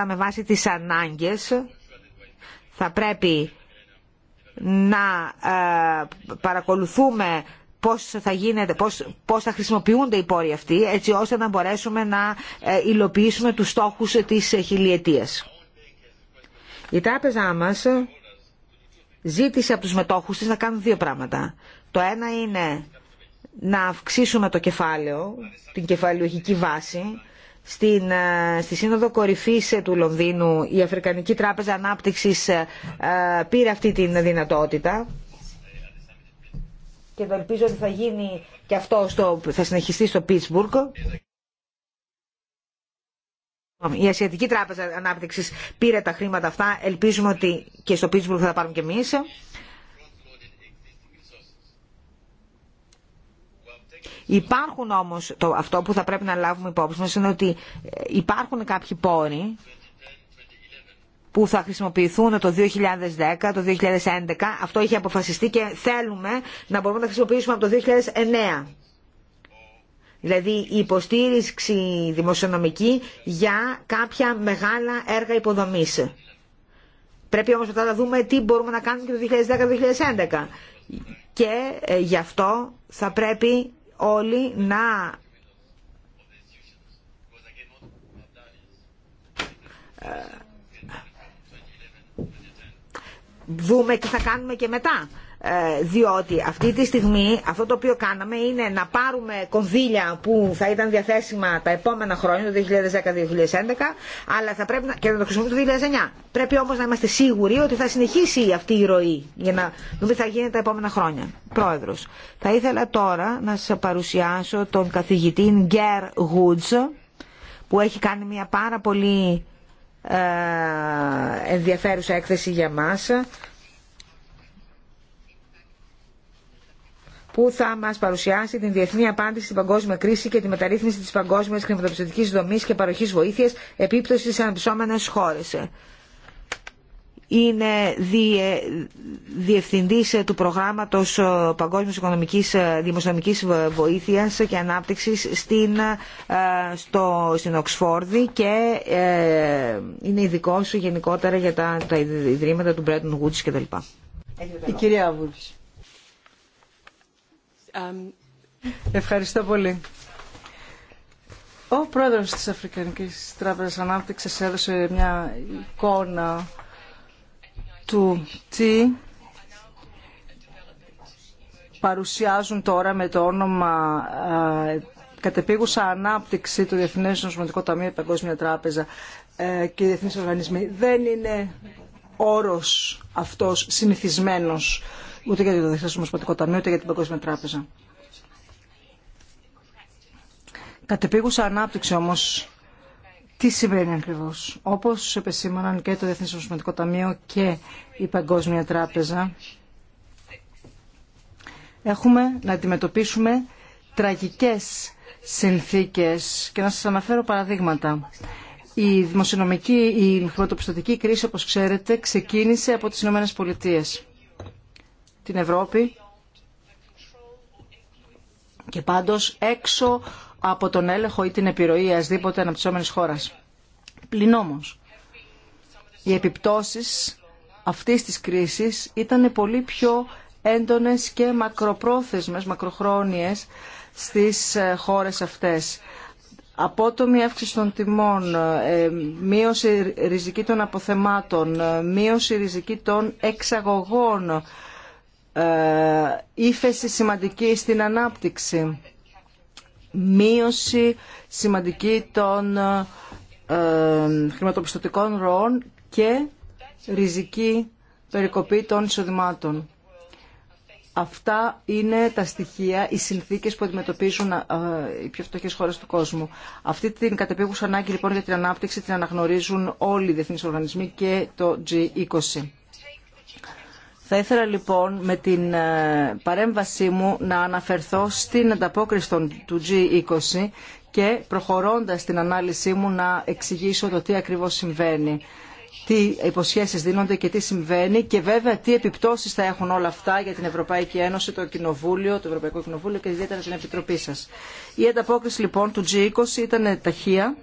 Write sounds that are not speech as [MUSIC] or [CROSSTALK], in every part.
αυτά με βάση τις ανάγκες θα πρέπει να ε, παρακολουθούμε πώς θα, γίνεται, πώς, πώς θα χρησιμοποιούνται οι πόροι αυτοί έτσι ώστε να μπορέσουμε να ε, υλοποιήσουμε τους στόχους της χιλιετίας. Η τράπεζά μας ζήτησε από τους μετόχους της να κάνουν δύο πράγματα. Το ένα είναι να αυξήσουμε το κεφάλαιο, την κεφαλαιογική βάση, στην, ε, στη Σύνοδο Κορυφής ε, του Λονδίνου η Αφρικανική Τράπεζα Ανάπτυξης ε, πήρε αυτή την δυνατότητα και ελπίζω ότι θα γίνει και αυτό στο, θα συνεχιστεί στο Πίτσμπουργκ. Η Ασιατική Τράπεζα Ανάπτυξης πήρε τα χρήματα αυτά. Ελπίζουμε ότι και στο Πίτσμπουργκ θα τα πάρουμε και εμείς. Υπάρχουν όμως, το, αυτό που θα πρέπει να λάβουμε υπόψη μας είναι ότι ε, υπάρχουν κάποιοι πόροι που θα χρησιμοποιηθούν το 2010, το 2011. Αυτό είχε αποφασιστεί και θέλουμε να μπορούμε να χρησιμοποιήσουμε από το 2009. Δηλαδή η υποστήριξη δημοσιονομική για κάποια μεγάλα έργα υποδομής. Πρέπει όμως μετά να δούμε τι μπορούμε να κάνουμε και το 2010-2011. Και ε, γι' αυτό θα πρέπει όλοι να ε, δούμε τι θα κάνουμε και μετά. Ε, διότι αυτή τη στιγμή αυτό το οποίο κάναμε είναι να πάρουμε κονδύλια που θα ήταν διαθέσιμα τα επόμενα χρόνια, το 2010-2011, αλλά θα πρέπει και να το χρησιμοποιούμε το 2009. Πρέπει όμως να είμαστε σίγουροι ότι θα συνεχίσει αυτή η ροή για να δούμε τι θα γίνει τα επόμενα χρόνια. Πρόεδρος, θα ήθελα τώρα να σας παρουσιάσω τον καθηγητή Γκέρ Γουτζ, που έχει κάνει μια πάρα πολύ ε, ενδιαφέρουσα έκθεση για μας που θα μα παρουσιάσει την διεθνή απάντηση στην παγκόσμια κρίση και τη μεταρρύθμιση της παγκόσμια χρηματοπιστωτική δομή και παροχής βοήθειας επίπτωση στι αναπτυσσόμενε χώρε. Είναι διε, διευθυντής του προγράμματος ε, Παγκόσμιας Οικονομική ε, Δημοσιονομικής Βοήθειας και Ανάπτυξης στην, ε, στο, στην Οξφόρδη και είναι ειδικό γενικότερα για τα, ιδρύματα του Bretton Woods κτλ. Η κυρία Βούλη. Um, Ευχαριστώ πολύ. Ο πρόεδρος της Αφρικανικής Τράπεζας Ανάπτυξης έδωσε μια εικόνα του τι παρουσιάζουν τώρα με το όνομα κατεπίγουσα ανάπτυξη του Διεθνές Νοσηματικού Ταμείου Παγκόσμια Τράπεζα ε, και οι διεθνείς οργανισμοί. Δεν είναι όρος αυτός συνηθισμένος ούτε για το Διεθνές Ταμείο, ούτε για την Παγκόσμια Τράπεζα. Κατεπίγουσα ανάπτυξη όμως, τι συμβαίνει ακριβώς. Όπως επεσήμαναν και το Διεθνές Ταμείο και η Παγκόσμια Τράπεζα, έχουμε να αντιμετωπίσουμε τραγικές συνθήκες και να σας αναφέρω παραδείγματα. Η δημοσιονομική, η χρηματοπιστωτική κρίση, όπως ξέρετε, ξεκίνησε από τις Ηνωμένες Πολιτείες την Ευρώπη και πάντως έξω από τον έλεγχο ή την επιρροή ασδήποτε αναπτυσσόμενης χώρας. Πλην όμως, οι επιπτώσεις αυτής της κρίσης ήταν πολύ πιο έντονες και μακροπρόθεσμες, μακροχρόνιες στις ε, χώρες αυτές. Απότομη αύξηση των τιμών, ε, μείωση ριζική των αποθεμάτων, ε, μείωση ριζική των εξαγωγών ε, ύφεση σημαντική στην ανάπτυξη, μείωση σημαντική των ε, χρηματοπιστωτικών ροών και ριζική περικοπή των εισοδημάτων. Αυτά είναι τα στοιχεία, οι συνθήκε που αντιμετωπίζουν ε, οι πιο φτωχέ χώρε του κόσμου. Αυτή την κατεπίγουσα ανάγκη λοιπόν για την ανάπτυξη την αναγνωρίζουν όλοι οι διεθνεί οργανισμοί και το G20. Θα ήθελα λοιπόν με την ε, παρέμβασή μου να αναφερθώ στην ανταπόκριση του G20 και προχωρώντας την ανάλυση μου να εξηγήσω το τι ακριβώς συμβαίνει τι υποσχέσεις δίνονται και τι συμβαίνει και βέβαια τι επιπτώσεις θα έχουν όλα αυτά για την Ευρωπαϊκή Ένωση, το Κοινοβούλιο, το Ευρωπαϊκό Κοινοβούλιο και ιδιαίτερα την Επιτροπή σας. Η ανταπόκριση λοιπόν του G20 ήταν ταχεία,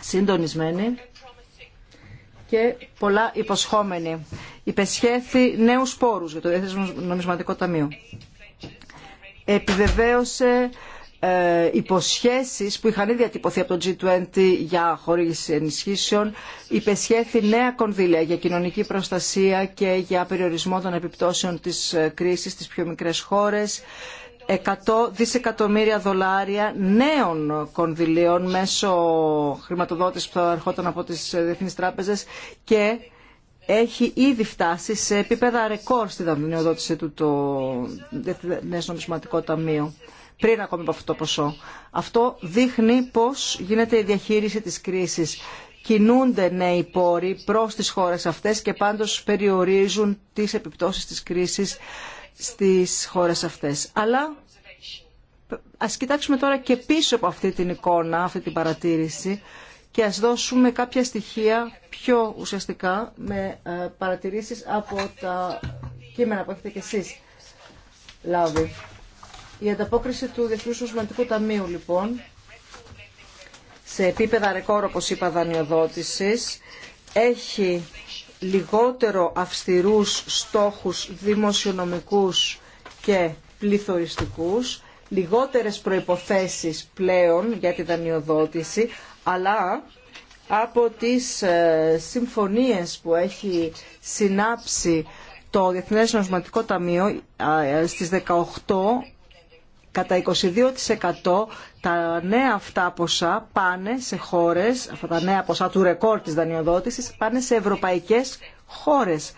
συντονισμένη και πολλά υποσχόμενη. Υπεσχέθη νέους πόρους για το Διεθνές Νομισματικό Ταμείο. Επιβεβαίωσε ε, υποσχέσεις που είχαν ήδη διατυπωθεί από το G20 για χορήγηση ενισχύσεων, υπεσχέθη νέα κονδύλια για κοινωνική προστασία και για περιορισμό των επιπτώσεων της ε, κρίσης στις πιο μικρές χώρες, 100 δισεκατομμύρια δολάρια νέων κονδυλίων μέσω χρηματοδότησης που θα ερχόταν από τις διεθνείς τράπεζες και έχει ήδη φτάσει σε επίπεδα ρεκόρ στη δανειοδότηση του το Διεθνές Νομισματικό Ταμείο πριν ακόμη από αυτό το ποσό. Αυτό δείχνει πώς γίνεται η διαχείριση της κρίσης. Κινούνται νέοι πόροι προς τις χώρες αυτές και πάντως περιορίζουν τις επιπτώσεις της κρίσης στις χώρες αυτές. Αλλά ας κοιτάξουμε τώρα και πίσω από αυτή την εικόνα, αυτή την παρατήρηση και ας δώσουμε κάποια στοιχεία πιο ουσιαστικά με ε, παρατηρήσεις από τα κείμενα που έχετε και εσείς λάβει. Η ανταπόκριση του Διεθνούς Ουσματικού Ταμείου λοιπόν σε επίπεδα ρεκόρ όπως είπα δανειοδότησης έχει λιγότερο αυστηρούς στόχους δημοσιονομικούς και πληθωριστικούς, λιγότερες προϋποθέσεις πλέον για τη δανειοδότηση, αλλά από τις ε, συμφωνίες που έχει συνάψει το Διεθνές Νοσματικό Ταμείο ε, ε, στις 18 κατά 22% τα νέα αυτά ποσά πάνε σε χώρες, αυτά τα νέα ποσά του ρεκόρ της δανειοδότησης, πάνε σε ευρωπαϊκές χώρες.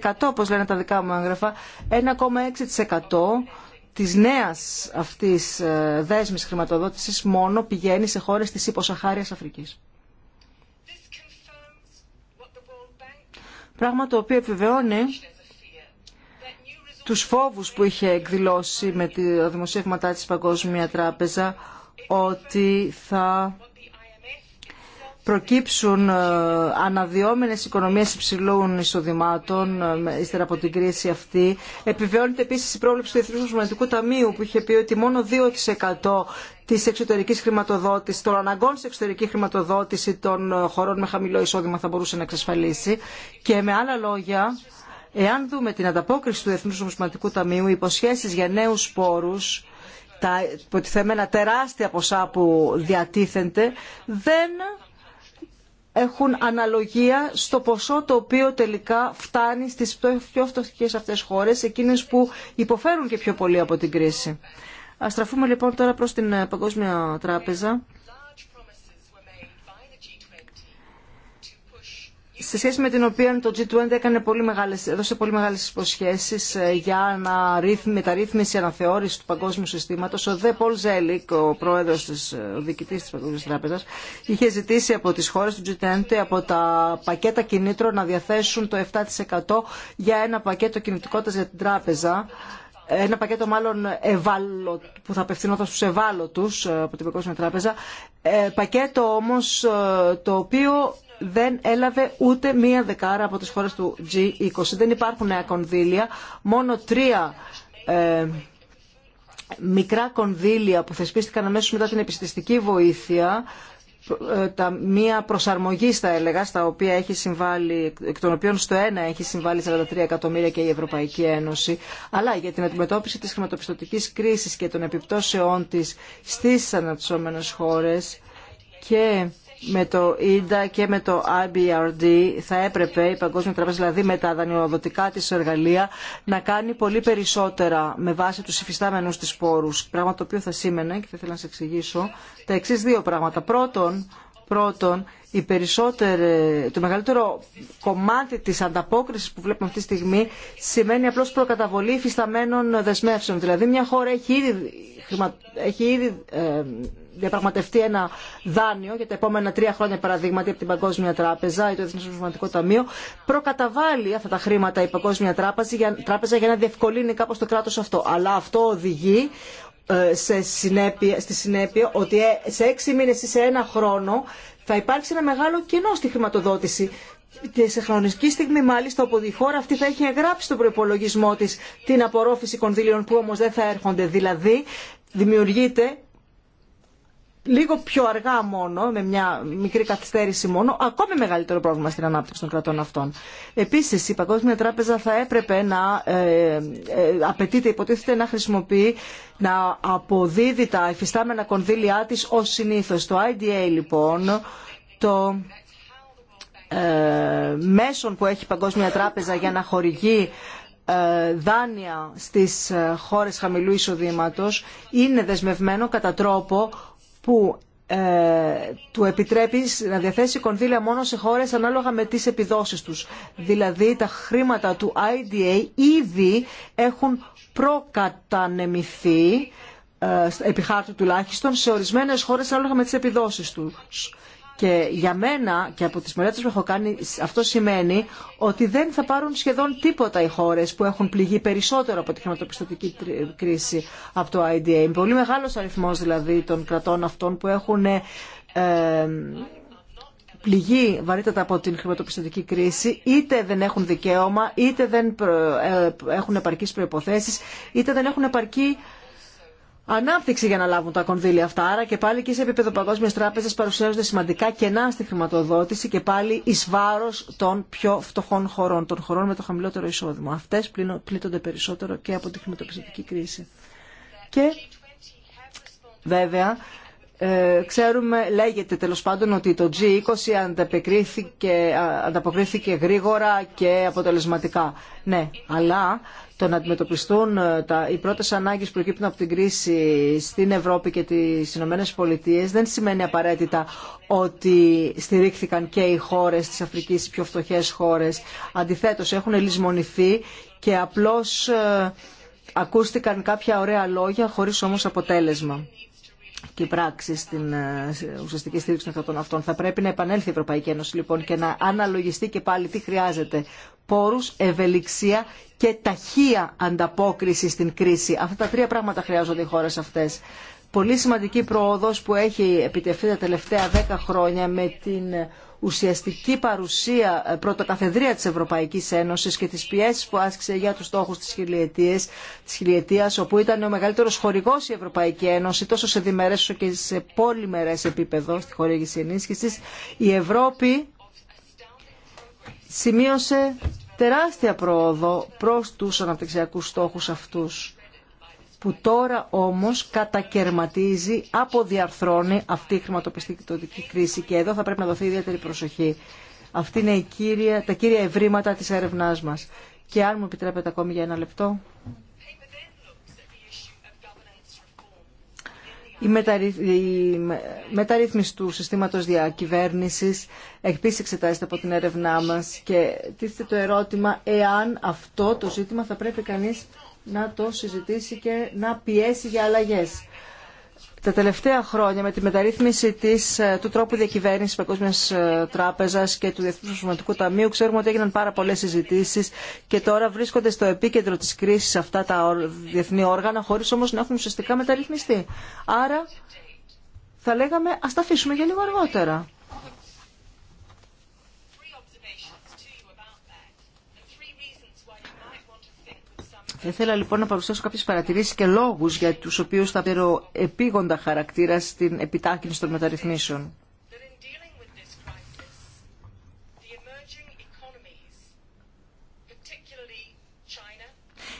1,6% όπως λένε τα δικά μου έγγραφα, 1,6% της νέας αυτής ε, δέσμης χρηματοδότησης μόνο πηγαίνει σε χώρες της υποσαχάριας Αφρικής. Πράγμα το οποίο επιβεβαιώνει τους φόβους που είχε εκδηλώσει με τη δημοσίευματά της Παγκόσμια Τράπεζα ότι θα προκύψουν ε, αναδυόμενες οικονομίες υψηλών εισοδημάτων ε, ύστερα από την κρίση αυτή. Επιβεώνεται επίσης η πρόβλεψη του Εθνικού Μοναδικού Ταμείου που είχε πει ότι μόνο 2% της εξωτερικής χρηματοδότησης, των αναγκών σε εξωτερική χρηματοδότηση των ε, χωρών με χαμηλό εισόδημα θα μπορούσε να εξασφαλίσει. Και με άλλα λόγια, Εάν δούμε την ανταπόκριση του Εθνούς Ομοσπονδιακού Ταμείου, οι υποσχέσεις για νέους πόρους, τα υποτιθέμενα τεράστια ποσά που διατίθενται, δεν έχουν αναλογία στο ποσό το οποίο τελικά φτάνει στις πιο φτωχικές αυτές χώρες, εκείνες που υποφέρουν και πιο πολύ από την κρίση. Ας στραφούμε λοιπόν τώρα προς την Παγκόσμια Τράπεζα. σε σχέση με την οποία το G20 έκανε πολύ μεγάλες, έδωσε πολύ μεγάλες υποσχέσεις ε, για να ρύθμι, μεταρρύθμιση αναθεώρηση του παγκόσμιου συστήματος. Ο Δε Πολ Ζέλικ, ο πρόεδρος της, ε, ο διοικητής της Παγκόσμιας Τράπεζας, είχε ζητήσει από τις χώρες του G20 από τα πακέτα κινήτρων να διαθέσουν το 7% για ένα πακέτο κινητικότητας για την τράπεζα ένα πακέτο μάλλον ευάλω, που θα απευθυνόταν στους ευάλωτους ε, από την Παγκόσμια Τράπεζα. πακέτο όμως το οποίο δεν έλαβε ούτε μία δεκάρα από τις χώρες του G20. Δεν υπάρχουν νέα κονδύλια, μόνο τρία ε, μικρά κονδύλια που θεσπίστηκαν αμέσως μετά την επιστηστική βοήθεια ε, τα μία προσαρμογή θα έλεγα στα οποία έχει συμβάλει, εκ των οποίων στο ένα έχει συμβάλει 43 εκατομμύρια και η Ευρωπαϊκή Ένωση αλλά για την αντιμετώπιση της χρηματοπιστωτικής κρίσης και των επιπτώσεών της στις αναπτυσσόμενες χώρες και με το ίντα και με το IBRD θα έπρεπε η Παγκόσμια Τράπεζα, δηλαδή με τα δανειοδοτικά της εργαλεία, να κάνει πολύ περισσότερα με βάση τους υφιστάμενους της πόρους. Πράγμα το οποίο θα σήμαινε, και θα ήθελα να σα εξηγήσω, τα εξή δύο πράγματα. Πρώτον, πρώτον η το μεγαλύτερο κομμάτι της ανταπόκρισης που βλέπουμε αυτή τη στιγμή σημαίνει απλώς προκαταβολή υφισταμένων δεσμεύσεων. Δηλαδή μια χώρα έχει ήδη, έχει ήδη ε, διαπραγματευτεί ένα δάνειο για τα επόμενα τρία χρόνια παραδείγματι από την Παγκόσμια Τράπεζα ή το Εθνικό Νομισματικό Ταμείο, προκαταβάλει αυτά τα χρήματα η Παγκόσμια Τράπεζα για, τράπεζα για να διευκολύνει κάπως το κράτο αυτό. Αλλά αυτό οδηγεί ε, σε συνέπεια, στη συνέπεια ότι ε, σε έξι μήνες ή σε ένα χρόνο θα υπάρξει ένα μεγάλο κενό στη χρηματοδότηση και σε χρονική στιγμή μάλιστα όπου η χώρα αυτή θα έχει εγγράψει στον προπολογισμό τη την απορρόφηση κονδύλιων που όμω δεν θα έρχονται. Δηλαδή δημιουργείται λίγο πιο αργά μόνο, με μια μικρή καθυστέρηση μόνο, ακόμη μεγαλύτερο πρόβλημα στην ανάπτυξη των κρατών αυτών. Επίση, η Παγκόσμια Τράπεζα θα έπρεπε να ε, ε, απαιτείται, υποτίθεται, να χρησιμοποιεί, να αποδίδει τα εφιστάμενα κονδύλια τη ω συνήθω. Το IDA, λοιπόν, το ε, μέσον που έχει η Παγκόσμια Τράπεζα για να χορηγεί ε, δάνεια στις ε, χώρες χαμηλού εισοδήματος είναι δεσμευμένο κατά τρόπο που ε, του επιτρέπει να διαθέσει κονδύλια μόνο σε χώρες ανάλογα με τις επιδόσεις τους. Δηλαδή τα χρήματα του IDA ήδη έχουν προκατανεμηθεί ε, επί χάρτου τουλάχιστον σε ορισμένες χώρες ανάλογα με τις επιδόσεις τους. Και για μένα και από τις μελέτες που έχω κάνει αυτό σημαίνει ότι δεν θα πάρουν σχεδόν τίποτα οι χώρες που έχουν πληγεί περισσότερο από τη χρηματοπιστωτική κρίση από το IDA. Είναι πολύ μεγάλος αριθμός δηλαδή των κρατών αυτών που έχουν ε, πληγεί βαρύτατα από την χρηματοπιστωτική κρίση, είτε δεν έχουν δικαίωμα, είτε δεν ε, έχουν επαρκείς προϋποθέσεις, είτε δεν έχουν επαρκή ανάπτυξη για να λάβουν τα κονδύλια αυτά. Άρα και πάλι και σε επίπεδο Παγκόσμια Τράπεζα παρουσιάζονται σημαντικά κενά στη χρηματοδότηση και πάλι ει βάρο των πιο φτωχών χωρών, των χωρών με το χαμηλότερο εισόδημα. Αυτέ πλήττονται περισσότερο και από τη χρηματοπιστωτική κρίση. Και βέβαια. Ε, ξέρουμε, λέγεται τέλο πάντων ότι το G20 ανταποκρίθηκε, ανταποκρίθηκε γρήγορα και αποτελεσματικά. Ναι, αλλά το να αντιμετωπιστούν ε, οι πρώτε ανάγκε που προκύπτουν από την κρίση στην Ευρώπη και τι Ηνωμένε Πολιτείε δεν σημαίνει απαραίτητα ότι στηρίχθηκαν και οι χώρε τη Αφρική, οι πιο φτωχέ χώρε. Αντιθέτω, έχουν λησμονηθεί και απλώ ε, ακούστηκαν κάποια ωραία λόγια χωρί όμω αποτέλεσμα και η πράξη στην ε, ουσιαστική στήριξη των κρατών αυτών. Θα πρέπει να επανέλθει η Ευρωπαϊκή Ένωση λοιπόν και να αναλογιστεί και πάλι τι χρειάζεται. Πόρους, ευελιξία και ταχεία ανταπόκριση στην κρίση. Αυτά τα τρία πράγματα χρειάζονται οι χώρες αυτές. Πολύ σημαντική πρόοδος που έχει επιτευχθεί τα τελευταία δέκα χρόνια με την ουσιαστική παρουσία ε, πρωτοκαθεδρία της Ευρωπαϊκής Ένωσης και τις πιέσεις που άσκησε για τους στόχους της χιλιετίας, της χιλιετίας όπου ήταν ο μεγαλύτερος χορηγός η Ευρωπαϊκή Ένωση τόσο σε διμερές όσο και σε πολυμερές επίπεδο στη χορήγηση ενίσχυσης η Ευρώπη σημείωσε τεράστια πρόοδο προς τους αναπτυξιακούς στόχους αυτούς που τώρα όμως κατακαιρματίζει, αποδιαρθρώνει αυτή η χρηματοπιστωτική κρίση και εδώ θα πρέπει να δοθεί ιδιαίτερη προσοχή. Αυτή είναι η κύρια, τα κύρια ευρήματα της έρευνάς μας. Και αν μου επιτρέπετε ακόμη για ένα λεπτό. Η, μεταρρύθμιση του συστήματος διακυβέρνησης επίσης εξετάζεται από την έρευνά μας και τίθεται το ερώτημα εάν αυτό το ζήτημα θα πρέπει κανείς να το συζητήσει και να πιέσει για αλλαγές. Τα τελευταία χρόνια με τη μεταρρύθμιση της, ε, του τρόπου διακυβέρνησης της Παγκόσμιας ε, Τράπεζας και του Διεθνού Προσωματικού Ταμείου ξέρουμε ότι έγιναν πάρα πολλές συζητήσεις και τώρα βρίσκονται στο επίκεντρο της κρίσης αυτά τα διεθνή όργανα χωρίς όμως να έχουν ουσιαστικά μεταρρυθμιστεί. Άρα θα λέγαμε ας τα αφήσουμε για λίγο αργότερα. Θα ήθελα λοιπόν να παρουσιάσω κάποιες παρατηρήσεις και λόγους για τους οποίους θα πέρω επίγοντα χαρακτήρα στην επιτάκυνση των μεταρρυθμίσεων.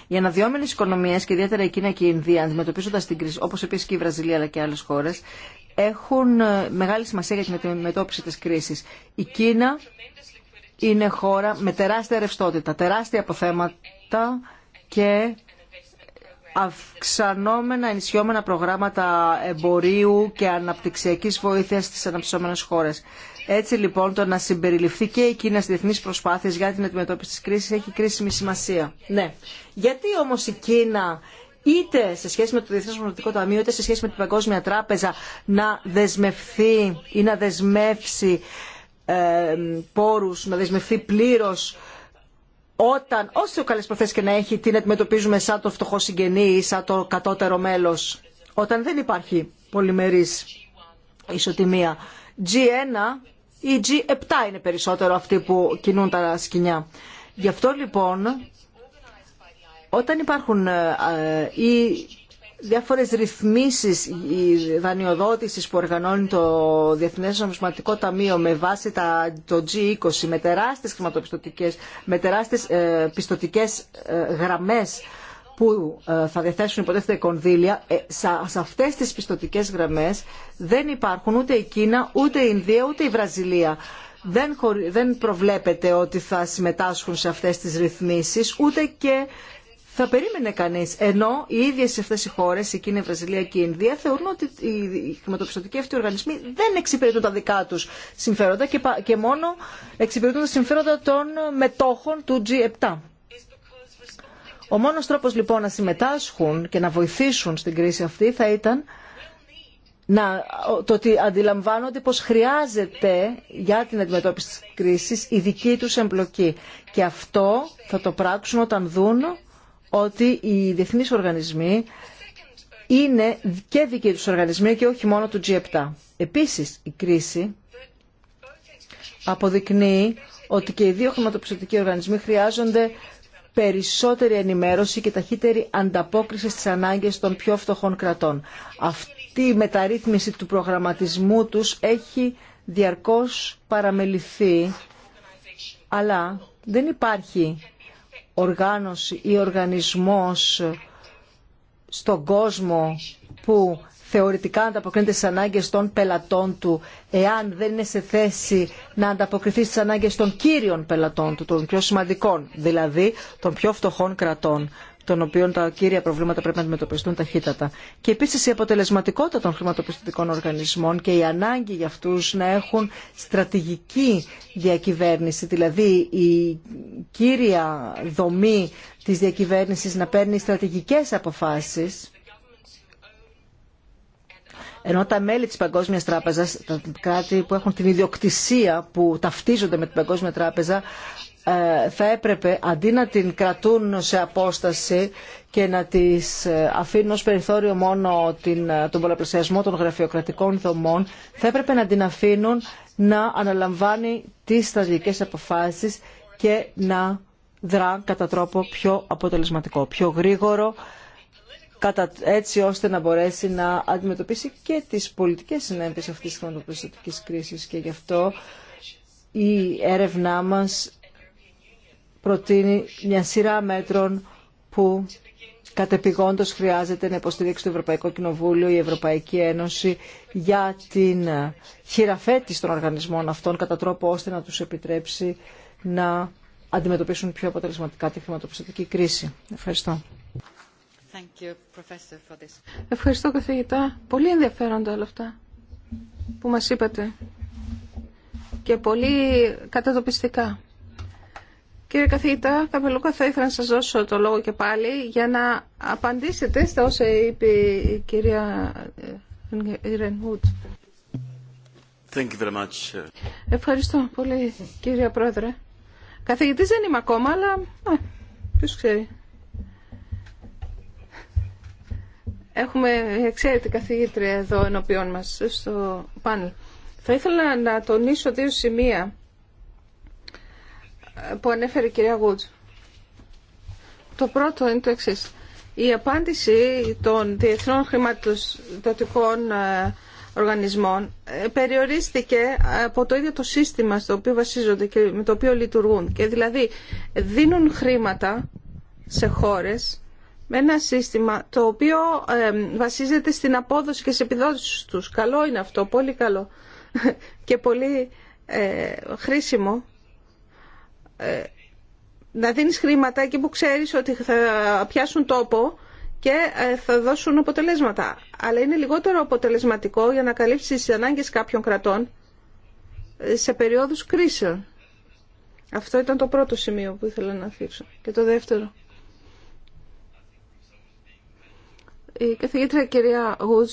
Οι αναδυόμενε οικονομίε και ιδιαίτερα η Κίνα και η Ινδία, αντιμετωπίζοντα την κρίση, όπω επίση και η Βραζιλία αλλά και άλλε χώρε, έχουν ε, μεγάλη σημασία για την αντιμετώπιση τη κρίση. Η Κίνα είναι χώρα με τεράστια ρευστότητα, τεράστια αποθέματα και αυξανόμενα ενισχυόμενα προγράμματα εμπορίου και αναπτυξιακής βοήθειας στις αναπτυσσόμενες χώρες. Έτσι λοιπόν το να συμπεριληφθεί και η Κίνα στις διεθνείς προσπάθειες για την αντιμετώπιση της κρίσης έχει κρίσιμη σημασία. Ναι. Γιατί όμως η Κίνα είτε σε σχέση με το Διεθνές Νομισματικό Ταμείο είτε σε σχέση με την Παγκόσμια Τράπεζα να δεσμευθεί ή να δεσμεύσει ε, πόρους, να δεσμευθεί πλήρως όταν όσο καλές προθέσεις και να έχει την αντιμετωπίζουμε σαν το φτωχό συγγενή ή σαν το κατώτερο μέλος όταν δεν υπάρχει πολυμερής ισοτιμία. G1 ή G7 είναι περισσότερο αυτοί που κινούν τα σκηνιά. Γι' αυτό λοιπόν όταν υπάρχουν ή. Ε, ε, διάφορες ρυθμίσεις δανειοδότησης που οργανώνει το Διεθνές Νομισματικό Ταμείο με βάση τα, το G20 με τεράστιες χρηματοπιστωτικές, με τεράστιες ε, πιστωτικές ε, γραμμές που ε, θα διαθέσουν υποτίθεται κονδύλια, ε, σε αυτές τις πιστωτικές γραμμές δεν υπάρχουν ούτε η Κίνα, ούτε η Ινδία, ούτε η Βραζιλία δεν προβλέπεται ότι θα συμμετάσχουν σε αυτές τις ρυθμίσεις ούτε και θα περίμενε κανεί. Ενώ οι ίδιε αυτέ οι χώρε, η Κίνα, η Βραζιλία και η Ινδία, θεωρούν ότι οι χρηματοπιστωτικοί αυτοί οργανισμοί δεν εξυπηρετούν τα δικά του συμφέροντα και μόνο εξυπηρετούν τα συμφέροντα των μετόχων του G7. Ο μόνος τρόπος λοιπόν να συμμετάσχουν και να βοηθήσουν στην κρίση αυτή θα ήταν να, το ότι αντιλαμβάνονται πως χρειάζεται για την αντιμετώπιση της κρίσης η δική τους εμπλοκή. Και αυτό θα το πράξουν όταν δουν ότι οι διεθνείς οργανισμοί είναι και δικοί τους οργανισμοί και όχι μόνο του G7. Επίσης, η κρίση αποδεικνύει ότι και οι δύο χρηματοπιστωτικοί οργανισμοί χρειάζονται περισσότερη ενημέρωση και ταχύτερη ανταπόκριση στις ανάγκες των πιο φτωχών κρατών. Αυτή η μεταρρύθμιση του προγραμματισμού τους έχει διαρκώς παραμεληθεί, αλλά δεν υπάρχει οργάνωση ή οργανισμός στον κόσμο που θεωρητικά ανταποκρίνεται στις ανάγκες των πελατών του, εάν δεν είναι σε θέση να ανταποκριθεί στις ανάγκες των κύριων πελατών του, των πιο σημαντικών, δηλαδή των πιο φτωχών κρατών των οποίων τα κύρια προβλήματα πρέπει να αντιμετωπιστούν ταχύτατα. Και επίση η αποτελεσματικότητα των χρηματοπιστωτικών οργανισμών και η ανάγκη για αυτού να έχουν στρατηγική διακυβέρνηση, δηλαδή η κύρια δομή τη διακυβέρνηση να παίρνει στρατηγικέ αποφάσει ενώ τα μέλη της Παγκόσμιας Τράπεζας, τα κράτη που έχουν την ιδιοκτησία που ταυτίζονται με την Παγκόσμια Τράπεζα, ε, θα έπρεπε αντί να την κρατούν σε απόσταση και να τις ε, αφήνουν ως περιθώριο μόνο την, ε, τον πολλαπλασιασμό των γραφειοκρατικών δομών, θα έπρεπε να την αφήνουν να αναλαμβάνει τις στρατηγικές αποφάσεις και να δρά κατά τρόπο πιο αποτελεσματικό, πιο γρήγορο, έτσι ώστε να μπορέσει να αντιμετωπίσει και τις πολιτικές συνέπειες αυτής της χρηματοπιστωτικής κρίσης. Και γι' αυτό η έρευνά μας προτείνει μια σειρά μέτρων που κατεπηγόντως χρειάζεται να υποστηρίξει το Ευρωπαϊκό Κοινοβούλιο, η Ευρωπαϊκή Ένωση για την χειραφέτηση των οργανισμών αυτών κατά τρόπο ώστε να τους επιτρέψει να αντιμετωπίσουν πιο αποτελεσματικά τη χρηματοπιστωτική κρίση. Ευχαριστώ. Ευχαριστώ καθηγητά. Πολύ ενδιαφέροντα όλα αυτά που μας είπατε και πολύ κατατοπιστικά. Κύριε Καθηγητά Καπελούκα, θα ήθελα να σας δώσω το λόγο και πάλι για να απαντήσετε στα όσα είπε η κυρία ε, much. Ευχαριστώ πολύ, κύριε Πρόεδρε. Καθηγητής δεν είμαι ακόμα, αλλά α, ε, ποιος ξέρει. Έχουμε εξαίρετη καθηγήτρια εδώ ενώπιόν μας στο πάνελ. Θα ήθελα να τονίσω δύο σημεία που ανέφερε η κυρία Γουτς. Το πρώτο είναι το εξή. Η απάντηση των διεθνών χρηματοδοτικών ε, οργανισμών ε, περιορίστηκε από το ίδιο το σύστημα στο οποίο βασίζονται και με το οποίο λειτουργούν. Και δηλαδή δίνουν χρήματα σε χώρες με ένα σύστημα το οποίο ε, βασίζεται στην απόδοση και σε επιδόσεις τους. Καλό είναι αυτό, πολύ καλό [LAUGHS] και πολύ χρήσιμο ε, να δίνεις χρήματα εκεί που ξέρεις ότι θα πιάσουν τόπο και ε, θα δώσουν αποτελέσματα. Αλλά είναι λιγότερο αποτελεσματικό για να καλύψει τις ανάγκες κάποιων κρατών ε, σε περίοδους κρίσεων. Αυτό ήταν το πρώτο σημείο που ήθελα να αφήσω. Και το δεύτερο. Η καθηγήτρια κυρία Γουτζ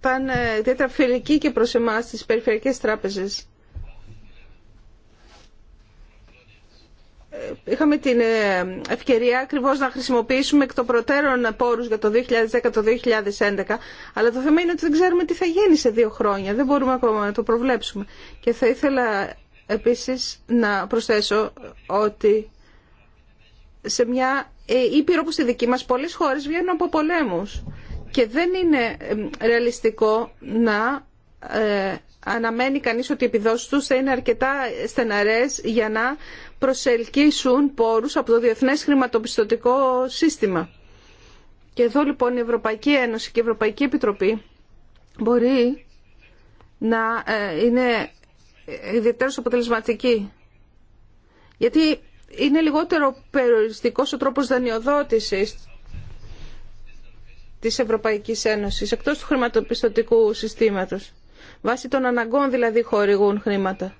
πάνε ιδιαίτερα φιλική και προς εμάς στις περιφερειακές τράπεζες. Ε, είχαμε την ε, ευκαιρία ακριβώ να χρησιμοποιήσουμε εκ των προτέρων πόρους για το 2010-2011, το αλλά το θέμα είναι ότι δεν ξέρουμε τι θα γίνει σε δύο χρόνια. Δεν μπορούμε ακόμα να το προβλέψουμε. Και θα ήθελα επίσης να προσθέσω ότι σε μια ε, ήπειρο που στη δική μας πολλές χώρες βγαίνουν από πολέμους. Και δεν είναι ρεαλιστικό να ε, αναμένει κανείς ότι οι επιδόσεις τους θα είναι αρκετά στεναρές για να προσελκύσουν πόρους από το διεθνές χρηματοπιστωτικό σύστημα. Και εδώ λοιπόν η Ευρωπαϊκή Ένωση και η Ευρωπαϊκή Επιτροπή μπορεί να ε, είναι ιδιαίτερα αποτελεσματική. Γιατί είναι λιγότερο περιοριστικός ο τρόπος δανειοδότησης της Ευρωπαϊκής Ένωσης, εκτός του χρηματοπιστωτικού συστήματος. Βάσει των αναγκών δηλαδή χορηγούν χρήματα.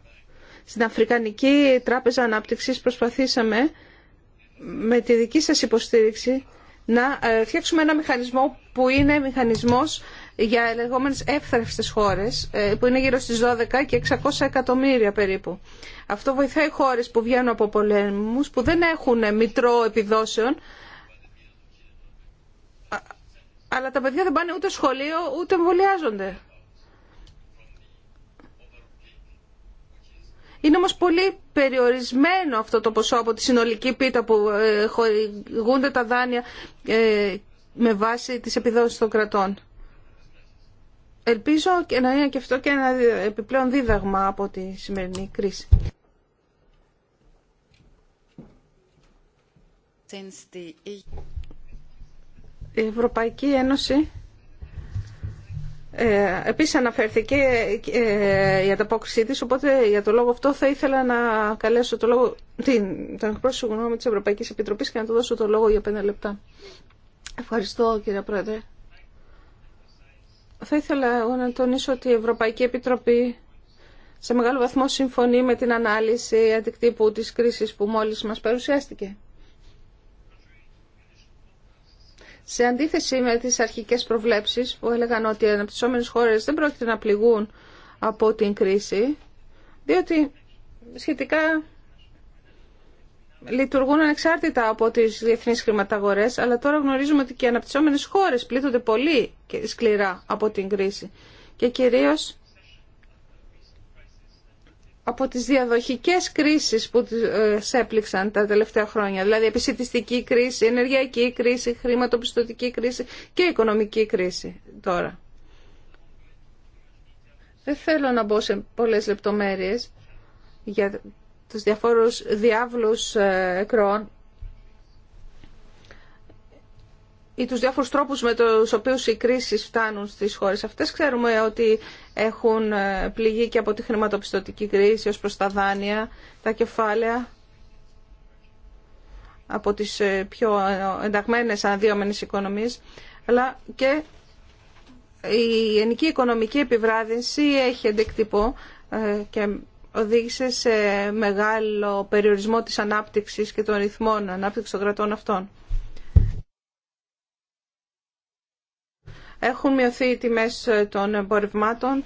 Στην Αφρικανική Τράπεζα Ανάπτυξης προσπαθήσαμε με τη δική σας υποστήριξη να ε, φτιάξουμε ένα μηχανισμό που είναι μηχανισμός για λεγόμενες εύθραυστες χώρες ε, που είναι γύρω στις 12 και 600 εκατομμύρια περίπου. Αυτό βοηθάει χώρες που βγαίνουν από πολέμους, που δεν έχουν μητρό επιδόσεων αλλά τα παιδιά δεν πάνε ούτε σχολείο ούτε εμβολιάζονται. Είναι όμως πολύ περιορισμένο αυτό το ποσό από τη συνολική πίτα που ε, χορηγούνται τα δάνεια ε, με βάση τις επιδόσεις των κρατών. Ελπίζω και να είναι και αυτό και ένα επιπλέον δίδαγμα από τη σημερινή κρίση. E η Ευρωπαϊκή Ένωση ε, επίσης αναφέρθηκε ε, η ανταπόκρισή της, οπότε για το λόγο αυτό θα ήθελα να καλέσω το λόγο, την, τον εκπρόσωπο γνώμη της Ευρωπαϊκής Επιτροπής και να του δώσω το λόγο για πέντε λεπτά. Ευχαριστώ κύριε Πρόεδρε. Θα ήθελα εγώ να τονίσω ότι η Ευρωπαϊκή Επιτροπή σε μεγάλο βαθμό συμφωνεί με την ανάλυση αντικτύπου της κρίσης που μόλις μας παρουσιάστηκε. Σε αντίθεση με τις αρχικές προβλέψεις που έλεγαν ότι οι αναπτυσσόμενες χώρες δεν πρόκειται να πληγούν από την κρίση, διότι σχετικά λειτουργούν ανεξάρτητα από τις διεθνείς χρηματαγορές, αλλά τώρα γνωρίζουμε ότι και οι αναπτυσσόμενες χώρες πλήττονται πολύ σκληρά από την κρίση και κυρίως από τις διαδοχικές κρίσεις που ε, έπληξαν τα τελευταία χρόνια, δηλαδή επισητιστική κρίση, ενεργειακή κρίση, χρηματοπιστωτική κρίση και οικονομική κρίση τώρα. Δεν θέλω να μπω σε πολλές λεπτομέρειες για τους διαφόρους διάβλους ε, εκροών ή τους διάφορους τρόπους με τους οποίους οι κρίσεις φτάνουν στις χώρες αυτές. Ξέρουμε ότι έχουν ε, πληγεί και από τη χρηματοπιστωτική κρίση ως προς τα δάνεια, τα κεφάλαια από τις ε, πιο ε, ενταγμένες αναδύομενες οικονομίες, αλλά και η ενική οικονομική επιβράδυνση έχει εντεκτυπώ και οδήγησε σε μεγάλο περιορισμό της ανάπτυξης και των ρυθμών ανάπτυξης των κρατών αυτών. Έχουν μειωθεί οι τιμές ε, των εμπορευμάτων,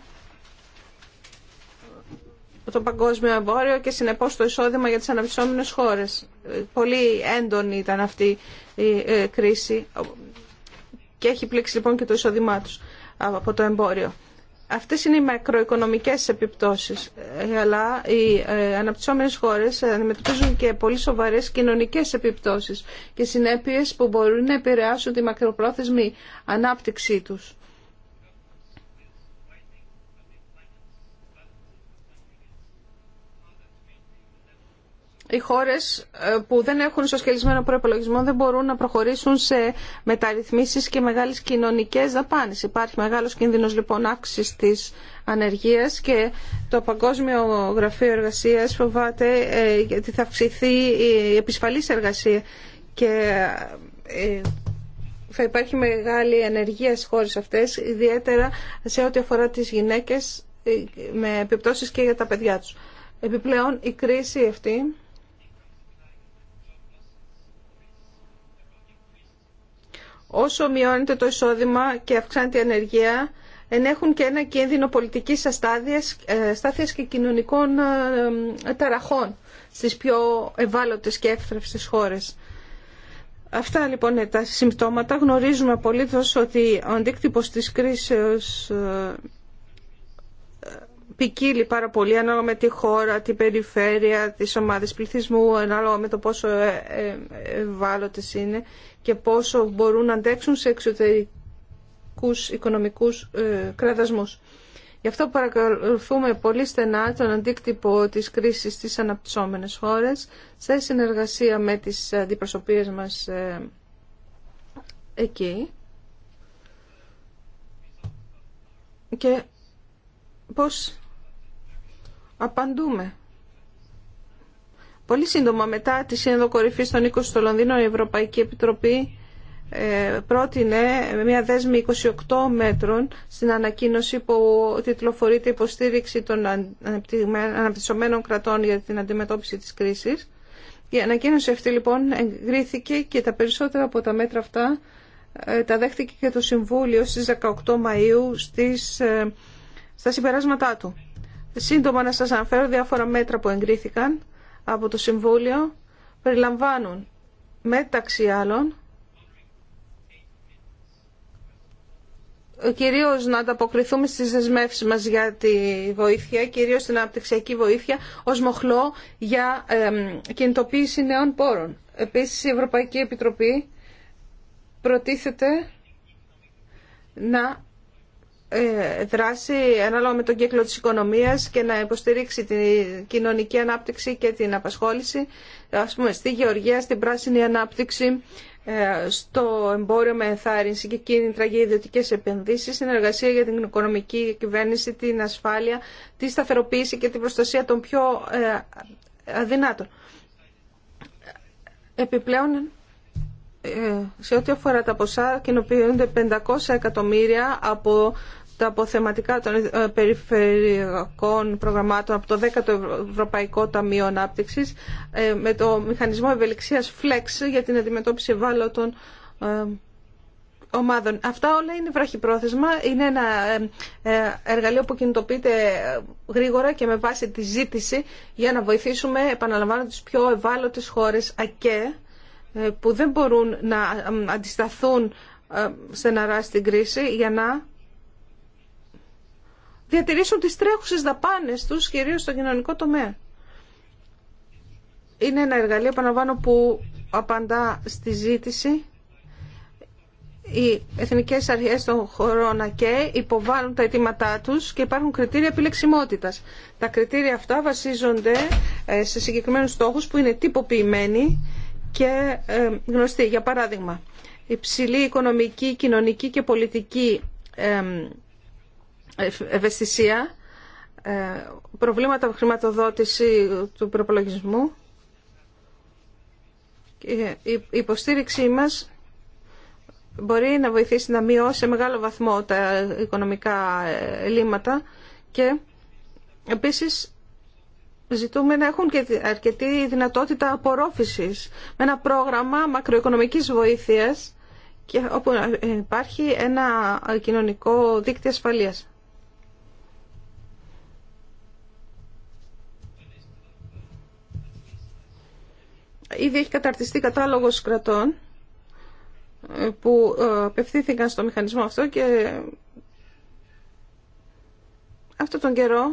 το παγκόσμιο εμπόριο και συνεπώς το εισόδημα για τις αναπτυσσόμενες χώρες. Ε, πολύ έντονη ήταν αυτή η ε, κρίση και έχει πλήξει λοιπόν και το εισόδημά τους από το εμπόριο. Αυτές είναι οι μακροοικονομικές επιπτώσεις, ε, αλλά οι ε, αναπτυσσόμενες χώρες αντιμετωπίζουν και πολύ σοβαρές κοινωνικές επιπτώσεις και συνέπειες που μπορούν να επηρεάσουν τη μακροπρόθεσμη ανάπτυξή τους. οι χώρες ε, που δεν έχουν ισοσχελισμένο προπολογισμό δεν μπορούν να προχωρήσουν σε μεταρρυθμίσει και μεγάλες κοινωνικές δαπάνε. Υπάρχει μεγάλος κίνδυνο λοιπόν αύξηση τη ανεργία και το Παγκόσμιο Γραφείο εργασία φοβάται ότι ε, θα αυξηθεί η επισφαλής εργασία και ε, θα υπάρχει μεγάλη ανεργία στι χώρες αυτές, ιδιαίτερα σε ό,τι αφορά τι γυναίκε με επιπτώσεις και για τα παιδιά τους. Επιπλέον η κρίση αυτή Όσο μειώνεται το εισόδημα και αυξάνεται η ανεργία, ενέχουν και ένα κίνδυνο πολιτικής αστάθειας, ε, και κοινωνικών ε, ε, ταραχών στις πιο ευάλωτες και εύθραυστες χώρες. Αυτά λοιπόν είναι τα συμπτώματα. Γνωρίζουμε απολύτως ότι ο αντίκτυπος της κρίσεως ποικίλει πάρα πολύ ανάλογα με τη χώρα, την περιφέρεια, τις ομάδες πληθυσμού, ανάλογα με το πόσο ευάλωτες είναι και πόσο μπορούν να αντέξουν σε εξωτερικούς οικονομικούς ε, κραδασμούς. Γι' αυτό παρακολουθούμε πολύ στενά τον αντίκτυπο της κρίσης στις αναπτυσσόμενες χώρες σε συνεργασία με τις αντιπροσωπείες μας ε, εκεί και πώς απαντούμε Πολύ σύντομα μετά τη Σύνοδο Κορυφή των 20 στο Λονδίνο η Ευρωπαϊκή Επιτροπή ε, πρότεινε μια δέσμη 28 μέτρων στην ανακοίνωση που τυπλοφορείται υποστήριξη των αναπτυσσομένων κρατών για την αντιμετώπιση της κρίσης. Η ανακοίνωση αυτή λοιπόν εγκρίθηκε και τα περισσότερα από τα μέτρα αυτά ε, τα δέχτηκε και το Συμβούλιο στις 18 Μαΐου ε, στα συμπεράσματά του. Σύντομα να σας αναφέρω διάφορα μέτρα που εγκρίθηκαν από το Συμβούλιο περιλαμβάνουν μεταξύ άλλων κυρίως να ανταποκριθούμε στις δεσμεύσεις μας για τη βοήθεια, κυρίως την αναπτυξιακή βοήθεια, ως μοχλό για κινητοποίηση νέων πόρων. Επίσης, η Ευρωπαϊκή Επιτροπή προτίθεται να ε, δράση ανάλογα με τον κύκλο της οικονομίας και να υποστηρίξει την κοινωνική ανάπτυξη και την απασχόληση, ας πούμε, στη γεωργία, στην πράσινη ανάπτυξη, ε, στο εμπόριο με ενθάρρυνση και κίνητρα για ιδιωτικές επενδύσεις, συνεργασία για την οικονομική κυβέρνηση, την ασφάλεια, τη σταθεροποίηση και την προστασία των πιο ε, αδυνάτων. Επιπλέον, σε ό,τι αφορά τα ποσά, κοινοποιούνται 500 εκατομμύρια από τα αποθεματικά των ε, περιφερειακών προγραμμάτων από το 10ο Ευρωπαϊκό Ταμείο Ανάπτυξης ε, με το μηχανισμό ευελιξίας FLEX για την αντιμετώπιση ευάλωτων ε, ομάδων. Αυτά όλα είναι βραχυπρόθεσμα. Είναι ένα εργαλείο που κινητοποιείται γρήγορα και με βάση τη ζήτηση για να βοηθήσουμε, επαναλαμβάνω, τι πιο ευάλωτε χώρες ΑΚΕ που δεν μπορούν να αντισταθούν στεναρά στην κρίση για να διατηρήσουν τις τρέχουσες δαπάνες τους, κυρίως στο κοινωνικό τομέα. Είναι ένα εργαλείο, επαναλαμβάνω, που απαντά στη ζήτηση. Οι εθνικές αρχές των χωρών και υποβάλλουν τα αιτήματά τους και υπάρχουν κριτήρια επιλεξιμότητας. Τα κριτήρια αυτά βασίζονται ε, σε συγκεκριμένους στόχους που είναι τυποποιημένοι και ε, γνωστοί. Για παράδειγμα, υψηλή οικονομική, κοινωνική και πολιτική ε, ευαισθησία, ε, προβλήματα χρηματοδότηση του προπολογισμού. Η υποστήριξή μας μπορεί να βοηθήσει να μειώσει σε μεγάλο βαθμό τα οικονομικά ε, ελλείμματα και επίσης ζητούμε να έχουν και αρκετή δυνατότητα απορρόφησης με ένα πρόγραμμα μακροοικονομικής βοήθειας και όπου υπάρχει ένα κοινωνικό δίκτυο ασφαλείας. Ήδη έχει καταρτιστεί κατάλογος κρατών ε, που ε, απευθύνθηκαν στο μηχανισμό αυτό και αυτό τον καιρό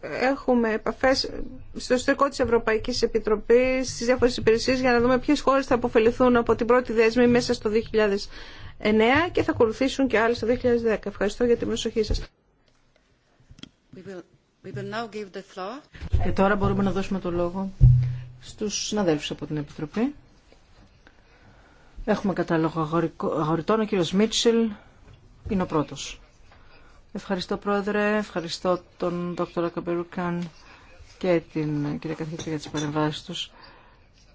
έχουμε επαφές στο εσωτερικό της Ευρωπαϊκής Επιτροπής, στις διάφορες υπηρεσίες για να δούμε ποιες χώρες θα αποφεληθούν από την πρώτη δέσμη μέσα στο 2009 και θα ακολουθήσουν και άλλες το 2010. Ευχαριστώ για την προσοχή σας. Και τώρα μπορούμε να δώσουμε το λόγο στους συναδέλφους από την Επιτροπή. Έχουμε κατάλογο αγορητών. Ο κύριο Μίτσελ είναι ο πρώτος. Ευχαριστώ Πρόεδρε, ευχαριστώ τον Δόκτωρα Καμπερούκαν και την κυρία Καθηγήτρια για τις παρεμβάσει τους.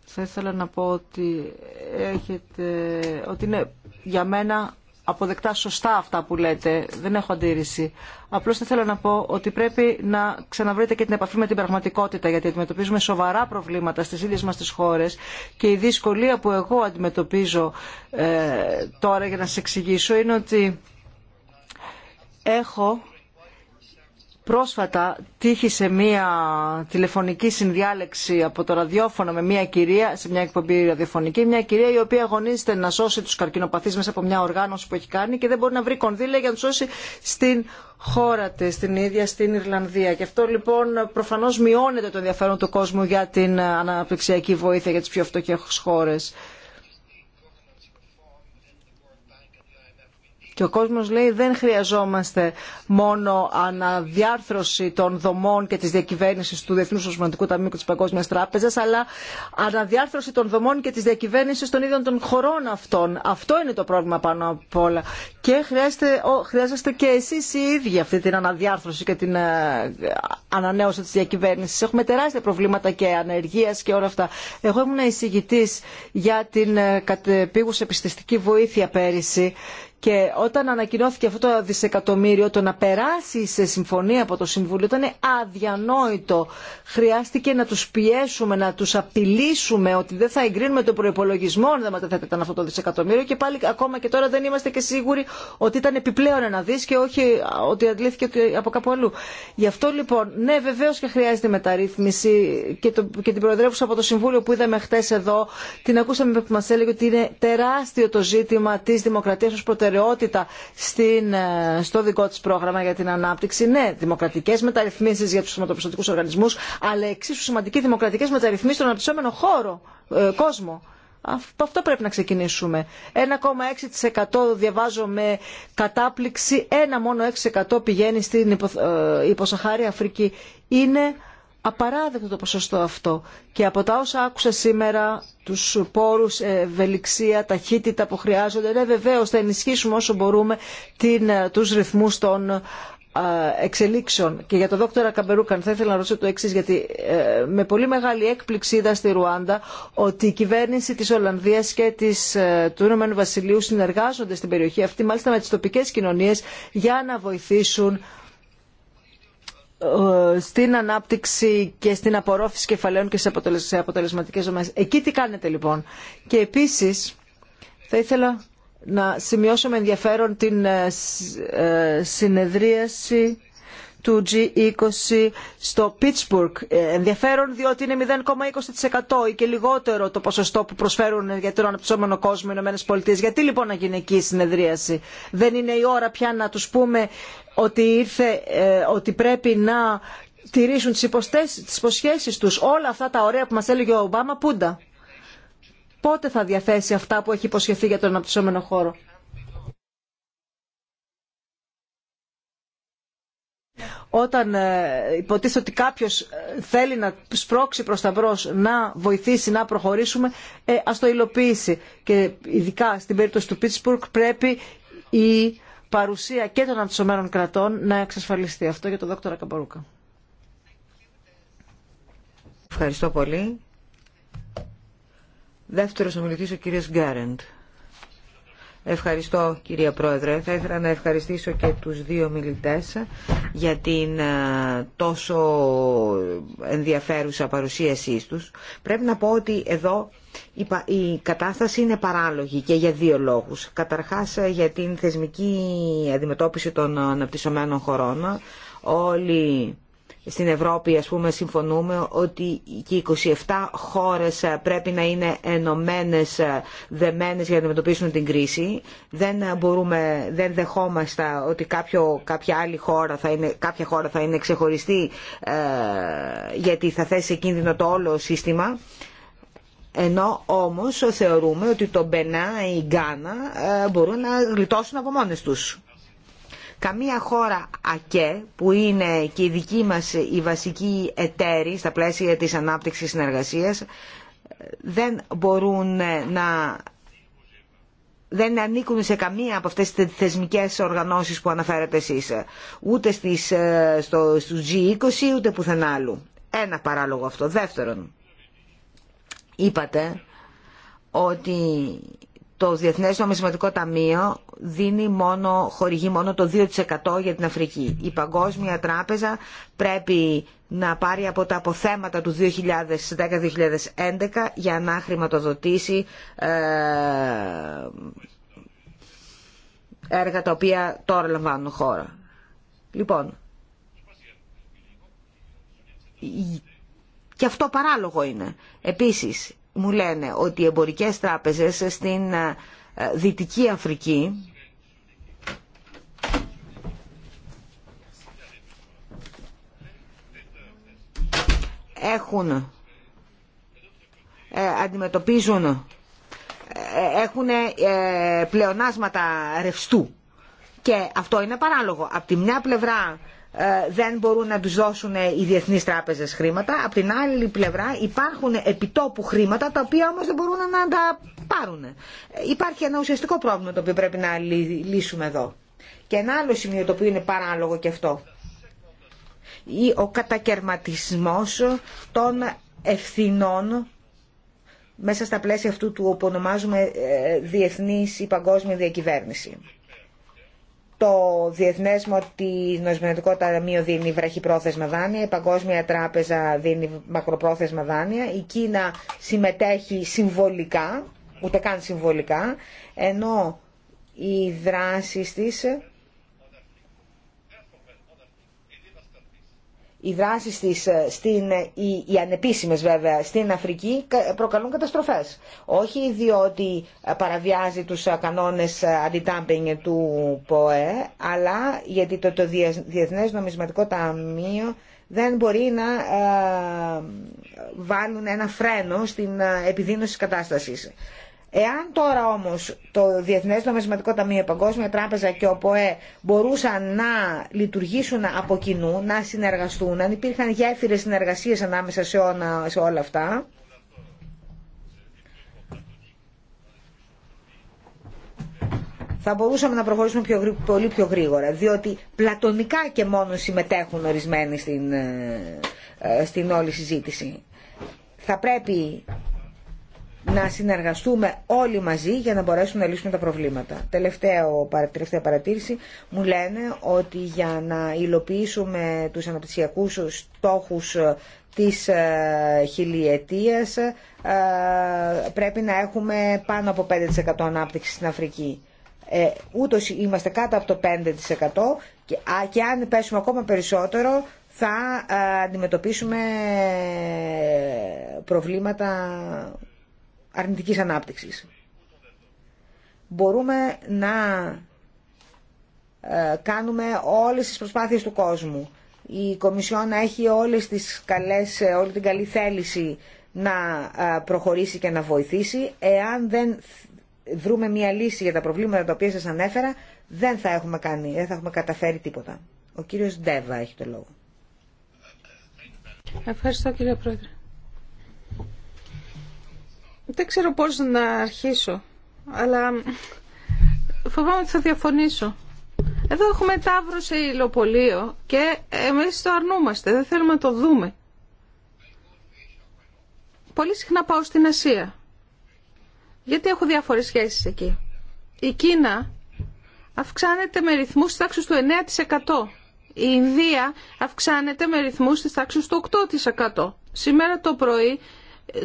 Θα ήθελα να πω ότι, έχετε, ότι είναι για μένα αποδεκτά σωστά αυτά που λέτε. Δεν έχω αντίρρηση. Απλώ θα ήθελα να πω ότι πρέπει να ξαναβρείτε και την επαφή με την πραγματικότητα, γιατί αντιμετωπίζουμε σοβαρά προβλήματα στι ίδιε μα τι χώρε και η δυσκολία που εγώ αντιμετωπίζω ε, τώρα για να σα εξηγήσω είναι ότι έχω Πρόσφατα τύχησε μία τηλεφωνική συνδιάλεξη από το ραδιόφωνο με μία κυρία, σε μια εκπομπή ραδιοφωνική, μια κυρία η οποία αγωνίζεται να σώσει τους καρκινοπαθείς μέσα από μια οργάνωση που έχει κάνει και δεν μπορεί να βρει κονδύλια για να τους σώσει στην χώρα της, στην ίδια στην Ιρλανδία. Και αυτό λοιπόν προφανώς μειώνεται το ενδιαφέρον του κόσμου για την αναπτυξιακή βοήθεια για τις πιο φτωχές χώρες. Και ο κόσμος λέει δεν χρειαζόμαστε μόνο αναδιάρθρωση των δομών και της διακυβέρνησης του Διεθνούς Ταμείου και της Παγκόσμιας Τράπεζας, αλλά αναδιάρθρωση των δομών και της διακυβέρνησης των ίδιων των χωρών αυτών. Αυτό είναι το πρόβλημα πάνω απ' όλα. Και χρειάζεστε, χρειάζεστε και εσείς οι ίδιοι αυτή την αναδιάρθρωση και την ε, ανανέωση της διακυβέρνησης. Έχουμε τεράστια προβλήματα και ανεργίας και όλα αυτά. Εγώ ήμουν εισηγητής για την ε, κατεπίγουσα επιστηστική βοήθεια πέρυσι και όταν ανακοινώθηκε αυτό το δισεκατομμύριο, το να περάσει σε συμφωνία από το Συμβούλιο ήταν αδιανόητο. Χρειάστηκε να τους πιέσουμε, να τους απειλήσουμε ότι δεν θα εγκρίνουμε τον προπολογισμό αν δεν μεταθέτεταν αυτό το δισεκατομμύριο και πάλι ακόμα και τώρα δεν είμαστε και σίγουροι ότι ήταν επιπλέον ένα δις και όχι ότι αντλήθηκε από κάπου αλλού. Γι' αυτό λοιπόν, ναι βεβαίω και χρειάζεται μεταρρύθμιση και, το, και την προεδρεύουσα από το Συμβούλιο που είδαμε χτε εδώ, την ακούσαμε που μα έλεγε ότι είναι τεράστιο το ζήτημα τη δημοκρατία ω προτεραιότητα προτεραιότητα ε, στο δικό της πρόγραμμα για την ανάπτυξη. Ναι, δημοκρατικές μεταρρυθμίσεις για τους χρηματοπιστωτικούς οργανισμούς, αλλά εξίσου σημαντική δημοκρατικές μεταρρυθμίσεις στον αναπτυσσόμενο χώρο, ε, κόσμο. Από αυτό πρέπει να ξεκινήσουμε. 1,6% διαβάζω με κατάπληξη, ένα μόνο 6% πηγαίνει στην ε, υποσαχάρια Αφρική. Είναι απαράδεκτο το ποσοστό αυτό. Και από τα όσα άκουσα σήμερα, του πόρου, ε, ευελιξία, ταχύτητα που χρειάζονται, ναι βεβαίω θα ενισχύσουμε όσο μπορούμε ε, του ρυθμού των ε, εξελίξεων. Και για τον δόκτωρα Καμπερούκαν θα ήθελα να ρωτήσω το εξή, γιατί με πολύ μεγάλη έκπληξη είδα στη Ρουάντα ότι η κυβέρνηση τη Ολλανδία και της, του Ηνωμένου Βασιλείου συνεργάζονται στην περιοχή αυτή, μάλιστα με τι τοπικέ κοινωνίε, για να βοηθήσουν ε, στην ανάπτυξη και στην απορρόφηση κεφαλαίων και σε αποτελεσματικές δομές. Εκεί τι κάνετε λοιπόν. Και επίσης θα ήθελα να σημειώσω με ενδιαφέρον την ε, ε, συνεδρίαση του G20 στο Pittsburgh. Ε, ενδιαφέρον διότι είναι 0,20% ή και λιγότερο το ποσοστό που προσφέρουν για τον αναπτυσσόμενο κόσμο οι ΗΠΑ. Γιατί λοιπόν να γίνει εκεί η συνεδρίαση. Δεν είναι η ώρα πια να τους πούμε ότι, ήρθε, ε, ότι πρέπει να τηρήσουν τις, τις υποσχέσεις τους. Όλα αυτά τα ωραία που μας έλεγε ο Ομπάμα πούντα. Πότε θα διαθέσει αυτά που έχει υποσχεθεί για τον αναπτυσσόμενο χώρο. όταν ε, υποτίθεται ότι κάποιος ε, θέλει να σπρώξει προς τα μπρο να βοηθήσει, να προχωρήσουμε, ε, το υλοποιήσει. Και ειδικά στην περίπτωση του Πίτσπουργκ πρέπει η παρουσία και των αντισωμένων κρατών να εξασφαλιστεί. Αυτό για τον δόκτωρα Καμπορούκα. Ευχαριστώ πολύ. Δεύτερος ομιλητής ο κύριος Γκάρεντ. Ευχαριστώ κυρία Πρόεδρε. Θα ήθελα να ευχαριστήσω και τους δύο μιλητές για την ε, τόσο ενδιαφέρουσα παρουσίασή τους. Πρέπει να πω ότι εδώ η κατάσταση είναι παράλογη και για δύο λόγους. Καταρχάς ε, για την θεσμική αντιμετώπιση των αναπτυσσομένων χωρών. Όλοι στην Ευρώπη ας πούμε συμφωνούμε ότι και οι 27 χώρες ε, πρέπει να είναι ενωμένες, ε, δεμένες για να αντιμετωπίσουν την κρίση. Δεν, ε, μπορούμε, δεν δεχόμαστε ότι κάποιο, κάποια, άλλη χώρα θα είναι, κάποια χώρα θα είναι ξεχωριστή γιατί θα θέσει σε κίνδυνο το όλο σύστημα. Ενώ όμως θεωρούμε ότι το Μπενά ή η Γκάνα μπορούν να γλιτώσουν από μόνες τους Καμία χώρα ΑΚΕ, που είναι και η δική μας η βασική εταίρη στα πλαίσια της ανάπτυξης συνεργασίας, δεν μπορούν να δεν ανήκουν σε καμία από αυτές τις θεσμικές οργανώσεις που αναφέρετε εσείς. Ούτε στις, ε, στο, στους G20, ούτε πουθενά άλλου. Ένα παράλογο αυτό. Δεύτερον, είπατε ότι το Διεθνές Νομισματικό Ταμείο δίνει μόνο, χορηγεί μόνο το 2% για την Αφρική. Η Παγκόσμια Τράπεζα πρέπει να πάρει από τα αποθέματα του 2010-2011 για να χρηματοδοτήσει ε, έργα τα οποία τώρα λαμβάνουν χώρα. Λοιπόν, και αυτό παράλογο είναι. Επίσης, μου λένε ότι οι εμπορικές τράπεζες στην Δυτική Αφρική έχουν ε, αντιμετωπίζουν ε, έχουν ε, πλεονάσματα ρευστού και αυτό είναι παράλογο. Από τη μια πλευρά ε, δεν μπορούν να τους δώσουν οι διεθνείς τράπεζες χρήματα. Απ' την άλλη πλευρά υπάρχουν επιτόπου χρήματα τα οποία όμως δεν μπορούν να τα πάρουν. Ε, υπάρχει ένα ουσιαστικό πρόβλημα το οποίο πρέπει να λύσουμε εδώ. Και ένα άλλο σημείο το οποίο είναι παράλογο και αυτό. Ο κατακαιρματισμός των ευθυνών μέσα στα πλαίσια αυτού του που ονομάζουμε ε, διεθνής ή παγκόσμια διακυβέρνηση το Διεθνές Νοσημενωτικό Ταμείο δίνει βραχυπρόθεσμα δάνεια, η Παγκόσμια Τράπεζα δίνει μακροπρόθεσμα δάνεια, η Κίνα συμμετέχει συμβολικά, ούτε καν συμβολικά, ενώ οι δράσεις της οι δράσει της, ε, στην, ε, οι, οι ανεπίσημες βέβαια, στην Αφρική προκαλούν καταστροφές. Όχι διότι ε, παραβιάζει τους κανόνες αντιτάμπινγκ του ΠΟΕ, αλλά γιατί το, το Διεθνές Νομισματικό Ταμείο δεν μπορεί να βάλουν ένα φρένο στην επιδείνωση τη κατάστασης. Εάν τώρα όμως το Διεθνές Νομισματικό Ταμείο, η Παγκόσμια Τράπεζα και ο ΠΟΕ μπορούσαν να λειτουργήσουν από κοινού, να συνεργαστούν, αν υπήρχαν γέφυρες συνεργασίες ανάμεσα σε, όλα, αυτά, θα μπορούσαμε να προχωρήσουμε πιο, πολύ πιο γρήγορα, διότι πλατωνικά και μόνο συμμετέχουν ορισμένοι στην, ε, ε, στην όλη συζήτηση. Θα πρέπει να συνεργαστούμε όλοι μαζί για να μπορέσουμε να λύσουμε τα προβλήματα. Τελευταίο, τελευταία παρατήρηση μου λένε ότι για να υλοποιήσουμε τους αναπτυσιακούς στόχους ε, της ε, χιλιετίας ε, πρέπει να έχουμε πάνω από 5% ανάπτυξη στην Αφρική. Ε, ούτως είμαστε κάτω από το 5% και, και αν πέσουμε ακόμα περισσότερο θα αντιμετωπίσουμε προβλήματα αρνητικής ανάπτυξης. Μπορούμε να ε, κάνουμε όλες τις προσπάθειες του κόσμου. Η Κομισιόν έχει όλες τις καλές, ε, όλη την καλή θέληση να ε, προχωρήσει και να βοηθήσει. Εάν δεν βρούμε μια λύση για τα προβλήματα τα οποία σας ανέφερα, δεν θα έχουμε, κάνει, δεν θα έχουμε καταφέρει τίποτα. Ο κύριος Ντέβα έχει το λόγο. Ευχαριστώ κύριε Πρόεδρε. Δεν ξέρω πώς να αρχίσω, αλλά φοβάμαι ότι θα διαφωνήσω. Εδώ έχουμε τάβρο σε υλοπολείο και εμείς το αρνούμαστε, δεν θέλουμε να το δούμε. Πολύ συχνά πάω στην Ασία, γιατί έχω διάφορες σχέσεις εκεί. Η Κίνα αυξάνεται με ρυθμούς της τάξης του 9%. Η Ινδία αυξάνεται με ρυθμούς της τάξης του 8%. Σήμερα το πρωί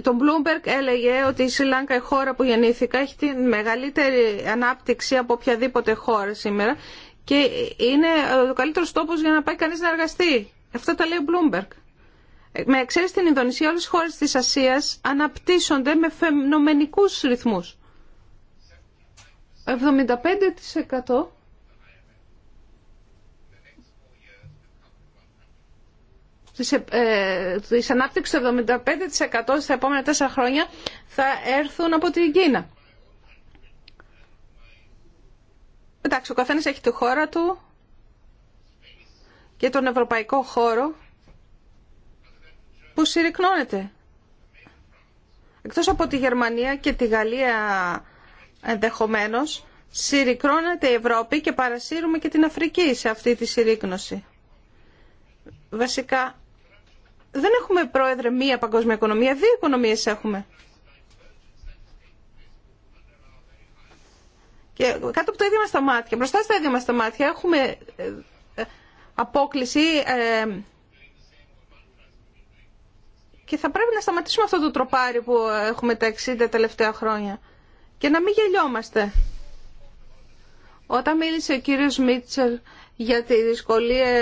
το Bloomberg έλεγε ότι η Σιλάνκα, η χώρα που γεννήθηκα, έχει τη μεγαλύτερη ανάπτυξη από οποιαδήποτε χώρα σήμερα και είναι ε, ο καλύτερος τόπος για να πάει κανεί να εργαστεί. Αυτά τα λέει ο Bloomberg. Ε, με εξαίρεση την Ινδονησία, όλες οι χώρες της Ασίας αναπτύσσονται με φαινομενικούς ρυθμούς. 75% Ε, της, ανάπτυξης 75% στα επόμενα τέσσερα χρόνια θα έρθουν από την Κίνα. Εντάξει, ο καθένας έχει τη χώρα του και τον ευρωπαϊκό χώρο που συρρυκνώνεται. Εκτός από τη Γερμανία και τη Γαλλία ενδεχομένω, συρρυκνώνεται η Ευρώπη και παρασύρουμε και την Αφρική σε αυτή τη συρρύκνωση. Βασικά δεν έχουμε πρόεδρε μία παγκόσμια οικονομία, δύο οικονομίες έχουμε. Και κάτω από τα ίδια μας τα μάτια, μπροστά στα ίδια μας τα μάτια έχουμε ε, απόκληση ε, και θα πρέπει να σταματήσουμε αυτό το τροπάρι που έχουμε τα 60 τελευταία χρόνια και να μην γελιόμαστε. Όταν μίλησε ο κύριος Μίτσελ για τη δυσκολία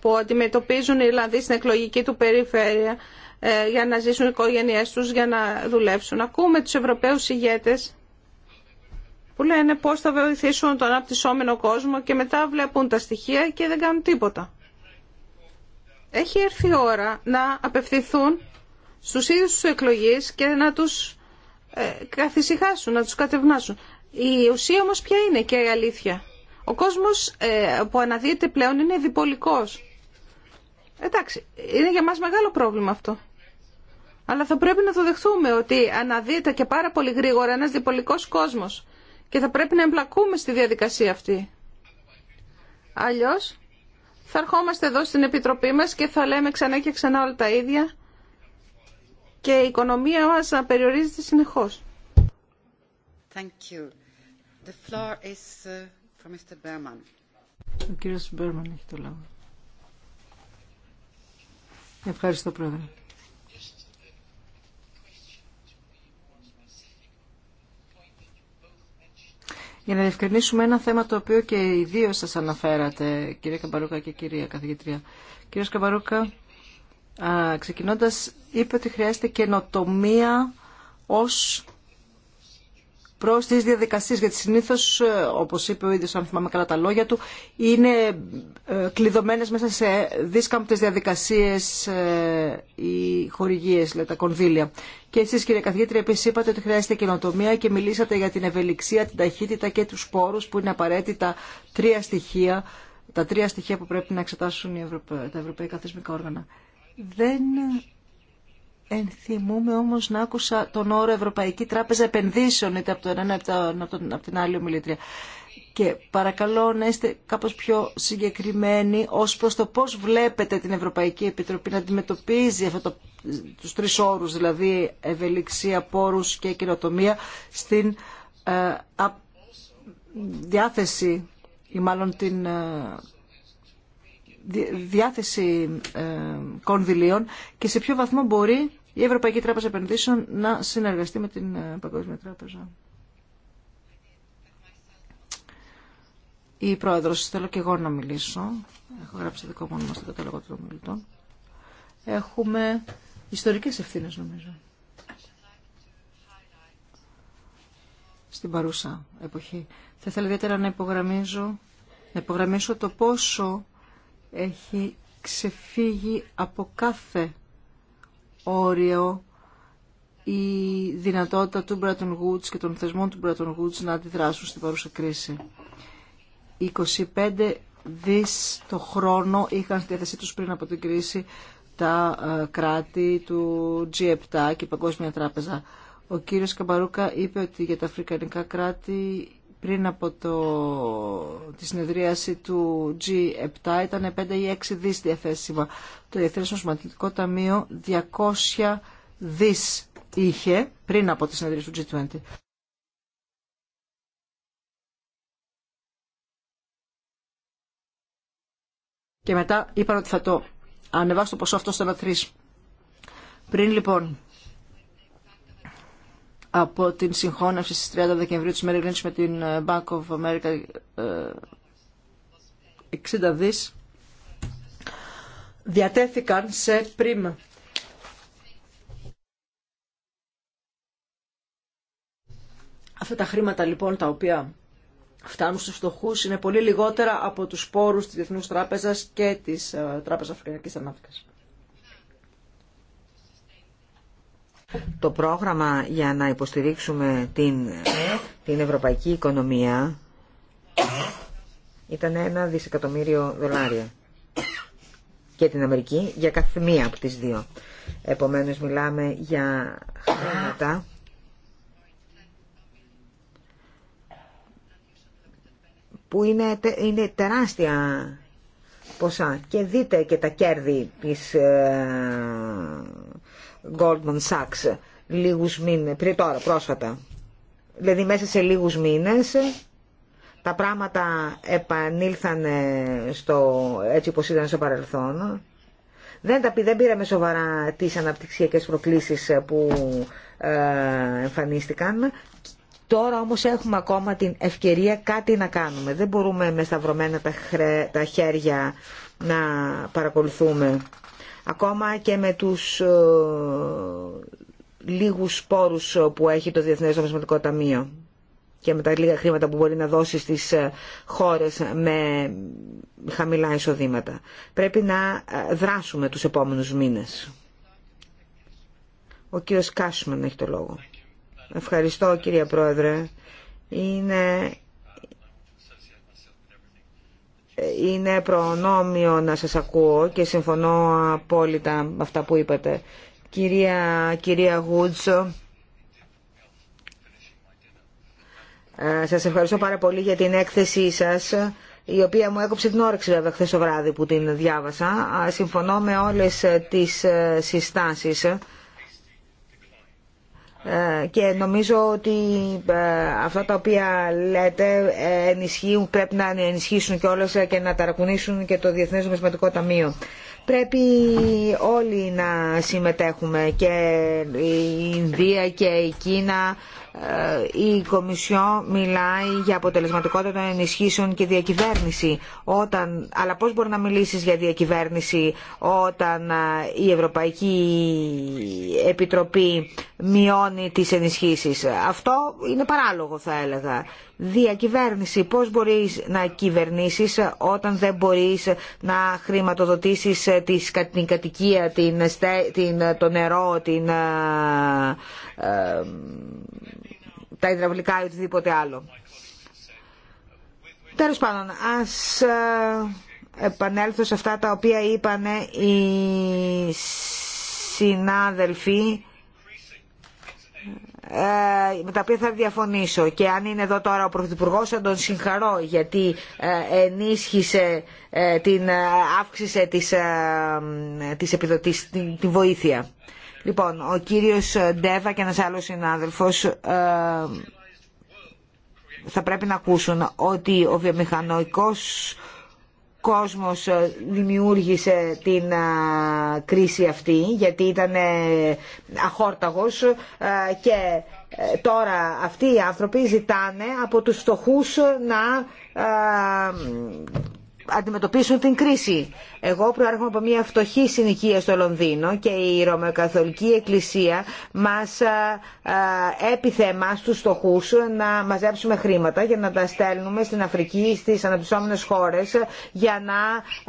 που αντιμετωπίζουν οι Ιρλανδοί στην εκλογική του περιφέρεια ε, για να ζήσουν οι οικογένειές τους, για να δουλέψουν. Ακούμε τους Ευρωπαίους ηγέτες που λένε πώς θα βοηθήσουν τον αναπτυσσόμενο κόσμο και μετά βλέπουν τα στοιχεία και δεν κάνουν τίποτα. Έχει έρθει η ώρα να απευθυνθούν στους ίδιους τους εκλογείς και να τους ε, καθησυχάσουν, να τους κατευνάσουν. Η ουσία όμως ποια είναι και η αλήθεια. Ο κόσμος ε, που αναδύεται πλέον είναι διπολικός. Εντάξει, είναι για μας μεγάλο πρόβλημα αυτό. Αλλά θα πρέπει να το δεχθούμε ότι αναδύεται και πάρα πολύ γρήγορα ένας διπολικός κόσμος και θα πρέπει να εμπλακούμε στη διαδικασία αυτή. Αλλιώ, θα ερχόμαστε εδώ στην Επιτροπή μας και θα λέμε ξανά και ξανά όλα τα ίδια και η οικονομία μας να περιορίζεται συνεχώς. Thank you. The floor uh, ο Μπέρμαν έχει το λόγο. Ευχαριστώ, Πρόεδρε. Για να διευκρινίσουμε ένα θέμα το οποίο και οι δύο σας αναφέρατε, κύριε Καμπαρούκα και κυρία καθηγητρία. Κύριος Καμπαρούκα, ξεκινώντας, είπε ότι χρειάζεται καινοτομία ως προ τι διαδικασίε. Γιατί συνήθω, ε, όπω είπε ο ίδιο, αν θυμάμαι καλά τα λόγια του, είναι ε, κλειδωμένε μέσα σε δίσκαμπτε διαδικασίε ε, οι χορηγίε, τα κονδύλια. Και εσεί, κύριε καθηγήτρια, επίση είπατε ότι χρειάζεται καινοτομία και μιλήσατε για την ευελιξία, την ταχύτητα και του πόρου που είναι απαραίτητα τρία στοιχεία, τα τρία στοιχεία που πρέπει να εξετάσουν τα ευρωπαϊκά θεσμικά όργανα. Δεν Ενθυμούμε όμως να άκουσα τον όρο Ευρωπαϊκή Τράπεζα Επενδύσεων είτε από, τον ένα, από, από την άλλη ομιλήτρια. Και παρακαλώ να είστε κάπως πιο συγκεκριμένοι ως προς το πώς βλέπετε την Ευρωπαϊκή Επιτροπή να αντιμετωπίζει αυτό το, τους τρεις όρους, δηλαδή ευελιξία, πόρους και κοινοτομία στην ε, διάθεση ή μάλλον την ε, διάθεση ε, κονδυλίων και σε ποιο βαθμό μπορεί η Ευρωπαϊκή Τράπεζα Επενδύσεων να συνεργαστεί με την ε, Παγκόσμια Τράπεζα. Η Πρόεδρος, θέλω και εγώ να μιλήσω. Έχω γράψει δικό μου όνομα στο κατάλογο των Έχουμε ιστορικές ευθύνες νομίζω. Στην παρούσα εποχή. Θα ήθελα ιδιαίτερα να υπογραμμίζω, να υπογραμμίσω το πόσο έχει ξεφύγει από κάθε όριο η δυνατότητα του Bretton Woods και των θεσμών του Bretton Woods να αντιδράσουν στην παρούσα κρίση. 25 δις το χρόνο είχαν στη διάθεσή τους πριν από την κρίση τα ε, κράτη του G7 και η Παγκόσμια Τράπεζα. Ο κύριος Καμπαρούκα είπε ότι για τα αφρικανικά κράτη πριν από το, τη συνεδρίαση του G7 ήταν 5 ή 6 δις διαθέσιμα. Το Διεθνές Νοσηματικό Ταμείο 200 δις είχε πριν από τη συνεδρίαση του G20. Και μετά είπαν ότι θα το ανεβάσω το ποσό αυτό στο 3 Πριν λοιπόν από την συγχώνευση στις 30 Δεκεμβρίου της Merrill με την ε, Bank of America 60 ε, δις διατέθηκαν σε πριμ Αυτά τα χρήματα λοιπόν τα οποία φτάνουν στους φτωχούς είναι πολύ λιγότερα από τους πόρους της Διεθνούς Τράπεζας και της ε, Τράπεζας Αφρικανικής Ανάπτυξης. το πρόγραμμα για να υποστηρίξουμε την, την ευρωπαϊκή οικονομία ήταν ένα δισεκατομμύριο δολάρια και την Αμερική για κάθε μία από τις δύο. Επομένως μιλάμε για χρήματα που είναι, είναι τεράστια ποσά. Και δείτε και τα κέρδη της, ε, Goldman Sachs λίγους μήνες, πριν τώρα πρόσφατα. Δηλαδή μέσα σε λίγους μήνες τα πράγματα επανήλθαν στο, έτσι όπως ήταν στο παρελθόν. Δεν, τα, δεν πήραμε σοβαρά τις αναπτυξιακές προκλήσεις που ε, εμφανίστηκαν. Τώρα όμως έχουμε ακόμα την ευκαιρία κάτι να κάνουμε. Δεν μπορούμε με σταυρωμένα τα, τα χέρια να παρακολουθούμε Ακόμα και με τους ε, λίγους πόρους ε, που έχει το Διεθνές Νομισματικό Ταμείο και με τα λίγα χρήματα που μπορεί να δώσει στις ε, χώρες με χαμηλά εισοδήματα. Πρέπει να δράσουμε τους επόμενους μήνες. Ο κύριος Κάσμαν έχει το λόγο. Ευχαριστώ κύριε Πρόεδρε. Είναι είναι προνόμιο να σας ακούω και συμφωνώ απόλυτα με αυτά που είπατε. Κυρία, κυρία Γούτσο, ε, σας ευχαριστώ πάρα πολύ για την έκθεσή σας, η οποία μου έκοψε την όρεξη βέβαια χθες το βράδυ που την διάβασα. Συμφωνώ με όλες τις ε, συστάσεις ε, και νομίζω ότι ε, αυτά τα οποία λέτε ε, ενισχύουν, πρέπει να ενισχύσουν και όλες και να ταρακουνήσουν και το Διεθνές Νομισματικό Ταμείο. Πρέπει όλοι να συμμετέχουμε και η Ινδία και η Κίνα ε, η Κομισιό μιλάει για αποτελεσματικότητα των ενισχύσεων και διακυβέρνηση. Όταν, αλλά πώς μπορεί να μιλήσεις για διακυβέρνηση όταν ε, η Ευρωπαϊκή Επιτροπή μειώνει τις ενισχύσεις. Αυτό είναι παράλογο θα έλεγα. Διακυβέρνηση. Πώς μπορείς να κυβερνήσεις όταν δεν μπορείς να χρηματοδοτήσεις ε, την κατοικία, την, το νερό, την τα υδραυλικά ή οτιδήποτε άλλο. Τέλος πάντων, ας ε, επανέλθω σε αυτά τα οποία είπαν οι συνάδελφοι ε, με τα οποία θα διαφωνήσω και αν είναι εδώ τώρα ο Πρωθυπουργό θα τον συγχαρώ γιατί ε, ενίσχυσε την άυξηση της, της επιδοτής, τη βοήθεια. Λοιπόν, ο κύριος Ντέβα και ένας άλλος συνάδελφος ε, θα πρέπει να ακούσουν ότι ο βιομηχανοϊκός κόσμος ε, δημιούργησε την ε, κρίση αυτή γιατί ήταν αχόρταγος και τώρα αυτοί οι άνθρωποι ζητάνε από τους φτωχούς να αντιμετωπίσουν την κρίση. Εγώ προέρχομαι από μια φτωχή συνοικία στο Λονδίνο και η Ρωμαιοκαθολική Εκκλησία μας ε, ε, έπιθε εμάς τους στοχούς να μαζέψουμε χρήματα για να τα στέλνουμε στην Αφρική, στις αναπτυσσόμενες χώρες για να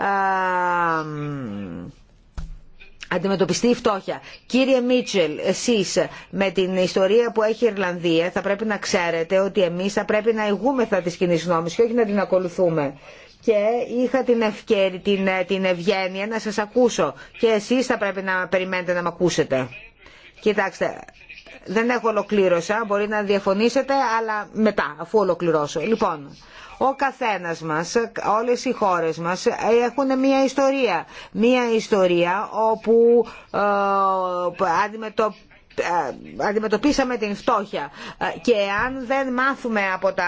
ε, αντιμετωπιστεί η φτώχεια. Κύριε Μίτσελ, εσεί, με την ιστορία που έχει η Ιρλανδία θα πρέπει να ξέρετε ότι εμεί θα πρέπει να ηγούμεθα τη κοινή γνώμης και όχι να την ακολουθούμε και είχα την ευκαιρία, την, την ευγένεια να σας ακούσω και εσείς θα πρέπει να περιμένετε να με ακούσετε. Κοιτάξτε, δεν έχω ολοκλήρωσα, μπορεί να διαφωνήσετε, αλλά μετά, αφού ολοκληρώσω. Λοιπόν, ο καθένας μας, όλες οι χώρες μας έχουν μια ιστορία. Μια ιστορία όπου ε, αντιμετωπίζουν ε, αντιμετωπίσαμε την φτώχεια ε, και αν δεν μάθουμε από τα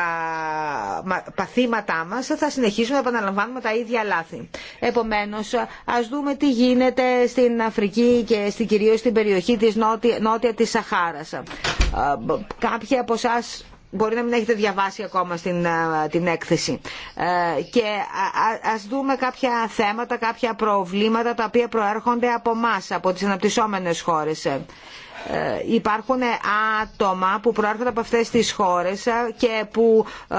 παθήματά μας θα συνεχίσουμε να επαναλαμβάνουμε τα ίδια λάθη. Επομένως ας δούμε τι γίνεται στην Αφρική και στην, κυρίως στην περιοχή της νότια, νότια της Σαχάρας. Ε, κάποιοι από εσά μπορεί να μην έχετε διαβάσει ακόμα στην, την έκθεση. και ας δούμε κάποια θέματα, κάποια προβλήματα τα οποία προέρχονται από εμά, από τις αναπτυσσόμενες χώρες ε, υπάρχουν άτομα που προέρχονται από αυτές τις χώρες ε, και που ε,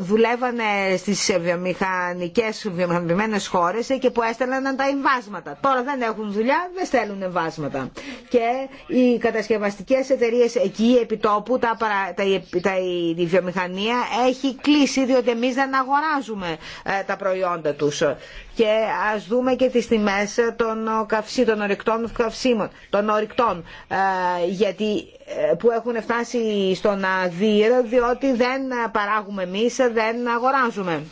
δουλεύανε στις βιομηχανικές βιομηχανικές χώρες και που έστελναν τα εμβάσματα. Τώρα δεν έχουν δουλειά, δεν στέλνουν εμβάσματα. Και οι κατασκευαστικές εταιρείες εκεί επί τόπου τα, τα, τα, η βιομηχανία έχει κλείσει διότι εμείς δεν αγοράζουμε τα προϊόντα τους και ας δούμε και τις τιμές των, ε, καυσί, των ορυκτών καυσίμων, των ορυκτών, ε, γιατί, ε, που έχουν φτάσει στον ΑΔΙΡ, διότι δεν παράγουμε εμείς, δεν αγοράζουμε.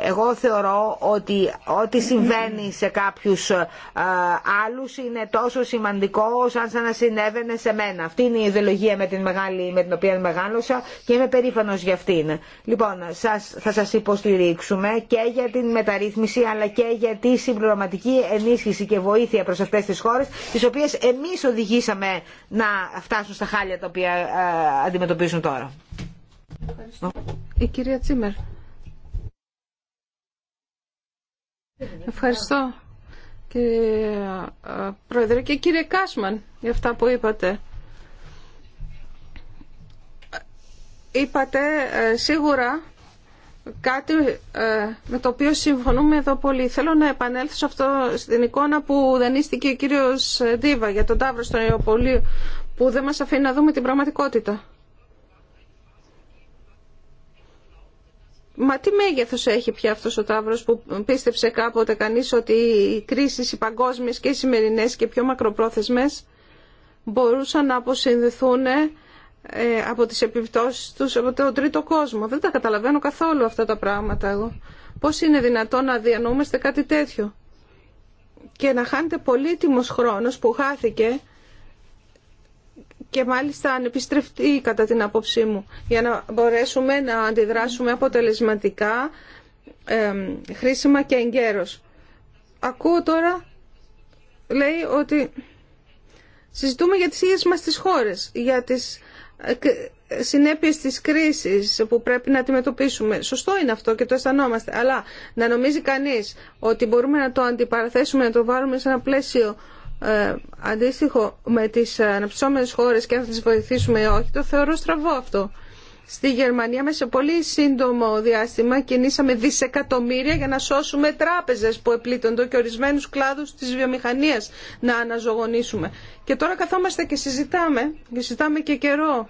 Εγώ θεωρώ ότι ό,τι συμβαίνει σε κάποιους ε, άλλους είναι τόσο σημαντικό σαν, σαν να συνέβαινε σε μένα. Αυτή είναι η ιδεολογία με την, μεγάλη, με την οποία μεγάλωσα και είμαι περήφανος για αυτήν. Λοιπόν, σας, θα σας υποστηρίξουμε και για την μεταρρύθμιση αλλά και για τη συμπληρωματική ενίσχυση και βοήθεια προς αυτές τις χώρες τις οποίες εμείς οδηγήσαμε να φτάσουν στα χάλια τα οποία ε, αντιμετωπίζουν τώρα. Ευχαριστώ. Η κυρία Τσίμερ. Ευχαριστώ κύριε ε, Πρόεδρε και κύριε Κάσμαν για αυτά που είπατε. Είπατε ε, σίγουρα κάτι ε, με το οποίο συμφωνούμε εδώ πολύ. Θέλω να επανέλθω σε αυτό στην εικόνα που δανείστηκε ο κύριος Δίβα για τον Ταύρο στο Ιωπολείο που δεν μας αφήνει να δούμε την πραγματικότητα. Μα τι μέγεθο έχει πια αυτός ο Ταύρος που πίστεψε κάποτε κανείς ότι οι κρίσει, οι παγκόσμιε και οι σημερινέ και πιο μακροπρόθεσμες μπορούσαν να αποσυνδεθούν ε, από τις επιπτώσει του από τον τρίτο κόσμο. Δεν τα καταλαβαίνω καθόλου αυτά τα πράγματα εγώ. Πώς είναι δυνατόν να διανοούμαστε κάτι τέτοιο και να χάνετε πολύτιμο χρόνο που χάθηκε και μάλιστα ανεπιστρεφτή κατά την άποψή μου για να μπορέσουμε να αντιδράσουμε αποτελεσματικά, χρήσιμα και εγκαίρως. Ακούω τώρα, λέει ότι συζητούμε για τις ίδιες μας τις χώρες, για τις ε, συνέπειες της κρίσης που πρέπει να αντιμετωπίσουμε. Σωστό είναι αυτό και το αισθανόμαστε, αλλά να νομίζει κανείς ότι μπορούμε να το αντιπαραθέσουμε, να το βάλουμε σε ένα πλαίσιο ε, αντίστοιχο με τις αναψώμενες χώρες και αν θα τις βοηθήσουμε ή όχι, το θεωρώ στραβό αυτό. Στη Γερμανία μέσα σε πολύ σύντομο διάστημα κινήσαμε δισεκατομμύρια για να σώσουμε τράπεζες που επλήττονται και ορισμένους κλάδους της βιομηχανίας να αναζωογονήσουμε. Και τώρα καθόμαστε και συζητάμε, και συζητάμε και καιρό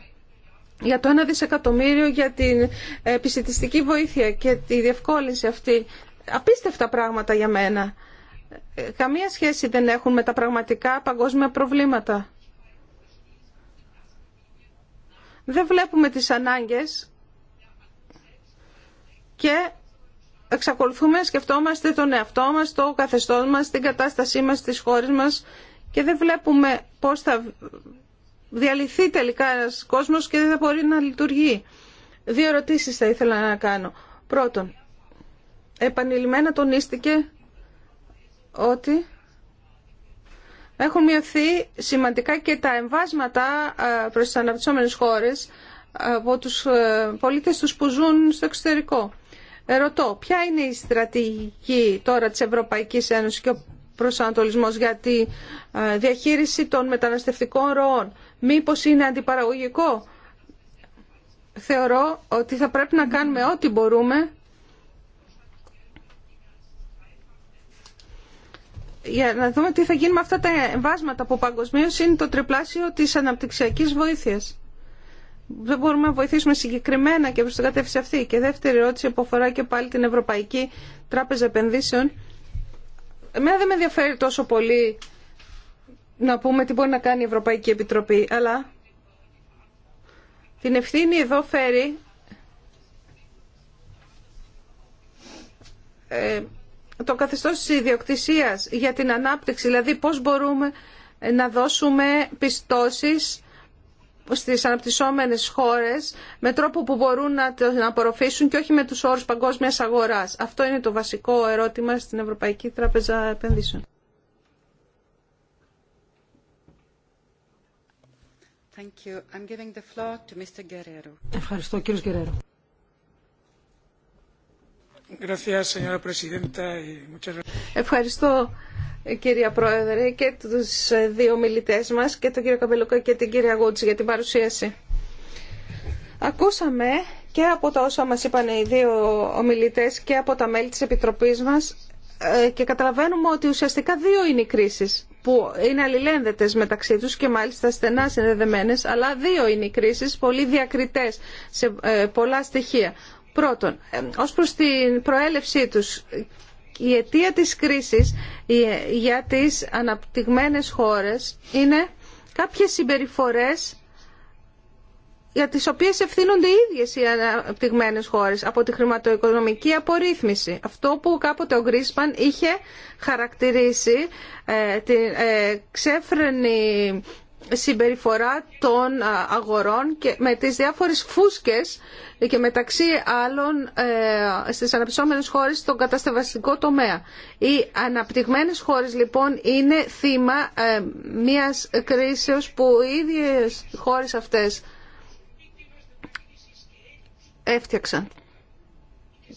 για το ένα δισεκατομμύριο για την επιστημιστική βοήθεια και τη διευκόλυνση αυτή. Απίστευτα πράγματα για μένα καμία σχέση δεν έχουν με τα πραγματικά παγκόσμια προβλήματα. Δεν βλέπουμε τις ανάγκες και εξακολουθούμε να σκεφτόμαστε τον εαυτό μας, το καθεστώς μας, την κατάστασή μας, τις χώρες μας και δεν βλέπουμε πώς θα διαλυθεί τελικά ένας κόσμος και δεν θα μπορεί να λειτουργεί. Δύο ερωτήσεις θα ήθελα να κάνω. Πρώτον, επανειλημμένα τονίστηκε ότι έχουν μειωθεί σημαντικά και τα εμβάσματα ε, προς τις αναπτυσσόμενες χώρες ε, από τους ε, πολίτες τους που ζουν στο εξωτερικό. Ρωτώ, ποια είναι η στρατηγική τώρα της Ευρωπαϊκής Ένωσης και ο προσανατολισμός για τη διαχείριση των μεταναστευτικών ροών. Μήπως είναι αντιπαραγωγικό. Θεωρώ ότι θα πρέπει να κάνουμε ό,τι μπορούμε για να δούμε τι θα γίνει με αυτά τα εμβάσματα που παγκοσμίω είναι το τριπλάσιο τη αναπτυξιακή βοήθεια. Δεν μπορούμε να βοηθήσουμε συγκεκριμένα και προ την κατεύθυνση αυτή. Και δεύτερη ερώτηση που αφορά και πάλι την Ευρωπαϊκή Τράπεζα Επενδύσεων. Εμένα δεν με ενδιαφέρει τόσο πολύ να πούμε τι μπορεί να κάνει η Ευρωπαϊκή Επιτροπή, αλλά την ευθύνη εδώ φέρει ε, το καθεστώς τη ιδιοκτησία για την ανάπτυξη, δηλαδή πώς μπορούμε να δώσουμε πιστώσεις στις αναπτυσσόμενες χώρες με τρόπο που μπορούν να την απορροφήσουν και όχι με τους όρους παγκόσμια αγοράς. Αυτό είναι το βασικό ερώτημα στην Ευρωπαϊκή Τράπεζα Επενδύσεων. Ευχαριστώ, κύριο Γκερέρο. Ευχαριστώ κυρία Πρόεδρε και τους ε, δύο μιλητές μας και τον κύριο Καπελουκά και την κυρία Γούτση για την παρουσίαση. Ακούσαμε και από τα όσα μας είπαν οι δύο ομιλητές και από τα μέλη της Επιτροπής μας ε, και καταλαβαίνουμε ότι ουσιαστικά δύο είναι οι κρίσεις που είναι αλληλένδετες μεταξύ τους και μάλιστα στενά συνδεδεμένες αλλά δύο είναι οι κρίσεις, πολύ διακριτές σε ε, πολλά στοιχεία. Πρώτον, ως προς την προέλευσή τους, η αιτία της κρίσης για τις αναπτυγμένες χώρες είναι κάποιες συμπεριφορές για τις οποίες ευθύνονται οι ίδιες οι αναπτυγμένες χώρες από τη χρηματοοικονομική απορρίθμιση. Αυτό που κάποτε ο Γκρίσπαν είχε χαρακτηρίσει ε, την ε, ξέφρενη συμπεριφορά των αγορών και με τις διάφορες φούσκες και μεταξύ άλλων ε, στις αναπτυσσόμενες χώρες στον κατασκευαστικό τομέα. Οι αναπτυγμένες χώρες λοιπόν είναι θύμα ε, μιας κρίσεως που οι ίδιες χώρες αυτές έφτιαξαν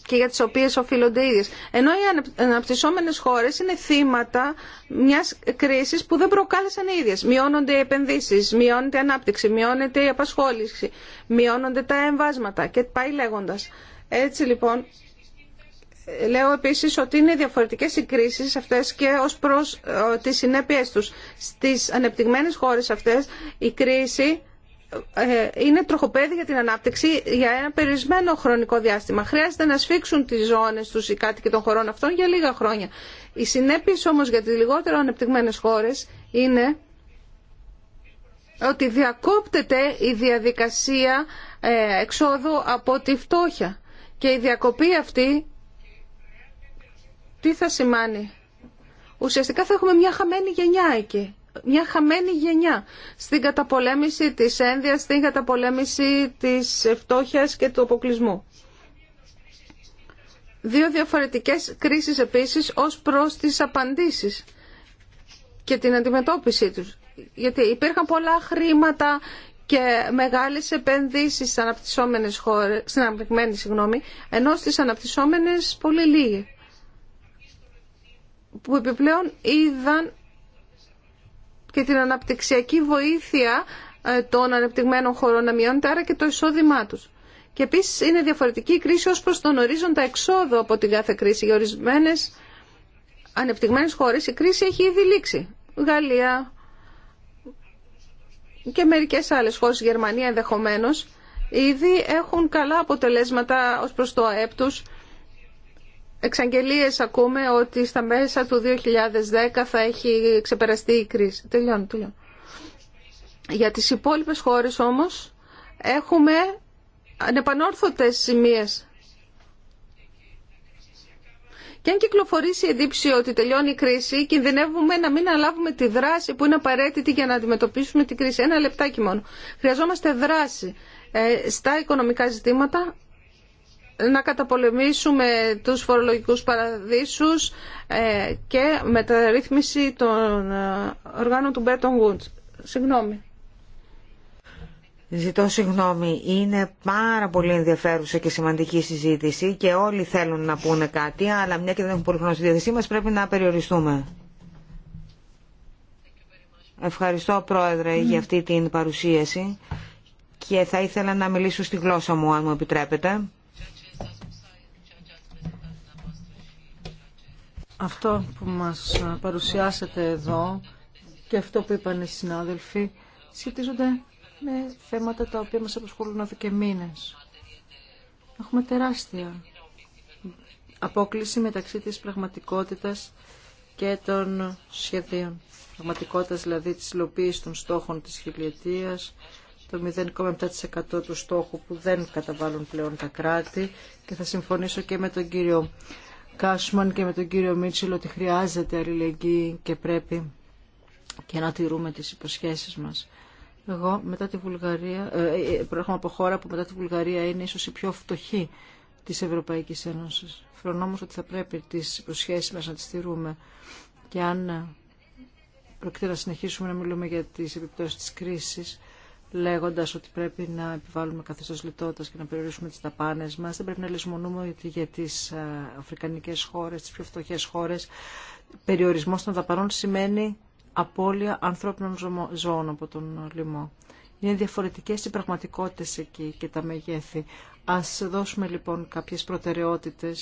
και για τις οποίες οφείλονται οι ίδιες. Ενώ οι αναπτυσσόμενες χώρες είναι θύματα μιας κρίσης που δεν προκάλεσαν οι ίδιες. Μειώνονται οι επενδύσεις, μειώνεται η ανάπτυξη, μειώνεται η απασχόληση, μειώνονται τα εμβάσματα και πάει λέγοντας. Έτσι λοιπόν, λέω επίσης ότι είναι διαφορετικές οι κρίσεις αυτές και ως προς ε, τις συνέπειές τους. Στις ανεπτυγμένες χώρες αυτές η κρίση ε, είναι τροχοπέδι για την ανάπτυξη για ένα περιορισμένο χρονικό διάστημα. Χρειάζεται να σφίξουν τις ζώνες τους οι κάτοικοι των χωρών αυτών για λίγα χρόνια. Οι συνέπειε όμως για τι λιγότερο ανεπτυγμένες χώρες είναι ότι διακόπτεται η διαδικασία ε, εξόδου από τη φτώχεια. Και η διακοπή αυτή τι θα σημάνει. Ουσιαστικά θα έχουμε μια χαμένη γενιά εκεί μια χαμένη γενιά στην καταπολέμηση της ένδυας, στην καταπολέμηση της φτώχειας και του αποκλεισμού. Δύο διαφορετικές κρίσεις επίσης ως προς τις απαντήσεις και την αντιμετώπιση τους. Γιατί υπήρχαν πολλά χρήματα και μεγάλες επενδύσεις στις αναπτυσσόμενες χώρες, στην αναπτυγμένη συγγνώμη, ενώ στις αναπτυσσόμενες πολύ λίγοι που επιπλέον είδαν και την αναπτυξιακή βοήθεια ε, των ανεπτυγμένων χωρών να μειώνεται, άρα και το εισόδημά τους. Και επίση είναι διαφορετική η κρίση ω προ τον ορίζοντα εξόδου από την κάθε κρίση. Για ορισμένε ανεπτυγμένε χώρε η κρίση έχει ήδη λήξει. Γαλλία και μερικέ άλλε χώρε, Γερμανία ενδεχομένω, ήδη έχουν καλά αποτελέσματα ω προ το ΑΕΠ τους εξαγγελίες ακούμε ότι στα μέσα του 2010 θα έχει ξεπεραστεί η κρίση. Τελειώνω, τελειώνω. Για τις υπόλοιπες χώρες όμως έχουμε ανεπανόρθωτες σημείες. Και αν κυκλοφορήσει η εντύπωση ότι τελειώνει η κρίση, κινδυνεύουμε να μην αναλάβουμε τη δράση που είναι απαραίτητη για να αντιμετωπίσουμε την κρίση. Ένα λεπτάκι μόνο. Χρειαζόμαστε δράση ε, στα οικονομικά ζητήματα, να καταπολεμήσουμε τους φορολογικούς παραδείσους ε, και μεταρρύθμιση των ε, οργάνων του Bretton Woods. Συγγνώμη. Ζητώ συγγνώμη. Είναι πάρα πολύ ενδιαφέρουσα και σημαντική συζήτηση και όλοι θέλουν να πούνε κάτι, αλλά μια και δεν έχουν πολύ χρόνο στη διάθεσή μας πρέπει να περιοριστούμε. Ευχαριστώ Πρόεδρε για αυτή την παρουσίαση και θα ήθελα να μιλήσω στη γλώσσα μου αν μου επιτρέπετε. Αυτό που μας ε, παρουσιάσατε εδώ και αυτό που είπαν οι συνάδελφοι σχετίζονται με θέματα τα οποία μας απασχολούν εδώ και μήνες. Έχουμε τεράστια απόκληση μεταξύ της πραγματικότητας και των σχεδίων. Πραγματικότητας δηλαδή της υλοποίησης των στόχων της χιλιετίας, το 0,7% του στόχου που δεν καταβάλουν πλέον τα κράτη και θα συμφωνήσω και με τον κύριο Κάσμαν και με τον κύριο Μίτσελ ότι χρειάζεται αλληλεγγύη και πρέπει και να τηρούμε τις υποσχέσεις μας. Εγώ μετά τη Βουλγαρία, ε, ε, προέρχομαι από χώρα που μετά τη Βουλγαρία είναι ίσως η πιο φτωχή της Ευρωπαϊκής Ένωσης. Φρονώ όμως ότι θα πρέπει τις υποσχέσεις μας να τις τηρούμε και αν ε, πρόκειται να συνεχίσουμε να μιλούμε για τις επιπτώσεις της κρίσης Λέγοντα ότι πρέπει να επιβάλλουμε καθεστώ λιτότητα και να περιορίσουμε τις ταπάνες μας. Δεν πρέπει να λησμονούμε ότι για τι αφρικανικέ χώρε, τι πιο φτωχέ χώρε. Περιορισμό των δαπανών σημαίνει απώλεια ανθρώπινων ζώων από τον λοιμό. Είναι διαφορετικέ οι πραγματικότητε εκεί και τα μεγέθη. Α δώσουμε λοιπόν κάποιε προτεραιότητε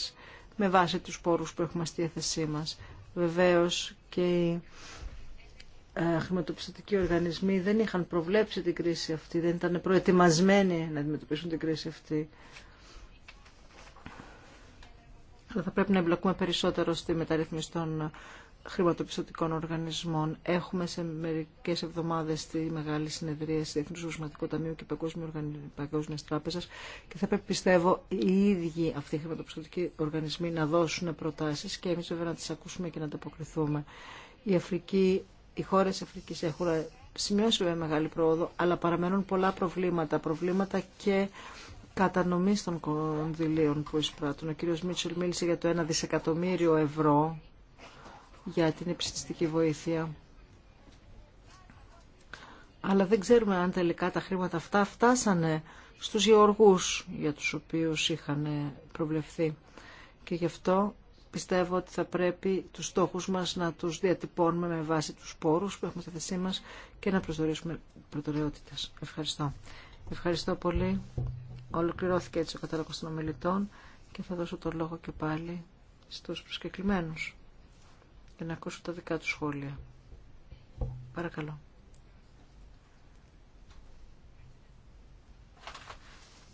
με βάση του πόρου που έχουμε στη διάθεσή μα. Βεβαίω και ε, χρηματοπιστωτικοί οργανισμοί δεν είχαν προβλέψει την κρίση αυτή, δεν ήταν προετοιμασμένοι να αντιμετωπίσουν την κρίση αυτή. Αλλά θα πρέπει να εμπλακούμε περισσότερο στη μεταρρύθμιση των χρηματοπιστωτικών οργανισμών. Έχουμε σε μερικές εβδομάδες τη μεγάλη συνεδρία Διεθνούς Ρωσματικού Ταμείου και Παγκόσμια Τράπεζα και θα πρέπει, πιστεύω, οι ίδιοι αυτοί οι χρηματοπιστωτικοί οργανισμοί να δώσουν προτάσει και εμεί βέβαια να τι ακούσουμε και να ανταποκριθούμε. Η Αφρική οι χώρε Αφρικής έχουν σημειώσει με μεγάλη πρόοδο, αλλά παραμένουν πολλά προβλήματα. Προβλήματα και κατανομή των κονδυλίων που εισπράττουν. Ο κύριο Μίτσελ μίλησε για το 1 δισεκατομμύριο ευρώ για την επιστημιστική βοήθεια. Αλλά δεν ξέρουμε αν τελικά τα χρήματα αυτά φτάσανε στους γεωργούς για τους οποίους είχαν προβλεφθεί. Και γι' αυτό πιστεύω ότι θα πρέπει τους στόχους μας να τους διατυπώνουμε με βάση τους πόρους που έχουμε στη θέση μας και να προσδορίσουμε προτεραιότητες. Ευχαριστώ. Ευχαριστώ πολύ. Ολοκληρώθηκε έτσι ο κατάλογος των ομιλητών και θα δώσω το λόγο και πάλι στους προσκεκλημένους για να ακούσω τα δικά του σχόλια. Παρακαλώ.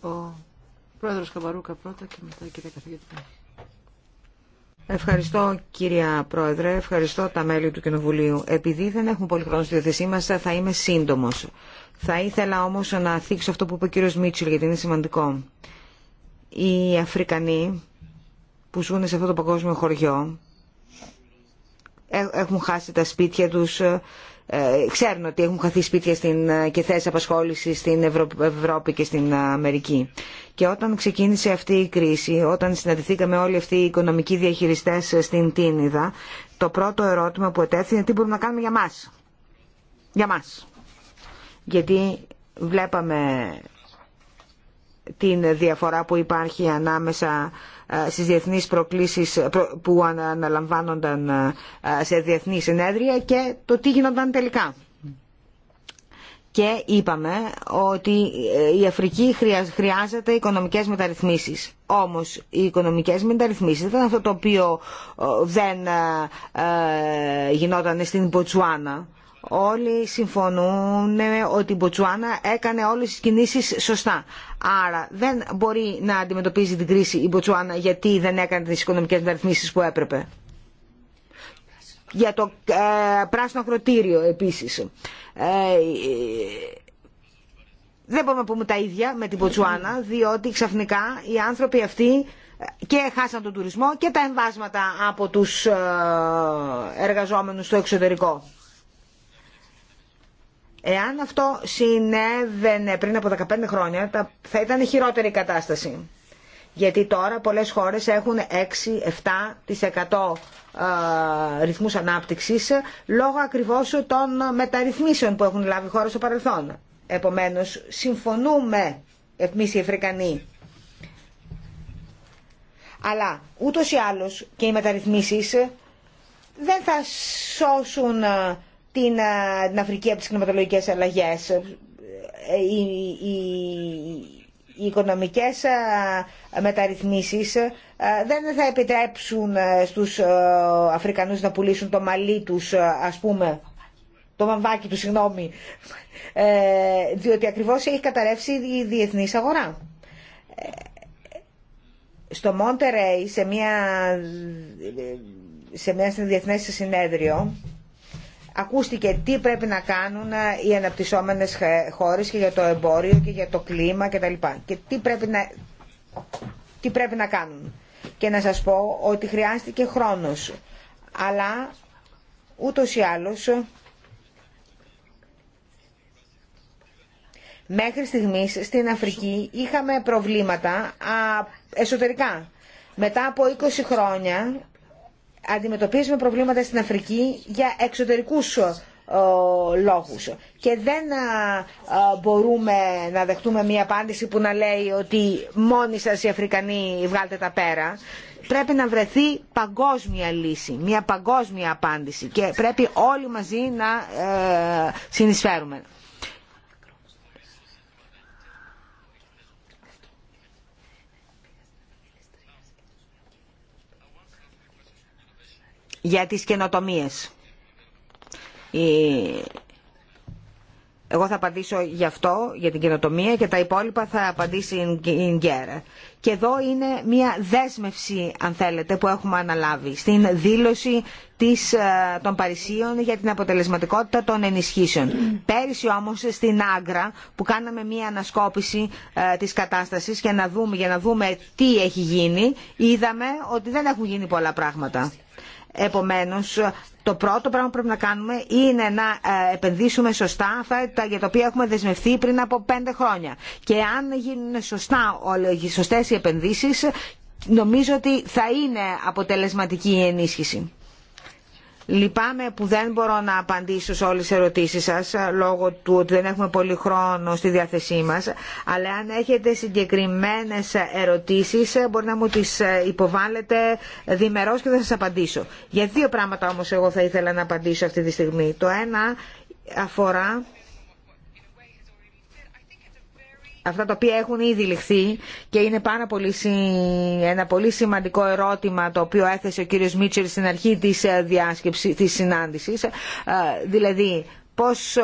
Ο πρόεδρος Καμπαρούκα πρώτα και μετά η κυρία καθηγητή. Ευχαριστώ κυρία Πρόεδρε, ευχαριστώ τα μέλη του Κοινοβουλίου. Επειδή δεν έχουμε πολύ χρόνο στη διαθεσή μας θα είμαι σύντομος. Θα ήθελα όμως να θίξω αυτό που είπε ο κύριος Μίτσελ γιατί είναι σημαντικό. Οι Αφρικανοί που ζουν σε αυτό το παγκόσμιο χωριό ε, έχουν χάσει τα σπίτια τους, ε, ξέρουν ότι έχουν χαθεί σπίτια στην, ε, και θέσει απασχόληση στην Ευρώπη και στην Αμερική. Και όταν ξεκίνησε αυτή η κρίση, όταν συναντηθήκαμε όλοι αυτοί οι οικονομικοί διαχειριστές στην Τίνιδα, το πρώτο ερώτημα που ετέθη είναι τι μπορούμε να κάνουμε για μας. Για μας. Γιατί βλέπαμε την διαφορά που υπάρχει ανάμεσα ε, στις διεθνείς προκλήσεις ε, που αναλαμβάνονταν ε, σε διεθνή συνέδρια και το τι γινόταν τελικά. Και είπαμε ότι η Αφρική χρειάζεται οικονομικές μεταρρυθμίσεις. Όμως οι οικονομικές μεταρρυθμίσεις ήταν αυτό το οποίο δεν γινόταν στην Ποτσουάνα όλοι συμφωνούν ότι η Μποτσουάνα έκανε όλες τις κινήσεις σωστά. Άρα δεν μπορεί να αντιμετωπίζει την κρίση η Μποτσουάνα γιατί δεν έκανε τις οικονομικές μεταρρυθμίσεις που έπρεπε. Για το ε, πράσινο ακροτήριο επίσης. Ε, δεν μπορούμε να πούμε τα ίδια με την Μποτσουάνα διότι ξαφνικά οι άνθρωποι αυτοί και χάσαν τον τουρισμό και τα εμβάσματα από τους ε, εργαζόμενους στο εξωτερικό. Εάν αυτό συνέβαινε πριν από 15 χρόνια, θα ήταν χειρότερη η κατάσταση. Γιατί τώρα πολλές χώρες έχουν 6-7% ρυθμούς ανάπτυξης λόγω ακριβώς των μεταρρυθμίσεων που έχουν λάβει χώρες στο παρελθόν. Επομένως, συμφωνούμε εμείς οι Αφρικανοί. Αλλά ούτως ή άλλως και οι μεταρρυθμίσεις δεν θα σώσουν την, την Αφρική από τις κλιματολογικές αλλαγές. Ε, οι, οι, οικονομικές μεταρρυθμίσεις δεν θα επιτρέψουν στους Αφρικανούς να πουλήσουν το μαλλί τους, ας πούμε, το μαμβάκι του, συγγνώμη, ε, διότι ακριβώς έχει καταρρεύσει η διεθνής αγορά. Ε, στο Μόντερεϊ, σε μια, σε μια διεθνές συνέδριο, ακούστηκε τι πρέπει να κάνουν ε, οι αναπτυσσόμενες χώρες και για το εμπόριο και για το κλίμα και τα λοιπά. Και τι πρέπει να, τι πρέπει να κάνουν. Και να σας πω ότι χρειάστηκε χρόνος. Αλλά ούτως ή άλλως μέχρι στιγμής στην Αφρική είχαμε προβλήματα α, εσωτερικά. Μετά από 20 χρόνια αντιμετωπίζουμε προβλήματα στην Αφρική για εξωτερικούς λόγους και δεν μπορούμε να δεχτούμε μία απάντηση που να λέει ότι μόνοι σας οι Αφρικανοί βγάλτε τα πέρα πρέπει να βρεθεί παγκόσμια λύση μία παγκόσμια απάντηση και πρέπει όλοι μαζί να ε, συνεισφέρουμε για τις καινοτομίες. Εγώ θα απαντήσω γι' αυτό, για την καινοτομία και τα υπόλοιπα θα απαντήσει η Γκέρα. Και εδώ είναι μια δέσμευση, αν θέλετε, που έχουμε αναλάβει στην δήλωση της, ε, των Παρισίων για την αποτελεσματικότητα των ενισχύσεων. Πέρυσι όμως στην Άγκρα που κάναμε μια ανασκόπηση ε, της κατάστασης και να, δούμε, για να δούμε τι έχει γίνει, είδαμε ότι δεν έχουν γίνει πολλά πράγματα. Επομένως, το πρώτο πράγμα που πρέπει να κάνουμε είναι να ε, επενδύσουμε σωστά αυτά για τα οποία έχουμε δεσμευτεί πριν από πέντε χρόνια. Και αν γίνουν σωστά, σωστές οι επενδύσεις, νομίζω ότι θα είναι αποτελεσματική η ενίσχυση. Λυπάμαι που δεν μπορώ να απαντήσω σε όλες τις ερωτήσεις σας λόγω του ότι δεν έχουμε πολύ χρόνο στη διάθεσή μας αλλά αν έχετε συγκεκριμένες ερωτήσεις μπορεί να μου τις υποβάλλετε διμερώς και θα σας απαντήσω. Για δύο πράγματα όμως εγώ θα ήθελα να απαντήσω αυτή τη στιγμή. Το ένα αφορά αυτά τα οποία έχουν ήδη ληχθεί και είναι πάρα πολύ, ένα πολύ σημαντικό ερώτημα το οποίο έθεσε ο κύριος Μίτσελ στην αρχή της ε, διάσκεψης, της συνάντησης, ε, δηλαδή πώς ε,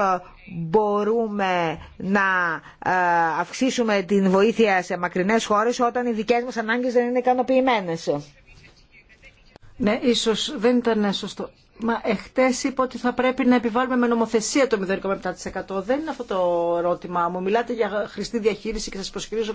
μπορούμε να αυξήσουμε την βοήθεια σε μακρινές χώρες όταν οι δικές μας ανάγκες δεν είναι ικανοποιημένες. Ναι, ίσως δεν ήταν σωστό Μα εχθέ είπα ότι θα πρέπει να επιβάλλουμε με νομοθεσία το 0,7%. Δεν είναι αυτό το ερώτημά μου. Μιλάτε για χρηστή διαχείριση και σας προσκυρίζω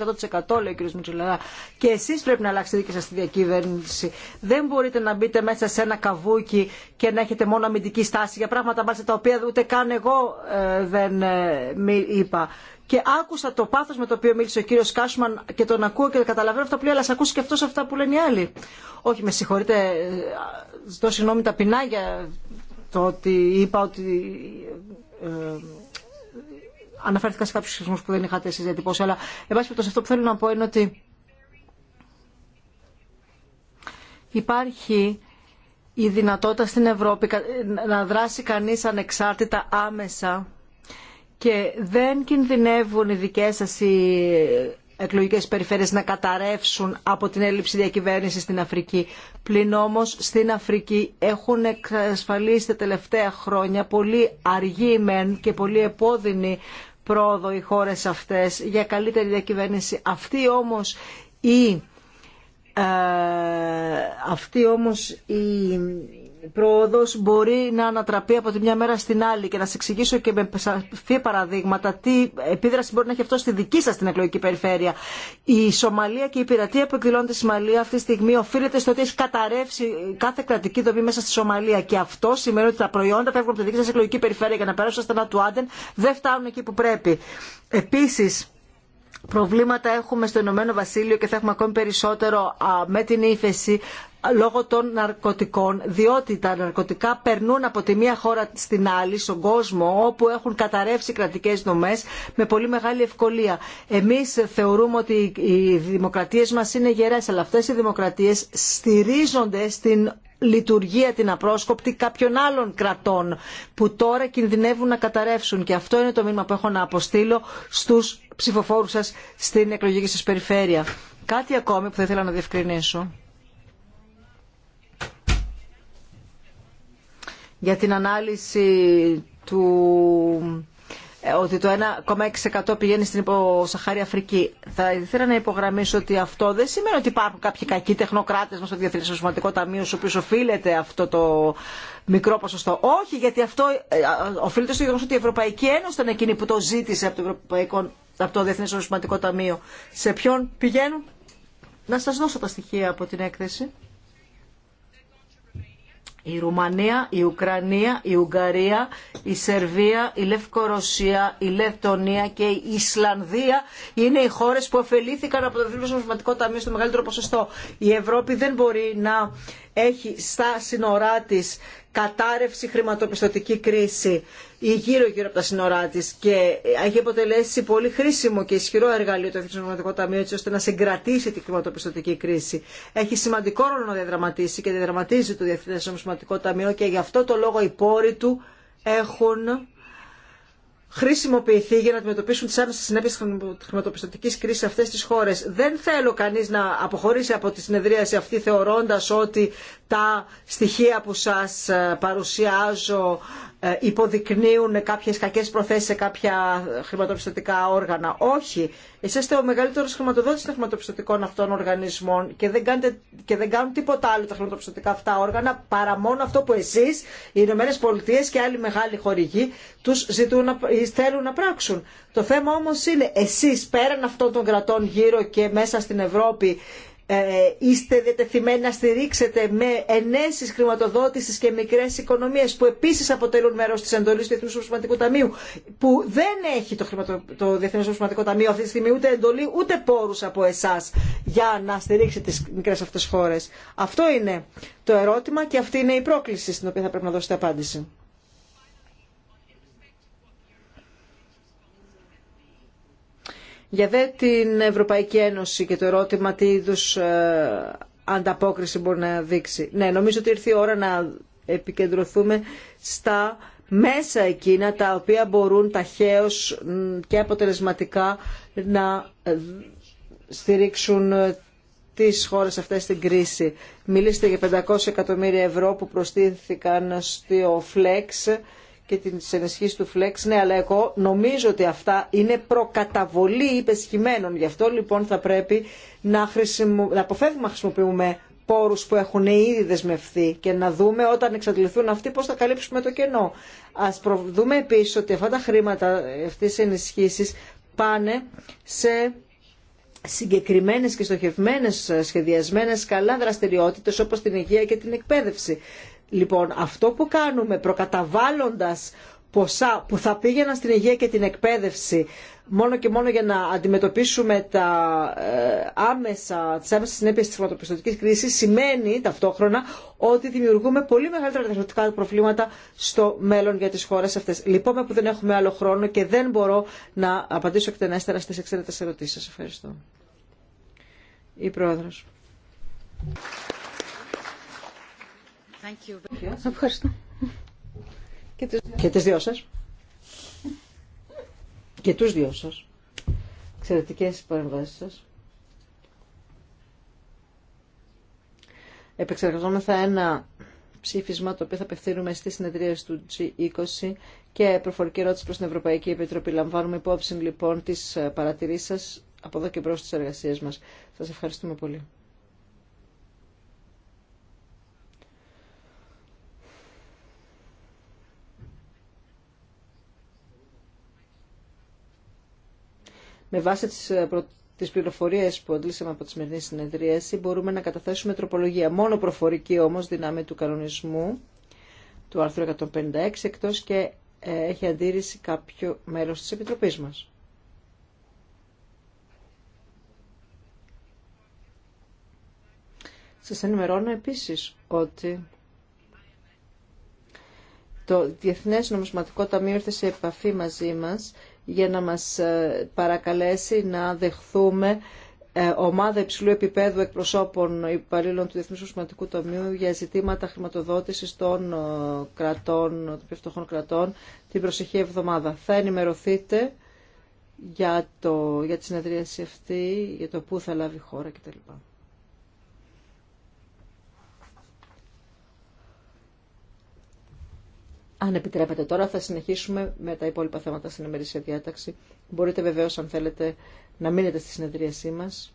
100% λέει ο κ. Μητσουλαρά. Και εσείς πρέπει να αλλάξετε δική σα τη διακυβέρνηση. Δεν μπορείτε να μπείτε μέσα σε ένα καβούκι και να έχετε μόνο αμυντική στάση για πράγματα μάλιστα τα οποία ούτε καν εγώ ε, δεν ε, είπα και άκουσα το πάθος με το οποίο μίλησε ο κύριος Κάσμαν και τον ακούω και καταλαβαίνω αυτό που λέει, αλλά σε ακούσει και αυτός αυτά που λένε οι άλλοι. Όχι, με συγχωρείτε, ζητώ ε, συγγνώμη ταπεινά για το ότι είπα ότι... Ε, αναφέρθηκα σε κάποιους χρησμούς που δεν είχατε εσείς διατυπώσει, αλλά εν αυτό που θέλω να πω είναι ότι υπάρχει η δυνατότητα στην Ευρώπη να δράσει κανείς ανεξάρτητα άμεσα και δεν κινδυνεύουν οι δικές σας οι εκλογικές περιφέρειες να καταρρεύσουν από την έλλειψη διακυβέρνηση στην Αφρική. Πλην όμως στην Αφρική έχουν εξασφαλίσει τα τελευταία χρόνια πολύ αργή μεν και πολύ επώδυνη πρόοδο οι χώρες αυτές για καλύτερη διακυβέρνηση. Αυτή όμως η, ε, αυτή όμως η πρόοδος μπορεί να ανατραπεί από τη μια μέρα στην άλλη και να σας εξηγήσω και με σαφή παραδείγματα τι επίδραση μπορεί να έχει αυτό στη δική σας την εκλογική περιφέρεια. Η Σομαλία και η πειρατεία που εκδηλώνεται στη Σομαλία αυτή τη στιγμή οφείλεται στο ότι έχει καταρρεύσει κάθε κρατική δομή μέσα στη Σομαλία και αυτό σημαίνει ότι τα προϊόντα φεύγουν από τη δική σας εκλογική περιφέρεια για να περάσουν στα του Άντεν δεν φτάνουν εκεί που πρέπει. Επίσης, προβλήματα έχουμε στο Ηνωμένο Βασίλειο και θα έχουμε ακόμη περισσότερο με την ύφεση λόγω των ναρκωτικών, διότι τα ναρκωτικά περνούν από τη μία χώρα στην άλλη, στον κόσμο, όπου έχουν καταρρεύσει κρατικές δομές με πολύ μεγάλη ευκολία. Εμείς θεωρούμε ότι οι δημοκρατίες μας είναι γερές, αλλά αυτές οι δημοκρατίες στηρίζονται στην λειτουργία την απρόσκοπτη κάποιων άλλων κρατών που τώρα κινδυνεύουν να καταρρεύσουν και αυτό είναι το μήνυμα που έχω να αποστείλω στους ψηφοφόρου σα στην εκλογική σα περιφέρεια. Κάτι ακόμη που θα ήθελα να διευκρινίσω. Για την ανάλυση του ε, ότι το 1,6% πηγαίνει στην υποσαχάρη Αφρική. Θα ήθελα να υπογραμμίσω ότι αυτό δεν σημαίνει ότι υπάρχουν κάποιοι κακοί τεχνοκράτε μα στο Διεθνέ Σωματικό Ταμείο, στου οποίου οφείλεται αυτό το μικρό ποσοστό. Όχι, γιατί αυτό ε, ε, οφείλεται στο γεγονό ότι η Ευρωπαϊκή Ένωση ήταν εκείνη που το ζήτησε από το Ευρωπαϊκό από το Διεθνές Νομισματικό Ταμείο. Σε ποιον πηγαίνουν. Να σας δώσω τα στοιχεία από την έκθεση. Η Ρουμανία, η Ουκρανία, η Ουγγαρία, η Σερβία, η Λευκορωσία, η Λευτονία και η Ισλανδία είναι οι χώρες που ωφελήθηκαν από το Διεθνές Νομισματικό Ταμείο στο μεγαλύτερο ποσοστό. Η Ευρώπη δεν μπορεί να έχει στα σύνορά τη κατάρρευση, χρηματοπιστωτική κρίση ή γύρω-γύρω από τα σύνορά τη και έχει αποτελέσει πολύ χρήσιμο και ισχυρό εργαλείο το Εθνικό Ταμείο έτσι ώστε να συγκρατήσει τη χρηματοπιστωτική κρίση. Έχει σημαντικό ρόλο να διαδραματίσει και διαδραματίζει το Διεθνέ Νομισματικό Ταμείο και γι' αυτό το λόγο οι πόροι του έχουν χρησιμοποιηθεί για να αντιμετωπίσουν τι άμεσε συνέπειε τη χρηματοπιστωτική κρίσης σε αυτές τις χώρες. Δεν θέλω κανείς να αποχωρήσει από τη συνεδρίαση αυτή θεωρώντας ότι τα στοιχεία που σας ε, παρουσιάζω ε, υποδεικνύουν κάποιες κακές προθέσεις σε κάποια χρηματοπιστωτικά όργανα. Όχι. Εσείς ο μεγαλύτερος χρηματοδότης των χρηματοπιστωτικών αυτών οργανισμών και δεν, κάνετε, και δεν κάνουν τίποτα άλλο τα χρηματοπιστωτικά αυτά όργανα παρά μόνο αυτό που εσείς, οι Ηνωμένες Πολιτείες και άλλοι μεγάλοι χορηγοί τους ζητούν, θέλουν να πράξουν. Το θέμα όμως είναι εσείς πέραν αυτών των κρατών γύρω και μέσα στην Ευρώπη ε, είστε διατεθειμένοι να στηρίξετε με ενέσει χρηματοδότηση και μικρέ οικονομίε που επίση αποτελούν μέρο τη εντολή του ΔΣΤ Ταμείου που δεν έχει το, χρηματο... το Ταμείο αυτή τη στιγμή ούτε εντολή ούτε πόρου από εσά για να στηρίξετε τι μικρέ αυτέ χώρε. Αυτό είναι το ερώτημα και αυτή είναι η πρόκληση στην οποία θα πρέπει να δώσετε απάντηση. Για δε την Ευρωπαϊκή Ένωση και το ερώτημα τι είδου ε, ανταπόκριση μπορεί να δείξει. Ναι, νομίζω ότι ήρθε η ώρα να επικεντρωθούμε στα μέσα εκείνα τα οποία μπορούν ταχαίως και αποτελεσματικά να ε, στηρίξουν ε, τις χώρες αυτές στην κρίση. Μιλήστε για 500 εκατομμύρια ευρώ που προστίθηκαν στο Flex και τι ενισχύσει του Flex. Ναι, αλλά εγώ νομίζω ότι αυτά είναι προκαταβολή υπεσχημένων. Γι' αυτό λοιπόν θα πρέπει να, χρησιμο... να αποφεύγουμε να χρησιμοποιούμε πόρου που έχουν ήδη δεσμευθεί και να δούμε όταν εξαντληθούν αυτοί πώ θα καλύψουμε το κενό. Α δούμε επίση ότι αυτά τα χρήματα, αυτέ οι ενισχύσει πάνε σε συγκεκριμένες και στοχευμένες σχεδιασμένες καλά δραστηριότητες όπως την υγεία και την εκπαίδευση. Λοιπόν, αυτό που κάνουμε προκαταβάλλοντας ποσά που θα πήγαιναν στην υγεία και την εκπαίδευση μόνο και μόνο για να αντιμετωπίσουμε τα ε, άμεσα, τις άμεσες συνέπειες της χρηματοπιστωτικής κρίσης σημαίνει ταυτόχρονα ότι δημιουργούμε πολύ μεγαλύτερα διαφορετικά προβλήματα στο μέλλον για τις χώρες αυτές. Λυπόμαι που δεν έχουμε άλλο χρόνο και δεν μπορώ να απαντήσω εκτενέστερα στις εξαιρετές ερωτήσεις. Σας ευχαριστώ. Η Πρόεδρος. Ευχαριστώ. Και τις δυο σας. Και τους δυο σας. Εξαιρετικές παρεμβάσεις σας. Επεξεργαζόμεθα ένα ψήφισμα το οποίο θα απευθύνουμε στη συνεδρία του G20 και προφορική ερώτηση προς την Ευρωπαϊκή Επιτροπή. Λαμβάνουμε υπόψη λοιπόν τις παρατηρήσεις σας από εδώ και μπρος στις εργασίες μας. Σας ευχαριστούμε πολύ. με βάση τις, ε, τις πληροφορίες που αντλήσαμε από τη σημερινή συνεδρίαση μπορούμε να καταθέσουμε τροπολογία. Μόνο προφορική όμως δυνάμει του κανονισμού του άρθρου 156 εκτός και ε, έχει αντίρρηση κάποιο μέρος της Επιτροπής μας. Σας ενημερώνω επίσης ότι το Διεθνές Νομισματικό Ταμείο ήρθε σε επαφή μαζί μας για να μας ε, παρακαλέσει να δεχθούμε ε, ομάδα υψηλού επίπεδου εκπροσώπων υπαλλήλων του Διεθνούς Σωματικού Τομείου για ζητήματα χρηματοδότησης των, ε, κρατών, των πιο φτωχών κρατών την προσεχή εβδομάδα. Θα ενημερωθείτε για, το, για τη συνεδρίαση αυτή, για το πού θα λάβει η χώρα κτλ. Αν επιτρέπετε τώρα θα συνεχίσουμε με τα υπόλοιπα θέματα στην ημερήσια διάταξη. Μπορείτε βεβαίως αν θέλετε να μείνετε στη συνεδρίασή μας.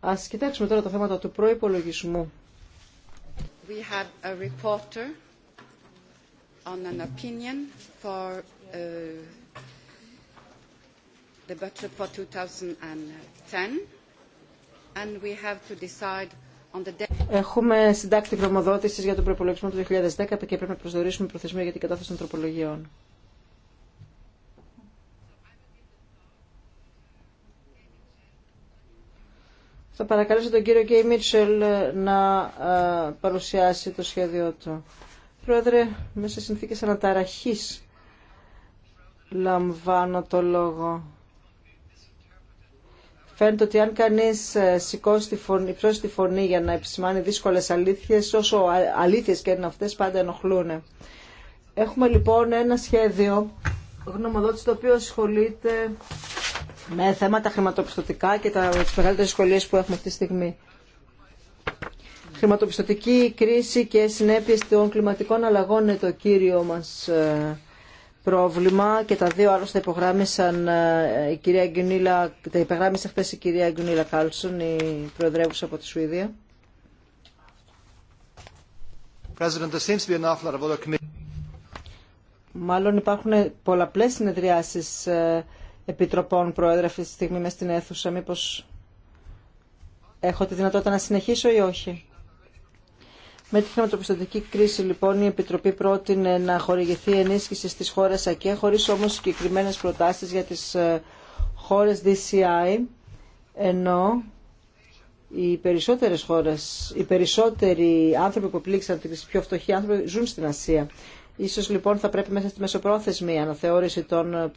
Ας κοιτάξουμε τώρα τα θέματα του προϋπολογισμού. We 2010. Έχουμε συντάξει την για τον προπολογισμό του 2010 και πρέπει να προσδορίσουμε προθεσμία για την κατάθεση των τροπολογιών. Θα παρακαλέσω τον κύριο Κέι Μίτσελ να ε, παρουσιάσει το σχέδιό του. Πρόεδρε, μέσα σε συνθήκες αναταραχής λαμβάνω το λόγο. Φαίνεται ότι αν κανείς ε, σηκώσει τη φωνή, τη φωνή για να επισημάνει δύσκολε αλήθειες, όσο αλήθειες και είναι αυτές πάντα ενοχλούν. Έχουμε λοιπόν ένα σχέδιο γνωμοδότηση το οποίο ασχολείται με θέματα χρηματοπιστωτικά και τα, τις μεγαλύτερες που έχουμε αυτή τη στιγμή. Χρηματοπιστωτική κρίση και συνέπειες των κλιματικών αλλαγών είναι το κύριο μας ε, πρόβλημα και τα δύο άλλωστε υπογράμμισαν ε, η κυρία Γκυνίλα, τα υπεγράμμισε χθε η κυρία Γκυνίλα Κάλσον, η προεδρεύουσα από τη Σουηδία. Μάλλον υπάρχουν πολλαπλέ συνεδριάσεις ε, επιτροπών πρόεδρε αυτή τη στιγμή με στην αίθουσα. μήπω έχω τη δυνατότητα να συνεχίσω ή όχι. Με τη χρηματοπιστωτική κρίση λοιπόν η Επιτροπή πρότεινε να χορηγηθεί ενίσχυση στις χώρες ΑΚΕ χωρίς όμως συγκεκριμένε προτάσεις για τις ε, χώρες DCI ενώ οι περισσότερες χώρες, οι περισσότεροι άνθρωποι που πλήξαν οι πιο φτωχοί άνθρωποι ζουν στην Ασία. Ίσως λοιπόν θα πρέπει μέσα στη μεσοπρόθεσμη αναθεώρηση των ε,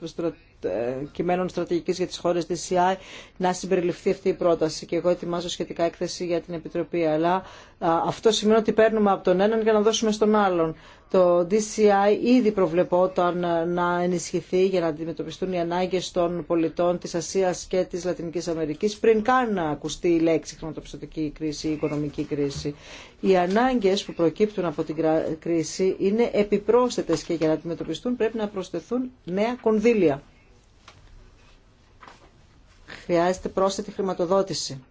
ε, κειμένων στρατηγικής για τις χώρες της CIA να συμπεριληφθεί αυτή η πρόταση. Και εγώ ετοιμάζω σχετικά έκθεση για την Επιτροπή. Αλλά αυτό σημαίνει ότι παίρνουμε από τον έναν για να δώσουμε στον άλλον. Το DCI ήδη προβλεπόταν να ενισχυθεί για να αντιμετωπιστούν οι ανάγκες των πολιτών της Ασίας και της Λατινικής Αμερικής πριν καν να ακουστεί η λέξη χρηματοπιστωτική κρίση ή οικονομική κρίση. Οι ανάγκες που προκύπτουν από την κρίση είναι επιπρόσθετες και για να αντιμετωπιστούν πρέπει να προσθεθούν νέα κονδύλια. Χρειάζεται πρόσθετη χρηματοδότηση.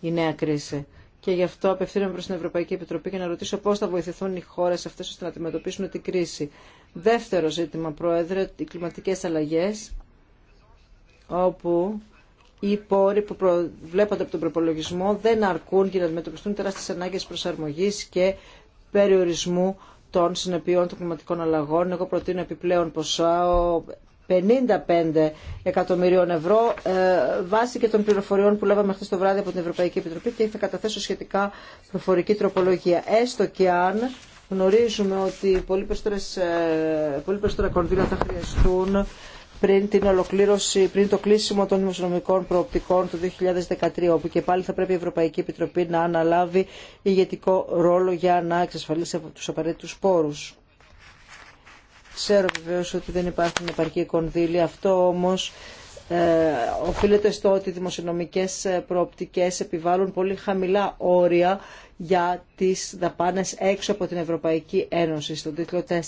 Η νέα κρίση και γι' αυτό απευθύνομαι προ την Ευρωπαϊκή Επιτροπή για να ρωτήσω πώς θα βοηθηθούν οι χώρες αυτές ώστε να αντιμετωπίσουν την κρίση. Δεύτερο ζήτημα, Πρόεδρε, οι κλιματικές αλλαγέ, όπου οι πόροι που βλέπονται από τον προπολογισμό δεν αρκούν για να αντιμετωπιστούν τεράστιες ανάγκε προσαρμογής και περιορισμού των συνεπειών των κλιματικών αλλαγών. Εγώ προτείνω επιπλέον ποσά 55 εκατομμυρίων ευρώ ε, βάσει και των πληροφοριών που λάβαμε χθε το βράδυ από την Ευρωπαϊκή Επιτροπή και θα καταθέσω σχετικά προφορική τροπολογία. Έστω και αν γνωρίζουμε ότι πολύ, ε, πολύ περισσότερα κονδύλια θα χρειαστούν πριν, την ολοκλήρωση, πριν το κλείσιμο των δημοσιονομικών προοπτικών του 2013, όπου και πάλι θα πρέπει η Ευρωπαϊκή Επιτροπή να αναλάβει ηγετικό ρόλο για να εξασφαλίσει τους απαραίτητους πόρους. Ξέρω βεβαίω ότι δεν υπάρχουν επαρκή κονδύλια. Αυτό όμως ε, οφείλεται στο ότι οι δημοσιονομικές ε, προοπτικές επιβάλλουν πολύ χαμηλά όρια για τις δαπάνες έξω από την Ευρωπαϊκή Ένωση, στον τίτλο 4.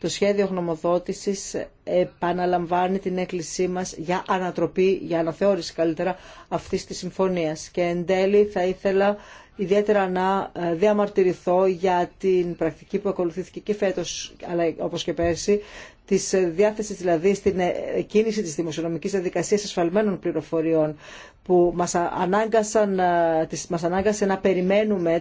Το σχέδιο γνωμοδότησης επαναλαμβάνει την έκκλησή μας για ανατροπή, για αναθεώρηση καλύτερα αυτής της συμφωνίας. Και εν τέλει θα ήθελα ιδιαίτερα να ε, διαμαρτυρηθώ για την πρακτική που ακολουθήθηκε και φέτος, αλλά όπως και πέρσι, τη ε, διάθεση δηλαδή στην ε, κίνηση της δημοσιονομική διαδικασία ασφαλμένων πληροφοριών που ε, μας, ανάγκασε να περιμένουμε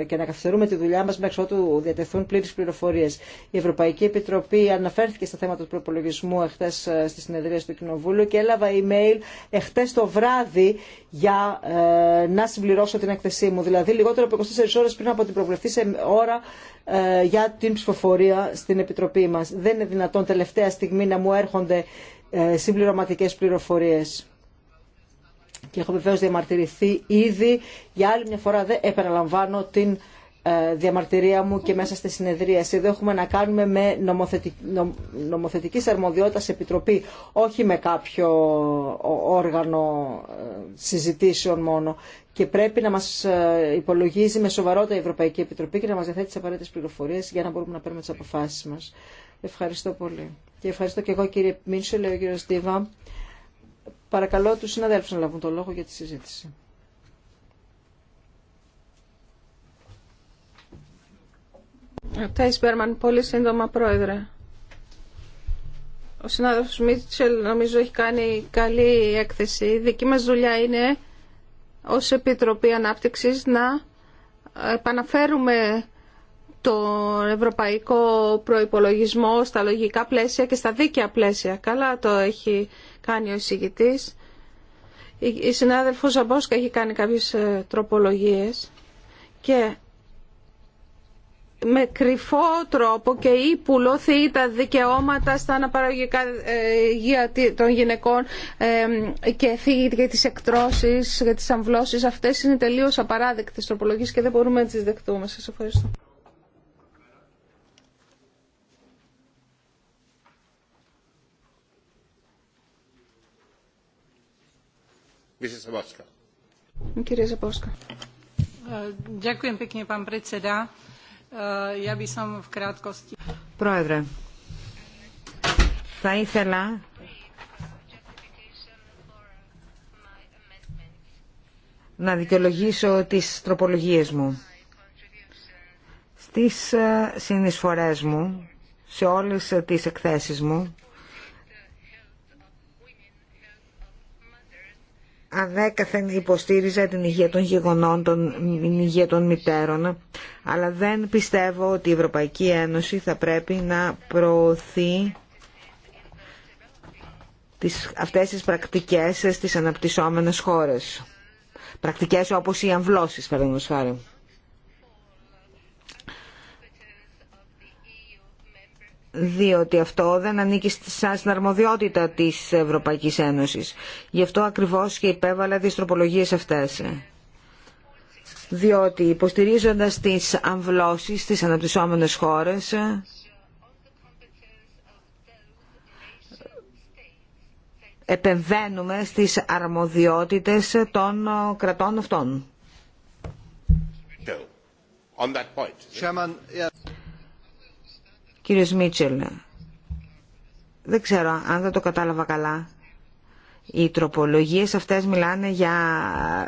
ε, και να καθυστερούμε τη δουλειά μας μέχρι ότου διατεθούν πλήρες πληροφορίες. Η Ευρωπαϊκή Επιτροπή αναφέρθηκε στα θέματα του προπολογισμού εχθές ε, στη συνεδρία του Κοινοβούλου και έλαβα email εχθές το βράδυ για να συμπληρώσω την εκθεσή μου. Δηλαδή λιγότερο από 24 ώρες πριν από την προβλεφτή σε ώρα για την ψηφοφορία στην Επιτροπή μας. Δεν είναι δυνατόν τελευταία στιγμή να μου έρχονται συμπληρωματικές πληροφορίες και έχω βεβαίω διαμαρτυρηθεί ήδη. Για άλλη μια φορά δεν επαναλαμβάνω την ε, διαμαρτυρία μου και μέσα στη συνεδρίαση. Εδώ έχουμε να κάνουμε με νομοθετική, αρμοδιότητα σε επιτροπή, όχι με κάποιο όργανο ε, συζητήσεων μόνο. Και πρέπει να μας ε, υπολογίζει με σοβαρότητα η Ευρωπαϊκή Επιτροπή και να μας διαθέτει τις απαραίτητες πληροφορίες για να μπορούμε να παίρνουμε τις αποφάσεις μας. Ευχαριστώ πολύ. Και ευχαριστώ και εγώ κύριε Μίνσελ, ο κύριο Στίβα. Παρακαλώ τους συναδέλφους να λάβουν το λόγο για τη συζήτηση. Τέις Μπέρμαν, πολύ σύντομα πρόεδρε. Ο συνάδελφος Μίτσελ νομίζω έχει κάνει καλή έκθεση. Η δική μας δουλειά είναι ως Επιτροπή Ανάπτυξης να επαναφέρουμε το ευρωπαϊκό προϋπολογισμό στα λογικά πλαίσια και στα δίκαια πλαίσια. Καλά το έχει κάνει ο εισηγητής. Η συνάδελφος Ζαμπόσκα έχει κάνει κάποιες ε, τροπολογίες και με κρυφό τρόπο και ύπουλο θεεί τα δικαιώματα στα αναπαραγωγικά ε, υγεία των γυναικών ε, και θεεί για τις εκτρώσεις, για τις αμβλώσεις. Αυτές είναι τελείως απαράδεκτες τροπολογίες και δεν μπορούμε να τις δεχτούμε. Σας ευχαριστώ. Κύριε Ζεπόσκα, ε, ε, θα ήθελα να δικαιολογήσω τις τροπολογίες μου. Στις ε, συνεισφορές μου, σε όλες τις εκθέσεις μου, ανέκαθεν υποστήριζα την υγεία των γεγονών, την υγεία των μητέρων, αλλά δεν πιστεύω ότι η Ευρωπαϊκή Ένωση θα πρέπει να προωθεί τις, αυτές τις πρακτικές στις αναπτυσσόμενες χώρες. Πρακτικές όπως οι αμβλώσεις, παραδείγματος χάρη. διότι αυτό δεν ανήκει στην αρμοδιότητα της Ευρωπαϊκής Ένωσης. Γι' αυτό ακριβώς και υπέβαλα τις τροπολογίες αυτές. Διότι υποστηρίζοντας τις αμβλώσεις στις αναπτυσσόμενες χώρες, επεμβαίνουμε στις αρμοδιότητες των κρατών αυτών. Κύριος Μίτσελ, δεν ξέρω αν δεν το κατάλαβα καλά. Οι τροπολογίες αυτές μιλάνε για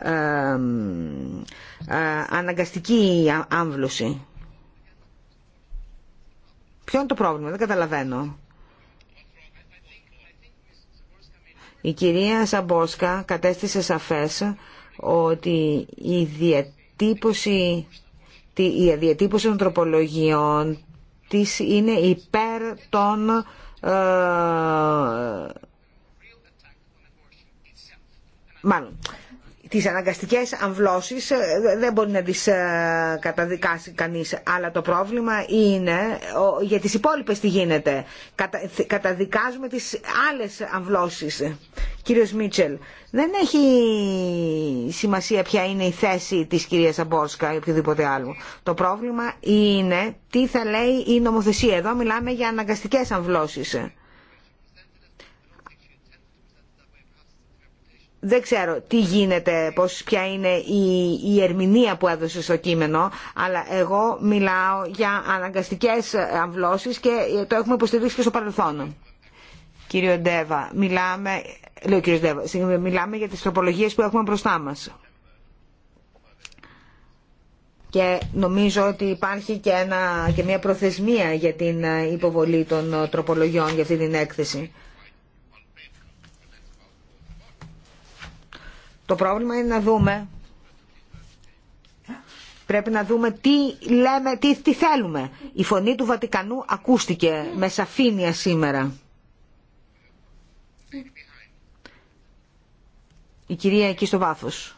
ε, ε, αναγκαστική άμβλωση. Ποιο είναι το πρόβλημα, δεν καταλαβαίνω. Η κυρία Σαμπόσκα κατέστησε σαφές ότι η διατύπωση η διατύπωση των τροπολογιών της είναι υπέρ των ε, μάλλον τις αναγκαστικές αμβλώσεις ε, δεν μπορεί να τις ε, καταδικάσει κανείς αλλά το πρόβλημα είναι για τις υπόλοιπες τι γίνεται καταδικάζουμε τις άλλες αμβλώσεις κύριος Μίτσελ δεν έχει σημασία ποια είναι η θέση της κυρίας Αμπόσκα ή οποιοδήποτε άλλο το πρόβλημα είναι τι θα λέει η νομοθεσία εδώ μιλάμε για αναγκαστικές αμβλώσεις δεν ξέρω τι γίνεται, πώς, ποια είναι η, η ερμηνεία που έδωσε στο κείμενο, αλλά εγώ μιλάω για αναγκαστικές αμβλώσεις και το έχουμε υποστηρίξει και στο παρελθόν. Κύριο Ντέβα, μιλάμε, κύριο Ντέβα, μιλάμε για τις τροπολογίες που έχουμε μπροστά μας. Και νομίζω ότι υπάρχει και, ένα, και μια προθεσμία για την υποβολή των τροπολογιών για αυτή την έκθεση. Το πρόβλημα είναι να δούμε. Πρέπει να δούμε τι λέμε, τι, θέλουμε. Η φωνή του Βατικανού ακούστηκε με σαφήνεια σήμερα. Η κυρία εκεί στο βάθος.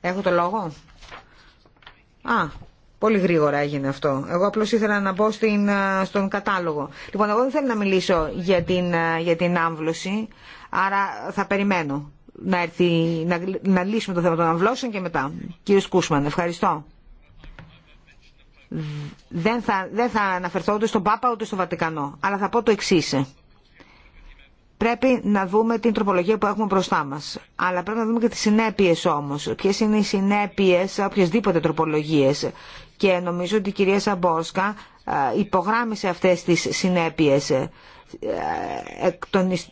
Έχω το λόγο. Α, Πολύ γρήγορα έγινε αυτό. Εγώ απλώ ήθελα να μπω στον κατάλογο. Λοιπόν, εγώ δεν θέλω να μιλήσω για την, για την άμβλωση, άρα θα περιμένω να, έρθει, να, να λύσουμε το θέμα των αμβλώσεων και μετά. Κύριος Κούσμαν, ευχαριστώ. Δεν θα, δεν θα αναφερθώ ούτε στον Πάπα ούτε στο Βατικανό, αλλά θα πω το εξή. Πρέπει να δούμε την τροπολογία που έχουμε μπροστά μα. Αλλά πρέπει να δούμε και τι συνέπειε όμω. Ποιε είναι οι συνέπειε οποιασδήποτε τροπολογίε και νομίζω ότι η κυρία Σαμπόσκα ε, υπογράμμισε αυτές τις συνέπειες. Ε,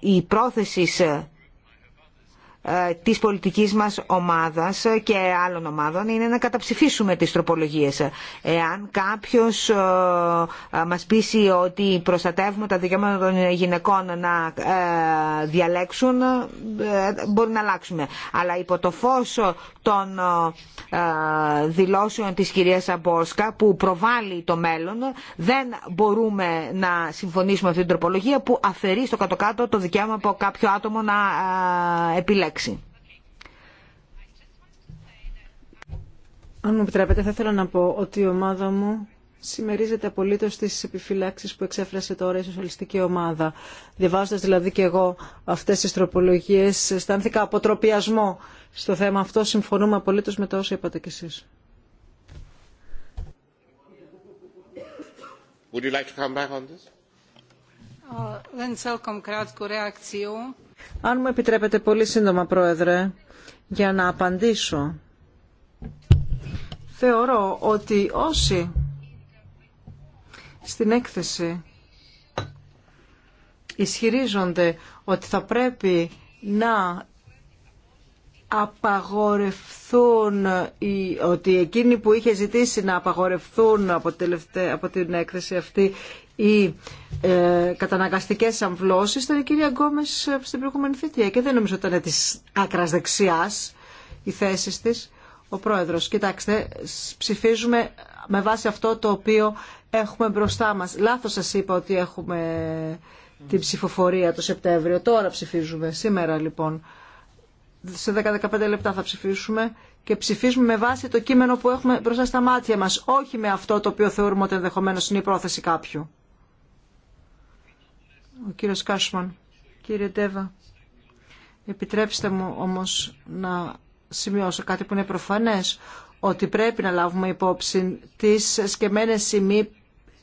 η πρόθεση ε, της πολιτικής μας ομάδας και άλλων ομάδων είναι να καταψηφίσουμε τις τροπολογίες. Εάν κάποιος ε, ε, μας πείσει ότι προστατεύουμε τα δικαιώματα των γυναικών να διαλέξουν, μπορεί να αλλάξουμε. Αλλά υπό το φως των δηλώσεων της κυρίας Αμπόσκα που προβάλλει το μέλλον, δεν μπορούμε να συμφωνήσουμε με αυτή την τροπολογία που αφαιρεί στο κάτω-κάτω το δικαίωμα από κάποιο άτομο να επιλέξει. Αν μου επιτρέπετε, θα ήθελα να πω ότι η ομάδα μου συμμερίζεται απολύτω στι επιφυλάξει που εξέφρασε τώρα η σοσιαλιστική ομάδα. Διαβάζοντα δηλαδή και εγώ αυτέ τι τροπολογίε, αισθάνθηκα αποτροπιασμό στο θέμα αυτό. Συμφωνούμε απολύτω με το όσα είπατε κι εσεί. Αν μου επιτρέπετε πολύ σύντομα, Πρόεδρε, για να απαντήσω. Θεωρώ ότι όσοι στην έκθεση ισχυρίζονται ότι θα πρέπει να απαγορευθούν, ότι εκείνοι που είχε ζητήσει να απαγορευθούν από, την έκθεση αυτή οι ε, καταναγκαστικές αμβλώσεις ήταν η κυρία Γκόμες ε, στην προηγούμενη θητεία και δεν νομίζω ότι ήταν της άκρας δεξιάς οι θέσεις της. Ο Πρόεδρος, κοιτάξτε, ψηφίζουμε με βάση αυτό το οποίο έχουμε μπροστά μας. Λάθος σας είπα ότι έχουμε την ψηφοφορία το Σεπτέμβριο. Τώρα ψηφίζουμε, σήμερα λοιπόν. Σε 10-15 λεπτά θα ψηφίσουμε και ψηφίζουμε με βάση το κείμενο που έχουμε μπροστά στα μάτια μας, όχι με αυτό το οποίο θεωρούμε ότι ενδεχομένω είναι η πρόθεση κάποιου. Ο κύριος Κάσμαν. Κύριε Ντέβα, επιτρέψτε μου όμως να σημειώσω κάτι που είναι προφανές, ότι πρέπει να λάβουμε υπόψη τις σκεμμένες σημεί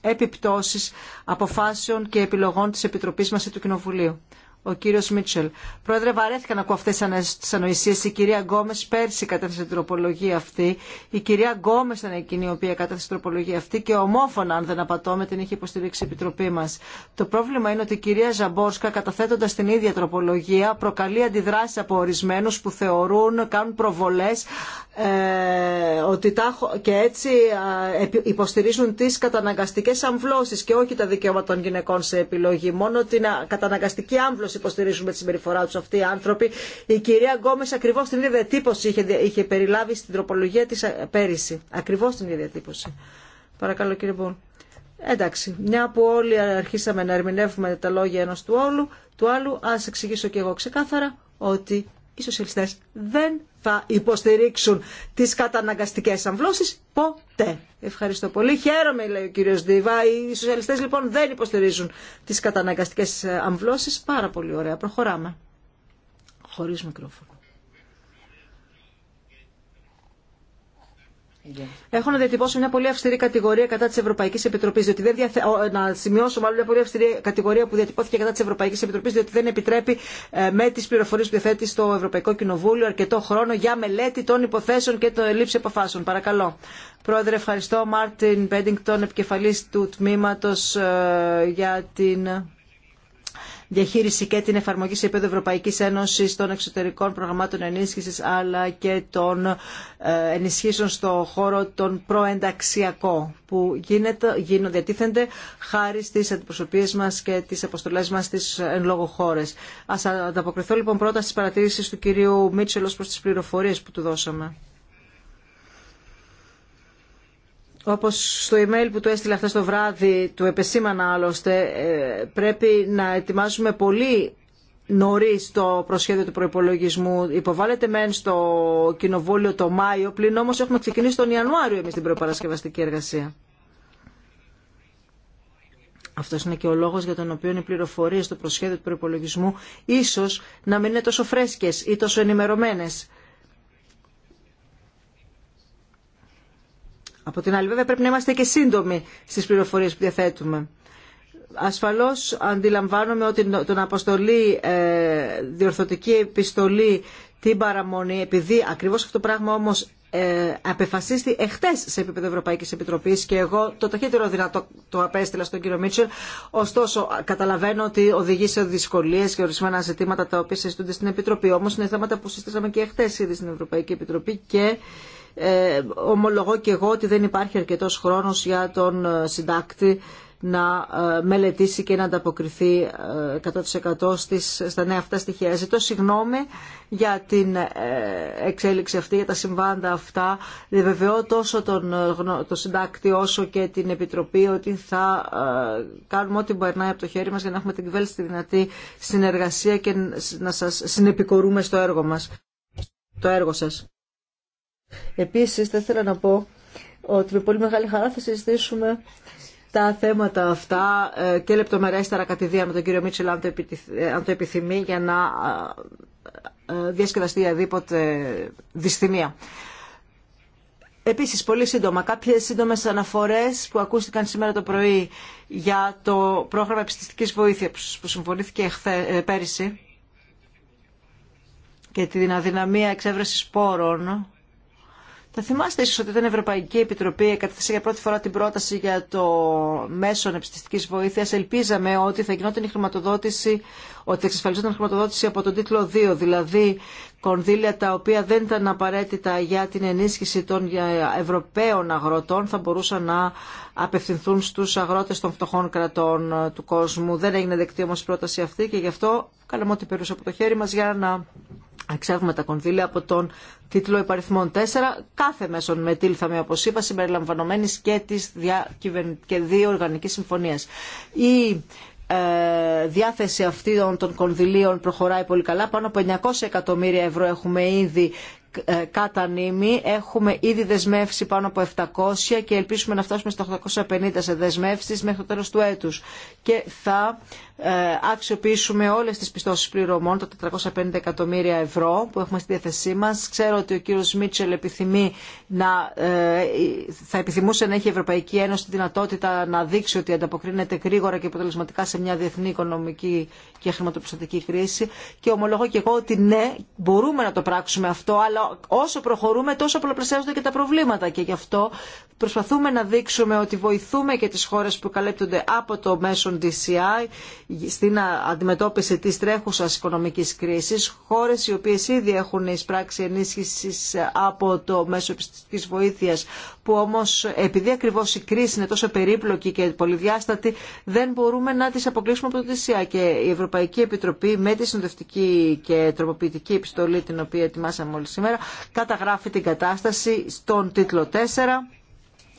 επιπτώσεις αποφάσεων και επιλογών της Επιτροπής μας και του Κοινοβουλίου ο κύριο Μίτσελ. Πρόεδρε, βαρέθηκα να ακούω αυτέ τι ανοησίε. Η κυρία Γκόμε πέρσι κατέθεσε την τροπολογία αυτή. Η κυρία Γκόμε ήταν εκείνη η οποία κατέθεσε την τροπολογία αυτή και ομόφωνα, αν δεν με την είχε υποστηρίξει η Επιτροπή μα. Το πρόβλημα είναι ότι η κυρία Ζαμπόρσκα, καταθέτοντα την ίδια τροπολογία, προκαλεί αντιδράσει από ορισμένου που θεωρούν, κάνουν προβολέ ε, ότι και έτσι υποστηρίζουν τι καταναγκαστικέ αμβλώσει και όχι τα δικαιώματα των γυναικών σε επιλογή. Μόνο την καταναγκαστική άμβλωση υποστηρίζουμε τη συμπεριφορά του αυτοί οι άνθρωποι. Η κυρία Γκόμε ακριβώ την ίδια διατύπωση είχε, είχε περιλάβει στην τροπολογία τη ε, πέρυσι. Ακριβώ την ίδια διατύπωση. Παρακαλώ κύριε Μπον. Εντάξει, μια που όλοι αρχίσαμε να ερμηνεύουμε τα λόγια ενός του, όλου, του άλλου, α εξηγήσω και εγώ ξεκάθαρα ότι οι σοσιαλιστές δεν θα υποστηρίξουν τις καταναγκαστικές αμβλώσεις ποτέ. Ευχαριστώ πολύ. Χαίρομαι, λέει ο κύριο Δίβα. Οι σοσιαλιστέ λοιπόν δεν υποστηρίζουν τις καταναγκαστικές αμβλώσεις. Πάρα πολύ ωραία. Προχωράμε. Χωρίς μικρόφωνο. Έχω να διατυπώσω μια πολύ αυστηρή κατηγορία κατά τη Ευρωπαϊκή Επιτροπή. Διαθε... Να σημειώσω μάλλον μια πολύ αυστηρή κατηγορία που διατυπώθηκε κατά τη Ευρωπαϊκή Επιτροπή, διότι δεν επιτρέπει ε, με τι πληροφορίε που διαθέτει στο Ευρωπαϊκό Κοινοβούλιο αρκετό χρόνο για μελέτη των υποθέσεων και το λήψη αποφάσεων. Παρακαλώ. Πρόεδρε, ευχαριστώ. Μάρτιν Πέντιγκτον, επικεφαλή του τμήματο ε, για την διαχείριση και την εφαρμογή σε επίπεδο Ευρωπαϊκή Ένωση των εξωτερικών προγραμμάτων ενίσχυση αλλά και των ε, ενισχύσεων στο χώρο των προενταξιακό που γίνεται, γίνονται, διατίθενται χάρη στι αντιπροσωπείε μα και τι αποστολέ μα στι εν λόγω χώρε. Α ανταποκριθώ λοιπόν πρώτα στι παρατηρήσει του κυρίου Μίτσελ ω προ τι πληροφορίε που του δώσαμε. Όπως στο email που του έστειλε αυτά το βράδυ, του επεσήμανα άλλωστε, ε, πρέπει να ετοιμάζουμε πολύ νωρί το προσχέδιο του προπολογισμού. Υποβάλλεται μεν στο κοινοβούλιο το Μάιο, πλην όμω έχουμε ξεκινήσει τον Ιανουάριο εμεί την προπαρασκευαστική εργασία. Αυτό είναι και ο λόγο για τον οποίο οι πληροφορίε στο προσχέδιο του προπολογισμού ίσω να μην είναι τόσο φρέσκε ή τόσο ενημερωμένε. Από την άλλη βέβαια πρέπει να είμαστε και σύντομοι στι πληροφορίε που διαθέτουμε. Ασφαλώς αντιλαμβάνομαι ότι τον αποστολή ε, διορθωτική επιστολή την παραμονή, επειδή ακριβώ αυτό το πράγμα όμω ε, απεφασίστη εχθέ σε επίπεδο Ευρωπαϊκή Επιτροπή και εγώ το ταχύτερο δυνατό το απέστειλα στον κύριο Μίτσελ. Ωστόσο, καταλαβαίνω ότι οδηγεί σε δυσκολίε και ορισμένα ζητήματα τα οποία συζητούνται στην Επιτροπή. Όμω, είναι θέματα που συστήσαμε και εχθέ ήδη στην Ευρωπαϊκή Επιτροπή και ε, ομολογώ και εγώ ότι δεν υπάρχει αρκετός χρόνος για τον ε, συντάκτη να ε, μελετήσει και να ανταποκριθεί 100% στις, στα νέα αυτά στοιχεία. Ζητώ συγγνώμη για την εξέλιξη αυτή, για τα συμβάντα αυτά. Βεβαιώ τόσο τον, το συντάκτη όσο και την Επιτροπή ότι θα κάνουμε ό,τι περνάει από το χέρι μας για να έχουμε την βέλτιστη δυνατή συνεργασία και να σας συνεπικορούμε στο έργο μας, το έργο σας. Επίσης, θα ήθελα να πω ότι με πολύ μεγάλη χαρά θα συζητήσουμε τα θέματα αυτά ε, και λεπτομερέστερα κατηδία με τον κύριο Μίτσελ αν το ε, επιθυμεί για να ε, διασκεδαστεί οποιαδήποτε δυσθυμία. Επίσης, πολύ σύντομα, κάποιες σύντομες αναφορές που ακούστηκαν σήμερα το πρωί για το πρόγραμμα επιστημικής βοήθειας που συμφωνήθηκε πέρυσι και την αδυναμία εξέβρεσης πόρων θα θυμάστε ίσως ότι ήταν η Ευρωπαϊκή Επιτροπή κατέθεσε για πρώτη φορά την πρόταση για το μέσο επιστηστικής βοήθειας. Ελπίζαμε ότι θα γινόταν η χρηματοδότηση, ότι θα εξασφαλιζόταν η χρηματοδότηση από τον τίτλο 2, δηλαδή κονδύλια τα οποία δεν ήταν απαραίτητα για την ενίσχυση των Ευρωπαίων αγροτών θα μπορούσαν να απευθυνθούν στους αγρότες των φτωχών κρατών του κόσμου. Δεν έγινε δεκτή όμως η πρόταση αυτή και γι' αυτό κάναμε ό,τι περούσε από το χέρι μας για να εξάγουμε τα κονδύλια από τον τίτλο υπαριθμών 4, κάθε μέσον με τήλθαμε, όπω είπα, συμπεριλαμβανομένη και τη οργανική συμφωνία. Η ε, διάθεση αυτών των κονδυλίων προχωράει πολύ καλά. Πάνω από 900 εκατομμύρια ευρώ έχουμε ήδη κατά νήμη. Έχουμε ήδη δεσμεύσει πάνω από 700 και ελπίσουμε να φτάσουμε στα 850 σε δεσμεύσεις μέχρι το τέλος του έτους. Και θα ε, αξιοποιήσουμε όλες τις πιστώσεις πληρωμών, τα 450 εκατομμύρια ευρώ που έχουμε στη διάθεσή μας. Ξέρω ότι ο κύριος Μίτσελ επιθυμεί να, ε, θα επιθυμούσε να έχει η Ευρωπαϊκή Ένωση τη δυνατότητα να δείξει ότι ανταποκρίνεται γρήγορα και αποτελεσματικά σε μια διεθνή οικονομική και χρηματοπιστωτική κρίση. Και ομολογώ και εγώ ότι ναι, μπορούμε να το πράξουμε αυτό, αλλά όσο προχωρούμε τόσο πολλαπλασιάζονται και τα προβλήματα και γι' αυτό προσπαθούμε να δείξουμε ότι βοηθούμε και τις χώρες που καλέπτονται από το μέσον DCI στην αντιμετώπιση της τρέχουσας οικονομικής κρίσης, χώρες οι οποίες ήδη έχουν εισπράξει ενίσχυση από το μέσο επιστημικής βοήθειας που όμως επειδή ακριβώς η κρίση είναι τόσο περίπλοκη και πολυδιάστατη δεν μπορούμε να τις αποκλείσουμε από το DCI και η Ευρωπαϊκή Επιτροπή με τη συνοδευτική και τροποποιητική επιστολή την οποία ετοιμάσαμε όλοι σήμερα καταγράφει την κατάσταση στον τίτλο 4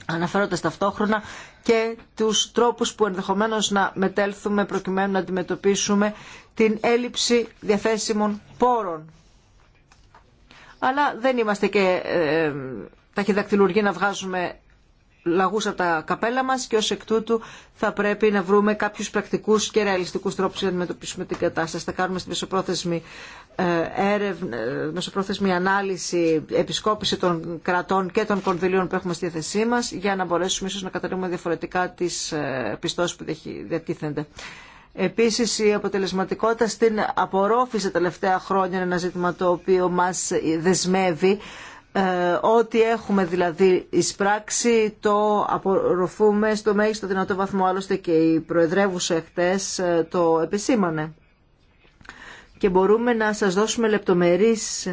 αναφέροντας ταυτόχρονα και τους τρόπους που ενδεχομένως να μετέλθουμε προκειμένου να αντιμετωπίσουμε την έλλειψη διαθέσιμων πόρων. Αλλά δεν είμαστε και ε, ε ταχυδακτηλουργοί να βγάζουμε λαγούς από τα καπέλα μας και ως εκ τούτου θα πρέπει να βρούμε κάποιους πρακτικούς και ρεαλιστικούς τρόπους για να αντιμετωπίσουμε την κατάσταση. Θα κάνουμε στη μεσοπρόθεσμη, ε, έρευνα, ε, μεσοπρόθεσμη ανάλυση, επισκόπηση των κρατών και των κονδυλίων που έχουμε στη θέση μας για να μπορέσουμε ίσως να καταλήγουμε διαφορετικά τις ε, πιστώσεις που διατίθενται. Επίσης η αποτελεσματικότητα στην απορρόφηση τα τελευταία χρόνια είναι ένα ζήτημα το οποίο μας δεσμεύει ε, ό,τι έχουμε δηλαδή εισπράξει το απορροφούμε στο μέγιστο δυνατό βαθμό. Άλλωστε και οι Προεδρεύουσα χτε ε, το επισήμανε. Και μπορούμε να σας δώσουμε λεπτομερείς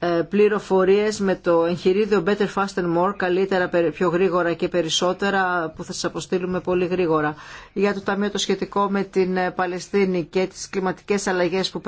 ε, πληροφορίες με το εγχειρίδιο Better Fast and More, καλύτερα, πιο γρήγορα και περισσότερα, που θα σας αποστείλουμε πολύ γρήγορα. Για το Ταμείο το σχετικό με την ε, Παλαιστίνη και τις κλιματικές αλλαγές που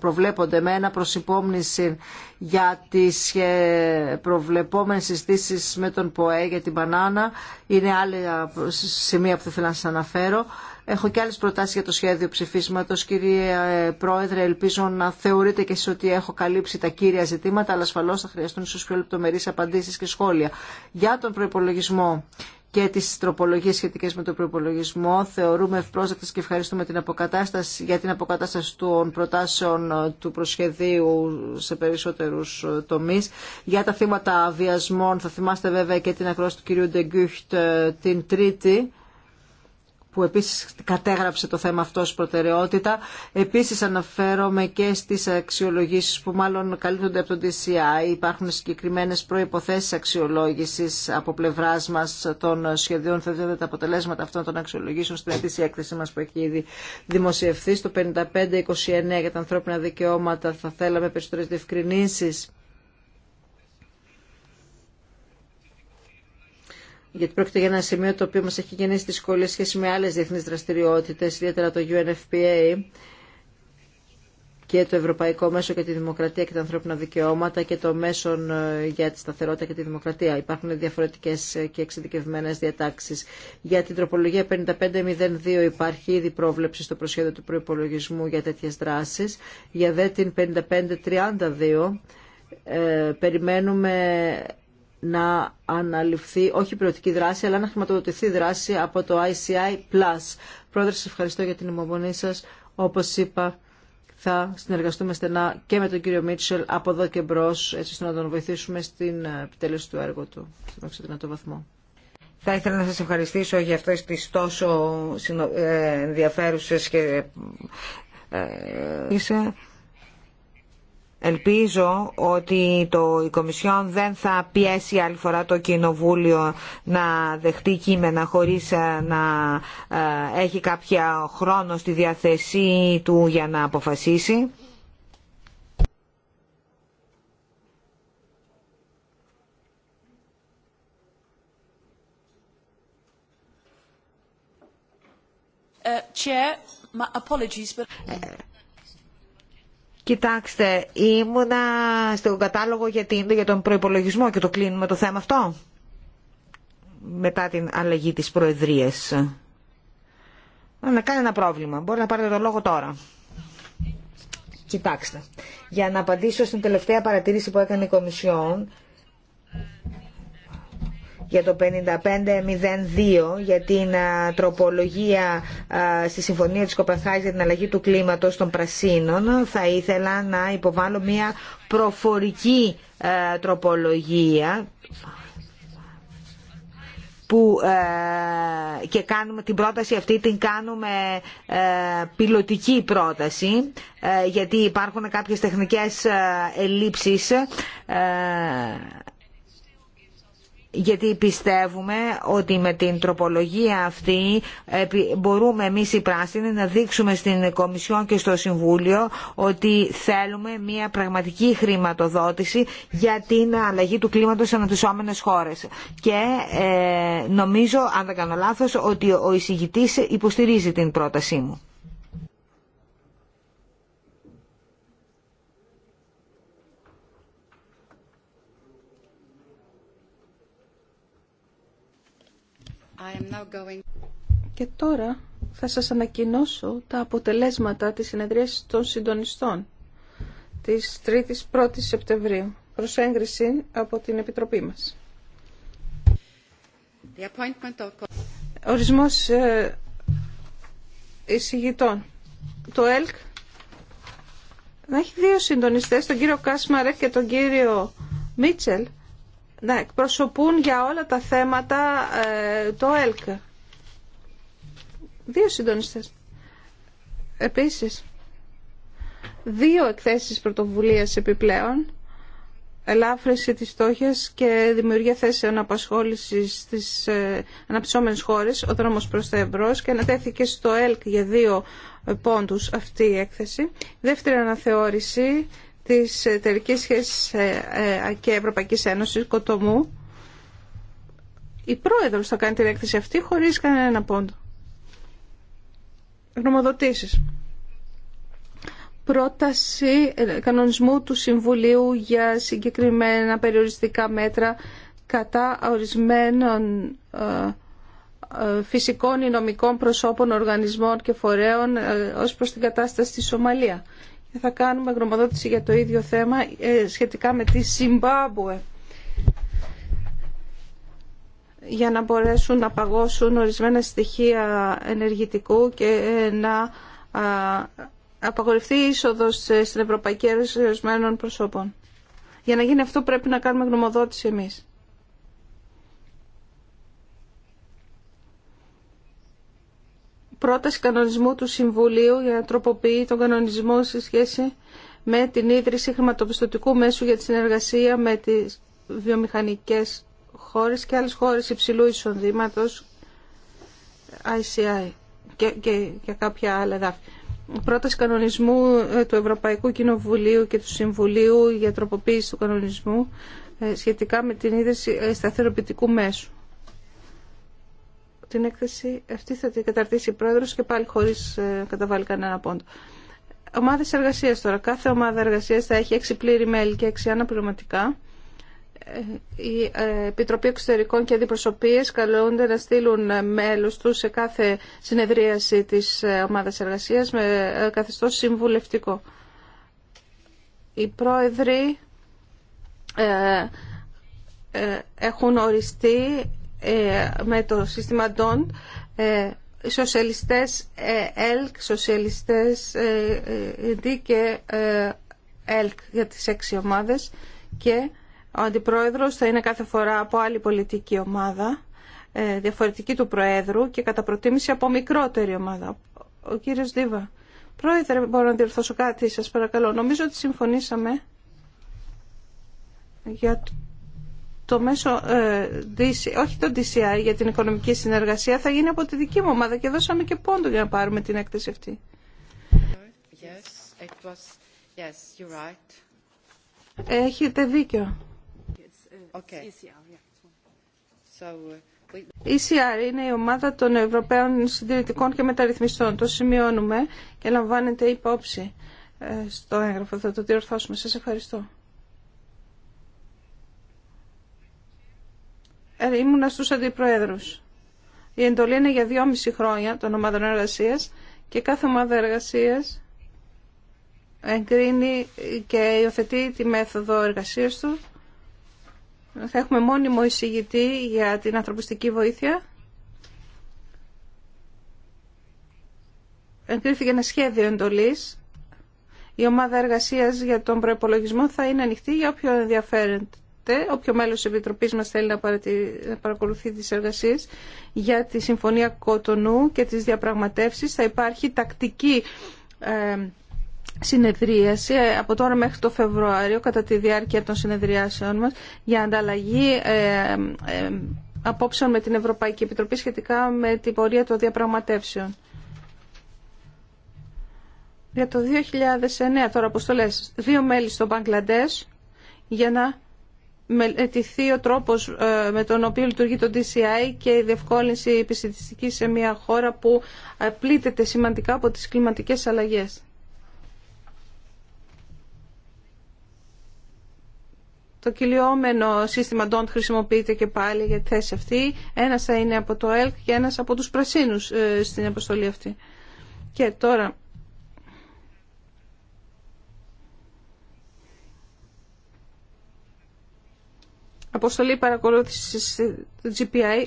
προβλέπονται με ένα προσυπόμνηση για τις ε, προβλεπόμενες συστήσεις με τον ΠΟΕ για την μπανάνα. Είναι άλλα σημεία που θα ήθελα να σας αναφέρω. Έχω και άλλες προτάσεις για το σχέδιο ψηφίσματος. Κύριε Πρόεδρε, ελπίζω να θεωρείτε και εσείς ότι έχω καλύψει τα κύρια ζητήματα ζητήματα, αλλά ασφαλώ θα χρειαστούν ίσω πιο λεπτομερεί απαντήσει και σχόλια. Για τον προπολογισμό και τις τροπολογίε σχετικές με τον προπολογισμό. Θεωρούμε ευπρόσδεκτες και ευχαριστούμε την αποκατάσταση, για την αποκατάσταση των προτάσεων ε, του προσχεδίου σε περισσότερους ε, τομείς. Για τα θύματα βιασμών θα θυμάστε βέβαια και την ακρόαση του κυρίου Ντεγκούχτ ε, την Τρίτη που επίσης κατέγραψε το θέμα αυτό ως προτεραιότητα. Επίσης αναφέρομαι και στις αξιολογήσεις που μάλλον καλύπτονται από τον DCI. Υπάρχουν συγκεκριμένες προϋποθέσεις αξιολόγησης από πλευράς μας των σχεδίων. Θα δείτε τα αποτελέσματα αυτών των αξιολογήσεων στην αίτηση έκθεση μας που έχει ήδη δημοσιευθεί. Στο 55-29 για τα ανθρώπινα δικαιώματα θα θέλαμε περισσότερες διευκρινήσεις γιατί πρόκειται για ένα σημείο το οποίο μας έχει γεννήσει δυσκολίες σχέση με άλλες διεθνείς δραστηριότητες, ιδιαίτερα το UNFPA και το Ευρωπαϊκό Μέσο για τη Δημοκρατία και τα Ανθρώπινα Δικαιώματα και το Μέσο ε, για τη Σταθερότητα και τη Δημοκρατία. Υπάρχουν διαφορετικές ε, και εξειδικευμένες διατάξεις. Για την τροπολογία 5502 υπάρχει ήδη πρόβλεψη στο προσχέδιο του προϋπολογισμού για τέτοιες δράσεις. Για δε την 5532 ε, περιμένουμε να αναλυφθεί όχι πρωτική δράση, αλλά να χρηματοδοτηθεί δράση από το ICI+. Πρόεδρε, σας ευχαριστώ για την υπομονή σας. Όπως είπα, θα συνεργαστούμε στενά και με τον κύριο Μίτσελ από εδώ και μπρο, έτσι ώστε να τον βοηθήσουμε στην ε, επιτέλεση του έργου του, στον βαθμό. Θα ήθελα να σας ευχαριστήσω για αυτές τις τόσο ε, ενδιαφέρουσες και... Ε, Ελπίζω ότι το, η Κομισιόν δεν θα πιέσει άλλη φορά το Κοινοβούλιο να δεχτεί κείμενα χωρίς ε, να ε, έχει κάποια χρόνο στη διαθεσή του για να αποφασίσει. Uh, chair, my Κοιτάξτε, ήμουνα στον κατάλογο για, την, για τον προϋπολογισμό και το κλείνουμε το θέμα αυτό. Μετά την αλλαγή της Προεδρίας. Να κάνει ένα πρόβλημα. Μπορεί να πάρετε το λόγο τώρα. Κοιτάξτε, για να απαντήσω στην τελευταία παρατήρηση που έκανε η Κομισιόν, για το 5502 για την τροπολογία στη Συμφωνία της Κοπενχάγης για την αλλαγή του κλίματος των πρασίνων θα ήθελα να υποβάλω μια προφορική τροπολογία που και κάνουμε την πρόταση αυτή την κάνουμε ε, πιλωτική πρόταση γιατί υπάρχουν κάποιες τεχνικές ελλείψεις γιατί πιστεύουμε ότι με την τροπολογία αυτή μπορούμε εμείς οι πράσινοι να δείξουμε στην Κομισιόν και στο Συμβούλιο ότι θέλουμε μια πραγματική χρηματοδότηση για την αλλαγή του κλίματος σε αναπτυσσόμενες χώρες. Και ε, νομίζω, αν δεν κάνω λάθος, ότι ο εισηγητής υποστηρίζει την πρότασή μου. Και τώρα θα σας ανακοινώσω τα αποτελέσματα της συνεδρίασης των συντονιστών της 3ης 1ης Σεπτεμβρίου προς έγκριση από την Επιτροπή μας. The Ορισμός ε, εισηγητών. Το ΕΛΚ να έχει δύο συντονιστές, τον κύριο Κάσμαρε και τον κύριο Μίτσελ. Ναι, εκπροσωπούν για όλα τα θέματα ε, το ΕΛΚ. Δύο συντονιστές. Επίσης, δύο εκθέσεις πρωτοβουλίας επιπλέον, Ελάφρυση της στόχιας και δημιουργία θέσεων απασχόλησης στις ε, αναπτυσσόμενες χώρες, ο δρόμος προς τα εμπρός και ανατέθηκε στο ΕΛΚ για δύο πόντους αυτή η έκθεση. Δεύτερη αναθεώρηση της εταιρικής σχέσης ε, ε, και Ευρωπαϊκής Ένωσης Κοτομού η πρόεδρος θα κάνει την έκθεση αυτή χωρίς κανένα πόντο. Γνωμοδοτήσεις. Πρόταση ε, κανονισμού του Συμβουλίου για συγκεκριμένα περιοριστικά μέτρα κατά ορισμένων φυσικών ή νομικών προσώπων, οργανισμών και φορέων ως προς την κατάσταση στη Σομαλία. Ε, θα κάνουμε γνωμοδότηση για το ίδιο θέμα ε, σχετικά με τη Συμπάμπουε για να μπορέσουν να παγώσουν ορισμένα στοιχεία ενεργητικού και ε, να απαγορευτεί η είσοδος στην Ευρωπαϊκή Ένωση ορισμένων προσώπων. Για να γίνει αυτό πρέπει να κάνουμε γνωμοδότηση εμείς. πρόταση κανονισμού του Συμβουλίου για να τροποποιεί τον κανονισμό σε σχέση με την ίδρυση χρηματοπιστωτικού μέσου για τη συνεργασία με τις βιομηχανικές χώρες και άλλες χώρες υψηλού εισοδήματος ICI και, και, και κάποια άλλα εδάφη. Πρόταση κανονισμού ε, του Ευρωπαϊκού Κοινοβουλίου και του Συμβουλίου για τροποποίηση του κανονισμού ε, σχετικά με την ίδρυση ε, σταθεροποιητικού μέσου. Την έκθεση αυτή θα την καταρτήσει η πρόεδρος και πάλι χωρίς ε, καταβάλει κανένα πόντο. Ομάδες εργασίας τώρα. Κάθε ομάδα εργασίας θα έχει έξι πλήρη μέλη και έξι αναπληρωματικά. Ε, η ε, Επιτροπή Εξωτερικών και Αντιπροσωπείες καλούνται να στείλουν μέλους τους σε κάθε συνεδρίαση της ομάδας εργασίας με καθεστώς συμβουλευτικό. Οι πρόεδροι έχουν οριστεί ε, με το σύστημα ε, σοσιαλιστές ε, ΕΛΚ, σοσιαλιστές ε, D και ΕΛΚ για τις έξι ομάδες και ο αντιπρόεδρος θα είναι κάθε φορά από άλλη πολιτική ομάδα, διαφορετική του προέδρου και κατά προτίμηση από μικρότερη ομάδα. Ο κύριος Δίβα. Πρόεδρε, μπορώ να διορθώσω κάτι, σας παρακαλώ. Νομίζω ότι συμφωνήσαμε για το μέσο, ε, όχι το DCI για την οικονομική συνεργασία, θα γίνει από τη δική μου ομάδα και δώσαμε και πόντο για να πάρουμε την έκθεση αυτή. Yes, it was... yes, you're right. Έχετε δίκιο. Uh, okay. Uh, ECR uh, e είναι η ομάδα των Ευρωπαίων Συντηρητικών και Μεταρρυθμιστών. Το σημειώνουμε και λαμβάνετε υπόψη ε, στο έγγραφο. Θα το διορθώσουμε. Σας ευχαριστώ. Ε, ήμουνα στους αντιπροέδρους. Η εντολή είναι για δυόμιση χρόνια των ομάδων εργασία και κάθε ομάδα εργασία εγκρίνει και υιοθετεί τη μέθοδο εργασίας του. Θα έχουμε μόνιμο εισηγητή για την ανθρωπιστική βοήθεια. Εγκρίθηκε ένα σχέδιο εντολής. Η ομάδα εργασίας για τον προπολογισμό θα είναι ανοιχτή για όποιον ενδιαφέρεται όποιο μέλος της Επιτροπής μας θέλει να, παρακολουθεί τις εργασίες για τη Συμφωνία Κότονου και τις διαπραγματεύσεις, θα υπάρχει τακτική ε, συνεδρίαση ε, από τώρα μέχρι το Φεβρουάριο κατά τη διάρκεια των συνεδριάσεων μας για ανταλλαγή ε, απόψεων με την Ευρωπαϊκή Επιτροπή σχετικά με την πορεία των διαπραγματεύσεων. Για το 2009 τώρα αποστολές, δύο μέλη στο Μπαγκλαντές για να μελετηθεί ο τρόπος ε, με τον οποίο λειτουργεί το DCI και η διευκόλυνση επιστημιστική σε μια χώρα που ε, πλήττεται σημαντικά από τις κλιματικές αλλαγές. Το κυλιόμενο σύστημα DONT χρησιμοποιείται και πάλι για τη θέση αυτή. Ένας θα είναι από το ΕΛΚ και ένας από τους πρασίνους ε, στην αποστολή αυτή. Και τώρα αποστολή παρακολούθησης του GPI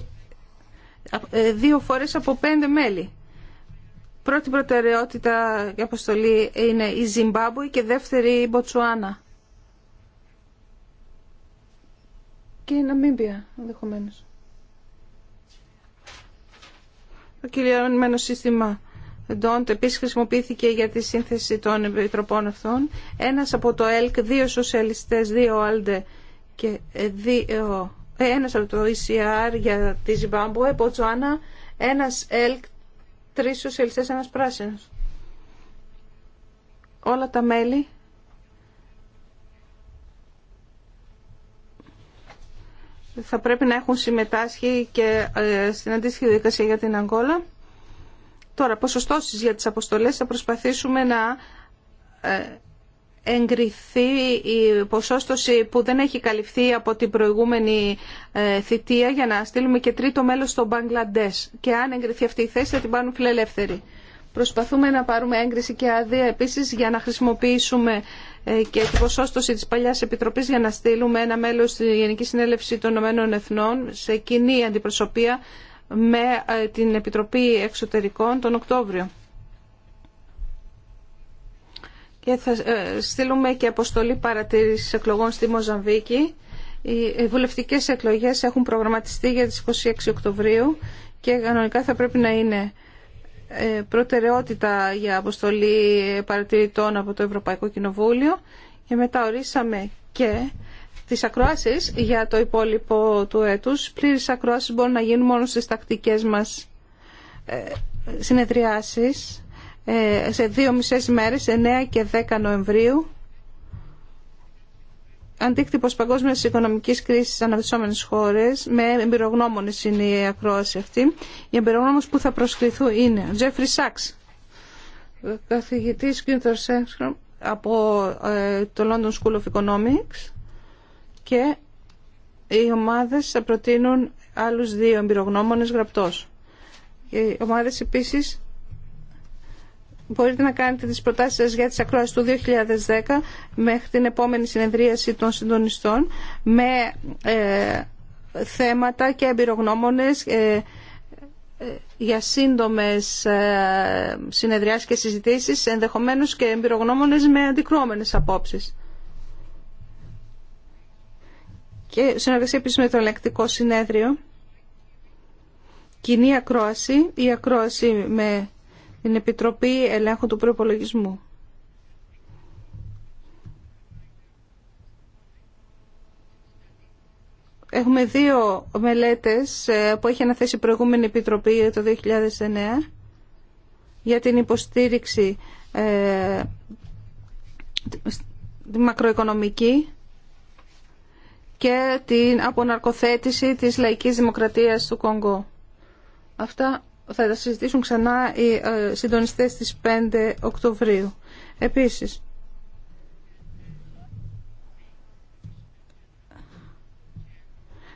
ε, δύο φορές από πέντε μέλη. Πρώτη προτεραιότητα και αποστολή είναι η Ζιμπάμπουη και δεύτερη η Μποτσουάνα. Και η Ναμίμπια ενδεχομένω. Το κυριαρχημένο σύστημα DONT επίση χρησιμοποιήθηκε για τη σύνθεση των επιτροπών αυτών. Ένας από το ΕΛΚ, δύο σοσιαλιστέ, δύο ΑΛΔΕ και ε, ένας από το ECR για τη Ζιμπάμπουε, Ποτσουάνα, ένας ΕΛΚ, τρεις σοσιαλιστές, ένας πράσινος. Όλα τα μέλη θα πρέπει να έχουν συμμετάσχει και ε, στην αντίστοιχη δικασία για την Αγγόλα. Τώρα, ποσοστώσεις για τις αποστολές θα προσπαθήσουμε να ε, εγκριθεί η ποσόστοση που δεν έχει καλυφθεί από την προηγούμενη ε, θητεία για να στείλουμε και τρίτο μέλος στο Μπαγκλαντές. Και αν εγκριθεί αυτή η θέση θα την πάρουν φιλελεύθερη. Προσπαθούμε να πάρουμε έγκριση και άδεια επίσης για να χρησιμοποιήσουμε ε, και την ποσόστοση της παλιάς Επιτροπής για να στείλουμε ένα μέλος στη Γενική Συνέλευση των Ηνωμένων Εθνών σε κοινή αντιπροσωπεία με ε, την Επιτροπή Εξωτερικών τον Οκτώβριο και ε, θα ε, στείλουμε και αποστολή παρατήρησης εκλογών στη Μοζαμβίκη. Οι βουλευτικές εκλογές έχουν προγραμματιστεί για τις 26 Οκτωβρίου και κανονικά θα πρέπει να είναι ε, προτεραιότητα για αποστολή παρατηρητών από το Ευρωπαϊκό Κοινοβούλιο και μετά ορίσαμε και τις ακροάσεις για το υπόλοιπο του έτους. Πλήρες ακροάσεις μπορούν να γίνουν μόνο στις τακτικές μας συνεδριάσεις ε, σε δύο μισές μέρες, 9 και 10 Νοεμβρίου. Αντίκτυπος παγκόσμιας οικονομικής κρίσης στις αναπτυσσόμενες χώρες, με εμπειρογνώμονες είναι η ακρόαση αυτή. Οι εμπειρογνώμονες που θα προσκληθούν είναι ο Τζέφρι Σάξ, καθηγητής από ε, το London School of Economics και οι ομάδες θα προτείνουν άλλους δύο εμπειρογνώμονες γραπτός. Οι ομάδες επίσης μπορείτε να κάνετε τις προτάσεις σας για τις ακρόασεις του 2010 μέχρι την επόμενη συνεδρίαση των συντονιστών με ε, θέματα και εμπειρογνώμονες ε, ε, για σύντομες ε, συνεδριάσεις και συζητήσεις ενδεχομένως και εμπειρογνώμονες με αντικρώμενες απόψεις. Και συνεργασία επίσης με το ελεκτικό συνέδριο κοινή ακρόαση ή ακρόαση με την Επιτροπή Ελέγχου του Προπολογισμού. Έχουμε δύο μελέτες ε, που έχει αναθέσει η προηγούμενη Επιτροπή το 2009 για την υποστήριξη ε, μακροοικονομική και την αποναρκοθέτηση της λαϊκής δημοκρατίας του Κονγκό. Αυτά θα τα συζητήσουν ξανά οι ε, συντονιστές στις 5 Οκτωβρίου. Επίσης,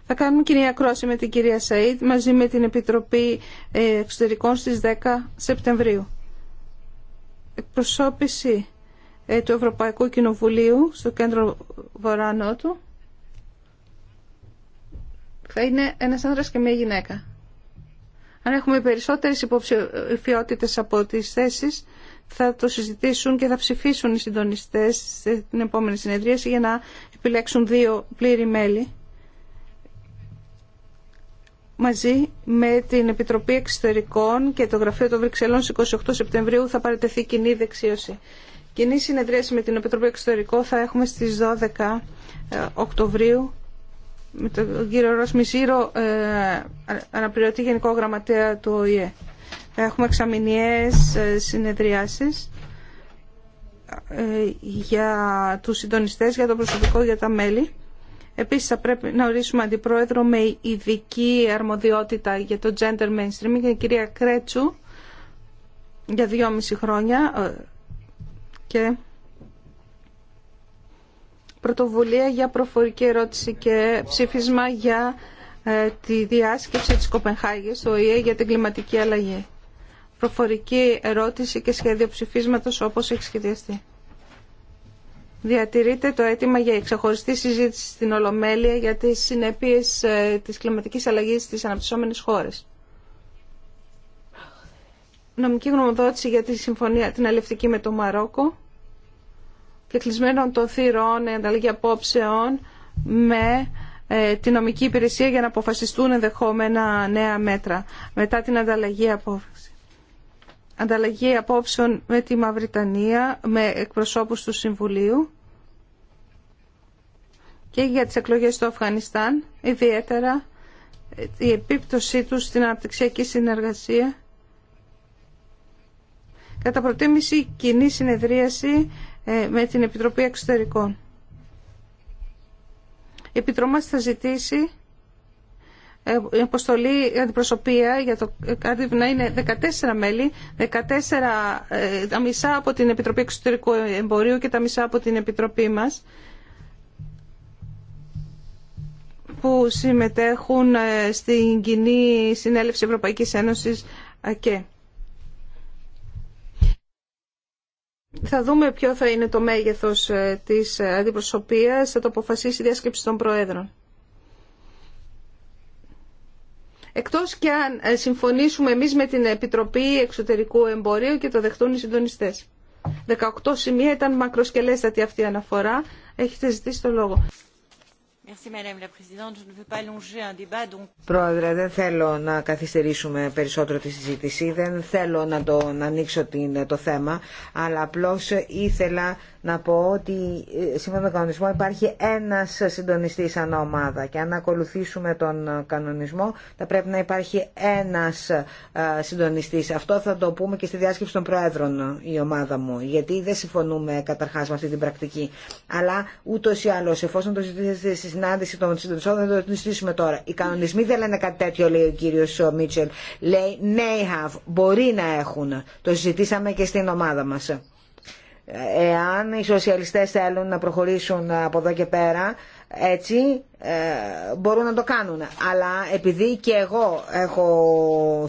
θα κάνουμε κοινή ακρόαση με την κυρία Σαΐτ μαζί με την Επιτροπή ε, Εξωτερικών στις 10 Σεπτεμβρίου. Εκπροσώπηση ε, του Ευρωπαϊκού Κοινοβουλίου στο κέντρο Βορρά Νότου θα είναι ένας άνδρας και μια γυναίκα. Αν έχουμε περισσότερες υποψηφιότητε από τις θέσεις, θα το συζητήσουν και θα ψηφίσουν οι συντονιστές στην επόμενη συνεδρίαση για να επιλέξουν δύο πλήρη μέλη μαζί με την Επιτροπή Εξωτερικών και το Γραφείο των Βρυξελών στις 28 Σεπτεμβρίου θα παρετεθεί κοινή δεξίωση. Κοινή συνεδρίαση με την Επιτροπή Εξωτερικών θα έχουμε στις 12 ε, Οκτωβρίου με τον κύριο Ροσμισήρο, ε, αναπληρωτή Γενικό Γραμματέα του ΟΗΕ. Έχουμε εξαμηνιές ε, συνεδριάσεις ε, για τους συντονιστές, για το προσωπικό, για τα μέλη. Επίσης θα πρέπει να ορίσουμε αντιπρόεδρο με ειδική αρμοδιότητα για το gender mainstreaming, η κυρία Κρέτσου, για δυόμιση χρόνια και πρωτοβουλία για προφορική ερώτηση και ψήφισμα για ε, τη διάσκεψη της Κοπενχάγης στο ΟΗΕ για την κλιματική αλλαγή. Προφορική ερώτηση και σχέδιο ψηφίσματος όπως έχει σχεδιαστεί. Διατηρείται το αίτημα για εξαχωριστή συζήτηση στην Ολομέλεια για τις συνέπειες ε, της κλιματικής αλλαγής στις αναπτυσσόμενες χώρες. Νομική γνωμοδότηση για τη συμφωνία την αλευτική με το Μαρόκο κλεισμένων των θύρων, ανταλλαγή απόψεων με ε, τη νομική υπηρεσία για να αποφασιστούν ενδεχόμενα νέα μέτρα μετά την ανταλλαγή απόψεων. Ανταλλαγή απόψεων με τη Μαυριτανία, με εκπροσώπους του Συμβουλίου και για τις εκλογές στο Αφγανιστάν, ιδιαίτερα ε, η επίπτωσή τους στην αναπτυξιακή συνεργασία. Κατά προτίμηση κοινή συνεδρίαση ε, με την Επιτροπή Εξωτερικών. Η Επιτροπή μας θα ζητήσει ε, η αποστολή αντιπροσωπεία για το Κάρδιβ να είναι 14 μέλη, 14, ε, τα μισά από την Επιτροπή Εξωτερικού Εμπορίου και τα μισά από την Επιτροπή μας που συμμετέχουν στην κοινή συνέλευση Ευρωπαϊκής Ένωσης και Θα δούμε ποιο θα είναι το μέγεθος ε, της ε, αντιπροσωπείας, θα το αποφασίσει η διάσκεψη των Προέδρων. Εκτός και αν ε, συμφωνήσουμε εμείς με την Επιτροπή Εξωτερικού Εμπορίου και το δεχτούν οι συντονιστές. 18 σημεία ήταν μακροσκελέστατη αυτή η αναφορά. Έχετε ζητήσει το λόγο. Πρόεδρε, δεν θέλω να καθυστερήσουμε περισσότερο τη συζήτηση. Δεν θέλω να το να ανοίξω το θέμα, αλλά απλώς ήθελα να πω ότι ε, σύμφωνα με τον κανονισμό υπάρχει ένας συντονιστής ανά ομάδα και αν ακολουθήσουμε τον κανονισμό θα πρέπει να υπάρχει ένας ε, συντονιστής. Αυτό θα το πούμε και στη διάσκεψη των Προέδρων η ομάδα μου γιατί δεν συμφωνούμε καταρχάς με αυτή την πρακτική. Αλλά ούτως ή άλλως εφόσον το ζητήσετε στη συνάντηση των συντονιστών θα το συζητήσουμε τώρα. Οι κανονισμοί δεν λένε κάτι τέτοιο λέει ο κύριος Μίτσελ. Λέει may have, μπορεί να έχουν. Το συζητήσαμε και στην ομάδα μας εάν οι σοσιαλιστές θέλουν να προχωρήσουν από εδώ και πέρα έτσι ε, μπορούν να το κάνουν αλλά επειδή και εγώ έχω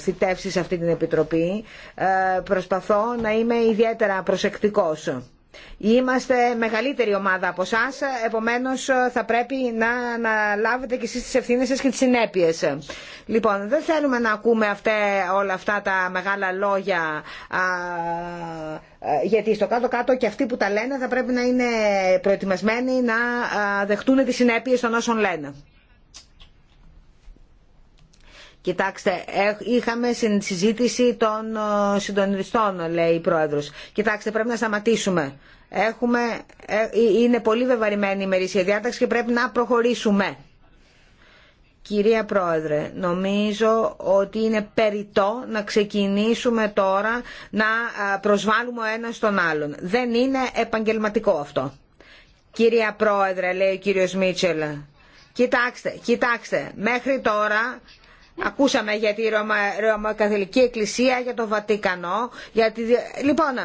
θητεύσει σε αυτή την επιτροπή ε, προσπαθώ να είμαι ιδιαίτερα προσεκτικός Είμαστε μεγαλύτερη ομάδα από εσά, επομένω ε, θα πρέπει να, να λάβετε κι εσεί τι ευθύνε σα και τι συνέπειε. Λοιπόν, δεν θέλουμε να ακούμε όλα αυτά τα μεγάλα λόγια, ε, γιατί στο κάτω-κάτω και αυτοί που τα λένε θα πρέπει να είναι προετοιμασμένοι να δεχτούν τι συνέπειε των όσων λένε. Κοιτάξτε, είχαμε συζήτηση των ε, συντονιστών, λέει η Πρόεδρος. Κοιτάξτε, πρέπει να σταματήσουμε. Έχουμε, ε, ε, είναι πολύ βεβαρημένη η μερίσια διάταξη και πρέπει να προχωρήσουμε. Κυρία Πρόεδρε, νομίζω ότι είναι περιτό να ξεκινήσουμε τώρα να προσβάλλουμε ο ένας τον άλλον. Δεν είναι επαγγελματικό αυτό. Κυρία Πρόεδρε, λέει ο κύριος Μίτσελ, κοιτάξτε, κοιτάξτε, μέχρι τώρα Ακούσαμε για τη Ρωμα, Εκκλησία, για το Βατικανό. Για Λοιπόν,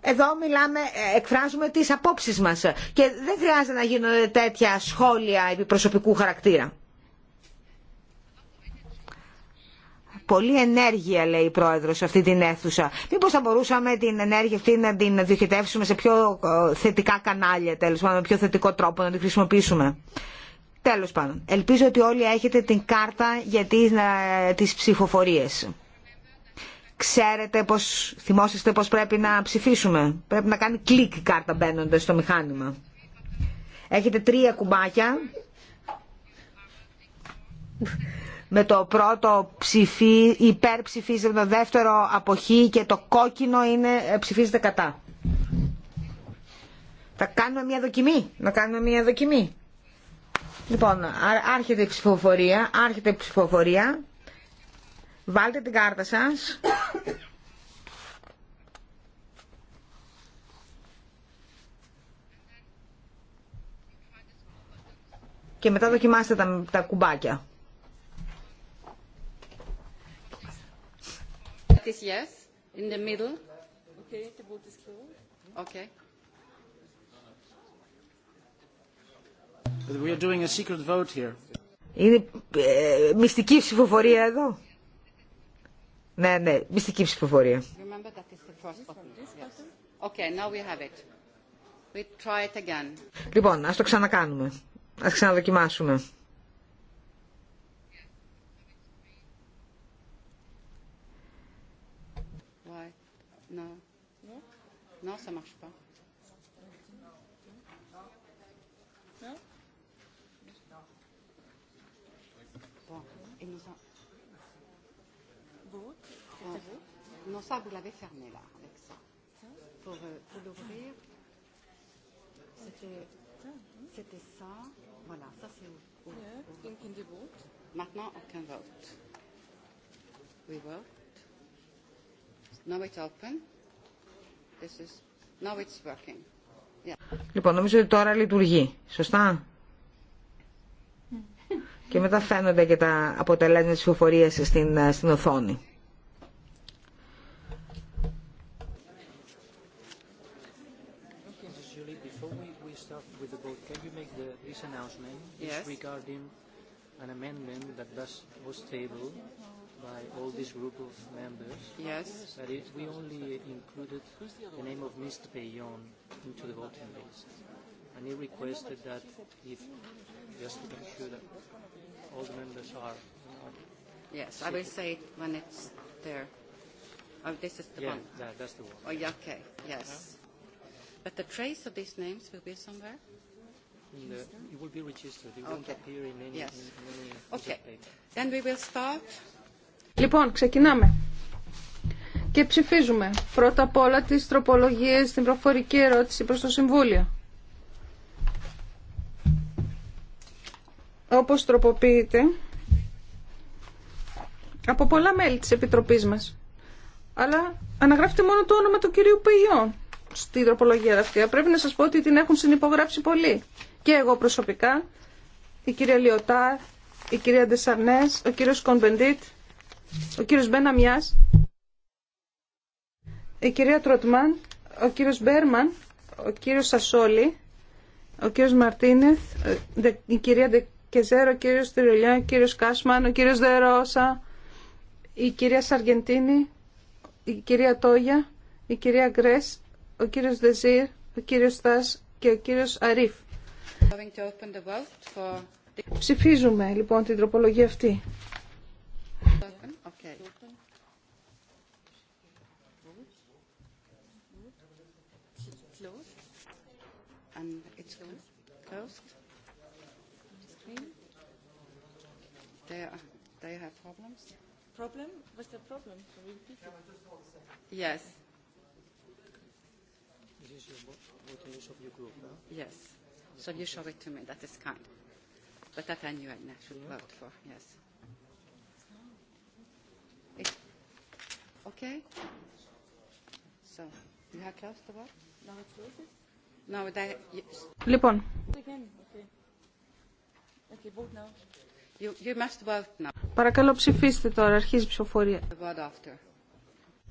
εδώ μιλάμε, ε, εκφράζουμε τις απόψεις μας και δεν χρειάζεται να γίνονται τέτοια σχόλια επιπροσωπικού χαρακτήρα. Πολύ ενέργεια, λέει η πρόεδρο, σε αυτή την αίθουσα. Μήπω θα μπορούσαμε την ενέργεια αυτή να την διοχετεύσουμε σε πιο ε, θετικά κανάλια, τέλο πάντων, με πιο θετικό τρόπο να την χρησιμοποιήσουμε. Τέλος πάντων, ελπίζω ότι όλοι έχετε την κάρτα για τις ψηφοφορίες. Ξέρετε πως, θυμόσαστε πως πρέπει να ψηφίσουμε. Πρέπει να κάνει κλικ η κάρτα μπαίνοντα στο μηχάνημα. Έχετε τρία κουμπάκια. Με το πρώτο ψηφί, υπέρ ψηφίζετε, το δεύτερο αποχή και το κόκκινο είναι ε, ψηφίζετε κατά. Θα κάνουμε μια δοκιμή. Να κάνουμε μια δοκιμή. Λοιπόν, άρχεται η ψηφοφορία, άρχεται η ψηφοφορία. Βάλτε την κάρτα σας. Και μετά δοκιμάστε τα, τα κουμπάκια. Yes, in the middle. Okay, the boot is closed. Okay. We are doing a secret vote here. Είναι ε, μυστική ψηφοφορία εδώ. Ναι, ναι, μυστική ψηφοφορία. Okay, now we We have it. it try again. Λοιπόν, ας το ξανακάνουμε. Ας ξαναδοκιμάσουμε. No, ça marche pas. Non, ça, vous l'avez fermé, là, avec ça. Pour, pour l'ouvrir, c'était ça. Voilà, ça, c'est Donc, on Maintenant, on can vote. We vote. Now it's open. This is... Now it's working. Λοιπόν, νομίζω ότι τώρα λειτουργεί. Σωστά. Και μετά φαίνονται και τα αποτελέσματα της ψηφοφορίας στην, στην οθόνη. regarding an amendment that was tabled by all this group of members. Yes. it, we only included the name of Mr. Payon into the voting list. And he requested that if, just to make sure that all the members are. yes, I will say it when it's there. Oh, this is the one. Yeah, that's the one. Oh, yeah, okay, yes. But the trace of these names will be somewhere? will be registered. won't appear in any. Yes. Okay. Then we will start. Λοιπόν, ξεκινάμε. Και ψηφίζουμε πρώτα απ' όλα τις τροπολογίες στην προφορική ερώτηση προς το Συμβούλιο. Όπως τροποποιείται από πολλά μέλη της Επιτροπής μας. Αλλά αναγράφεται μόνο το όνομα του κυρίου Πεγιών στην τροπολογία αυτή. Πρέπει να σας πω ότι την έχουν συνυπογράψει πολλοί. Και εγώ προσωπικά, η κυρία Λιωτά, η κυρία Ντεσαρνές, ο κύριος Κονβεντίτ, ο κύριος Μπένα η κυρία Τροτμάν, ο κύριος Μπέρμαν, ο κύριος Σασόλη, ο κύριος Μαρτίνεθ, ε, η κυρία Ντεκεζέρο, ο κύριος Τριολιά, ο κύριος Κάσμαν, ο κύριος Δερόσα, η κυρία Σαργεντίνη, η κυρία Τόγια, η κυρία Γκρέσ, ο κύριος Δεζίρ, ο κύριος Στάς και ο κύριος Αρίφ. For... Ψηφίζουμε λοιπόν την τροπολογία αυτή. Okay. And it's closed. They, are, they have problems. Problem? What's the problem? Yes is of your group, huh? Yes. So you show it to me. That is kind. But that I knew I should vote for. Yes. It, okay. So you have closed the vote. Now it's closed. No, that. Lipon. Λοιπόν. Okay, vote now. You, you must vote now. Παρακαλώ ψηφίστε τώρα, αρχίζει η ψηφοφορία.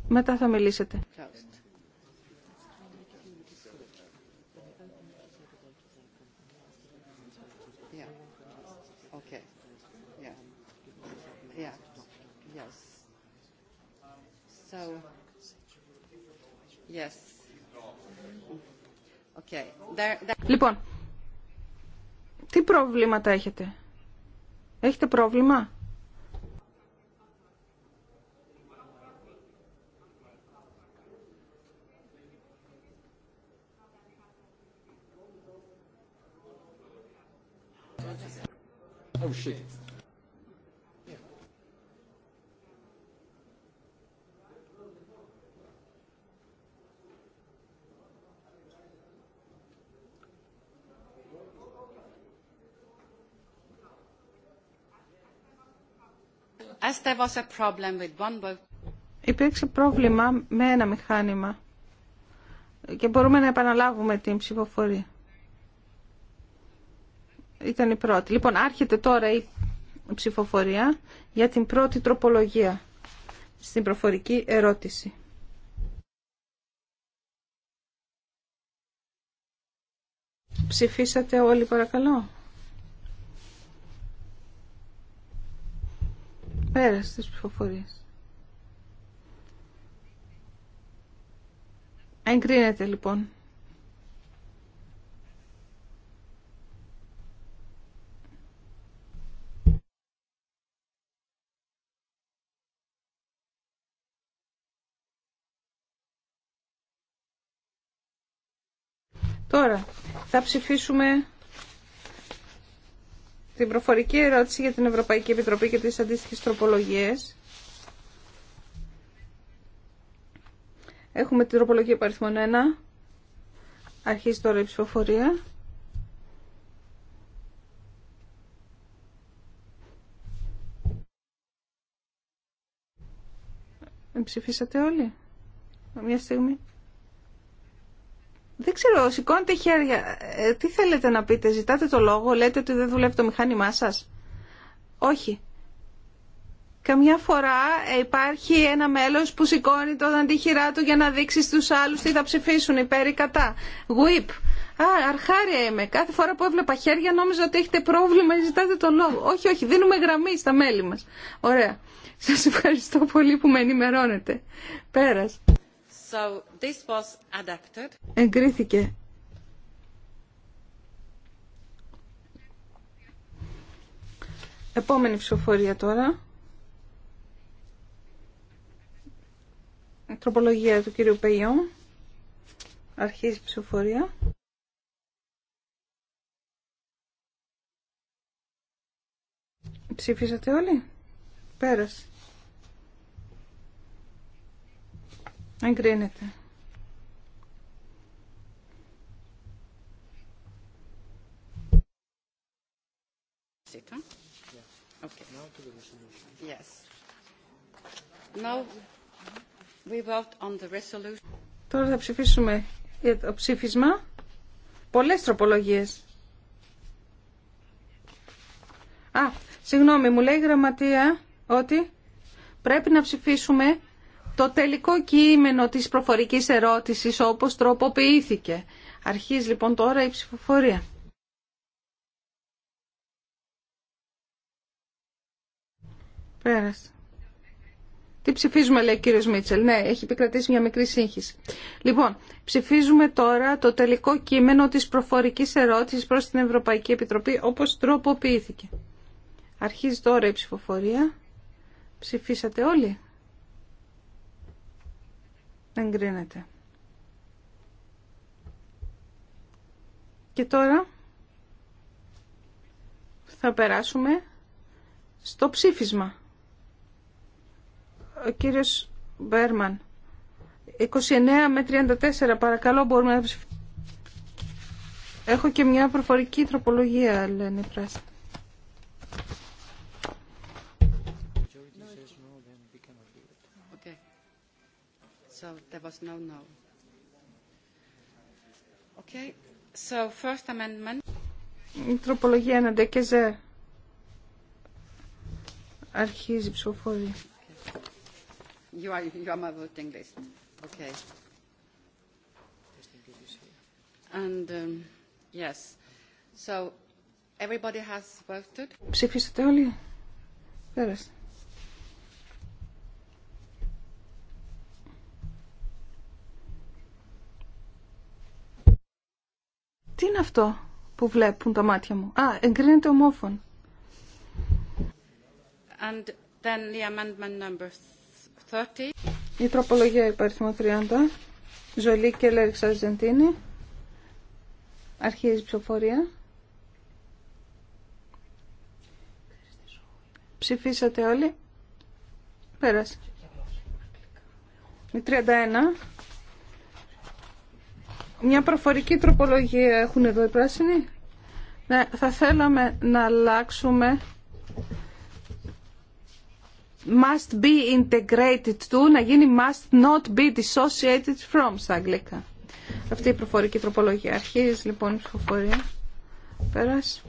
Μετά θα μιλήσετε. Closed. yes. Okay. Λοιπόν, τι προβλήματα έχετε. Έχετε πρόβλημα. Oh shit. Υπήρξε πρόβλημα με ένα μηχάνημα και μπορούμε να επαναλάβουμε την ψηφοφορία. Ήταν η πρώτη. Λοιπόν, άρχεται τώρα η ψηφοφορία για την πρώτη τροπολογία στην προφορική ερώτηση. Ψηφίσατε όλοι παρακαλώ. πέρα στι ψηφοφορίε. Εγκρίνεται λοιπόν. Τώρα θα ψηφίσουμε την προφορική ερώτηση για την Ευρωπαϊκή Επιτροπή και τις αντίστοιχες τροπολογίες. Έχουμε την τροπολογία υπαριθμών 1. Αρχίζει τώρα η ψηφοφορία. Ψηφίσατε όλοι. Μια στιγμή. Δεν ξέρω, σηκώνετε χέρια. Ε, τι θέλετε να πείτε, ζητάτε το λόγο, λέτε ότι δεν δουλεύει το μηχάνημά σας. Όχι. Καμιά φορά ε, υπάρχει ένα μέλος που σηκώνει το αντίχειρά του για να δείξει στους άλλους τι θα ψηφίσουν υπέρ ή κατά. Γουίπ. Α, αρχάρια είμαι. Κάθε φορά που έβλεπα χέρια νόμιζα ότι έχετε πρόβλημα ζητάτε το λόγο. Όχι, όχι, δίνουμε γραμμή στα μέλη μα. Ωραία. Σα ευχαριστώ πολύ που με ενημερώνετε. Πέρα. So Εγκρίθηκε. Επόμενη ψηφοφορία τώρα. τροπολογία του κύριου Πεϊό. Αρχίζει η ψηφοφορία. Ψήφισατε όλοι. Πέρασε. Εγκρίνεται. Τώρα θα ψηφίσουμε για το ψήφισμα. Πολλές τροπολογίες. Α, συγγνώμη, μου λέει η γραμματεία ότι πρέπει να ψηφίσουμε το τελικό κείμενο της προφορικής ερώτησης όπως τροποποιήθηκε. Αρχίζει λοιπόν τώρα η ψηφοφορία. Πέρασε. Τι ψηφίζουμε, λέει ο κύριο Μίτσελ. Ναι, έχει επικρατήσει μια μικρή σύγχυση. Λοιπόν, ψηφίζουμε τώρα το τελικό κείμενο τη προφορική ερώτηση προ την Ευρωπαϊκή Επιτροπή όπω τροποποιήθηκε. Αρχίζει τώρα η ψηφοφορία. Ψηφίσατε όλοι. Εγκρίνεται. Και τώρα θα περάσουμε στο ψήφισμα. Ο κύριος Μπέρμαν. 29 με 34 παρακαλώ μπορούμε να ψηφίσουμε. Έχω και μια προφορική τροπολογία λένε οι πράσινοι. so there was no no. Okay, so first amendment. τροπολογία 1 και Z. Αρχίζει η You are, you are my voting list. Okay. And um, yes, so everybody has voted. Ψήφισατε όλοι. Πέρασε. Τι είναι αυτό που βλέπουν τα μάτια μου. Α, εγκρίνεται ομόφων. Η τροπολογία υπαριθμό 30. Ζολή και Λέριξ Αρζεντίνη. Αρχίζει η ψηφοφορία. Ψηφίσατε όλοι. Πέρασε. Η 31 μια προφορική τροπολογία έχουν εδώ οι πράσινοι. Ναι, θα θέλαμε να αλλάξουμε must be integrated to να γίνει must not be dissociated from στα αγγλικά. Αυτή η προφορική τροπολογία. Αρχίζει λοιπόν η ψηφοφορία. Πέρας.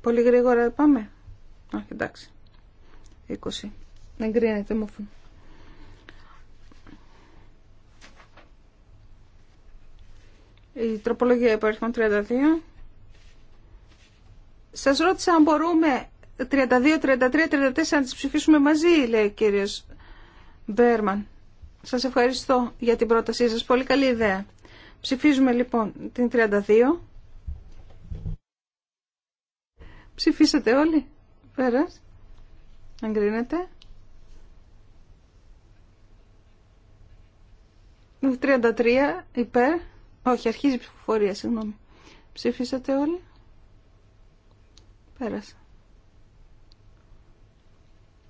Πολύ γρήγορα πάμε. Όχι, εντάξει. 20. Να εγκρίνεται μου Η τροπολογία υπαριθμών 32. Σας ρώτησα αν μπορούμε 32, 33, 34 να τις ψηφίσουμε μαζί, λέει ο κύριος Μπέρμαν. Σας ευχαριστώ για την πρότασή σας. Πολύ καλή ιδέα. Ψηφίζουμε λοιπόν την 32. Ψηφίσατε όλοι. Πέρας. Αγκρίνεται. 33 υπέρ. Όχι, αρχίζει η ψηφοφορία, συγγνώμη. Ψήφισατε όλοι. Πέρασα.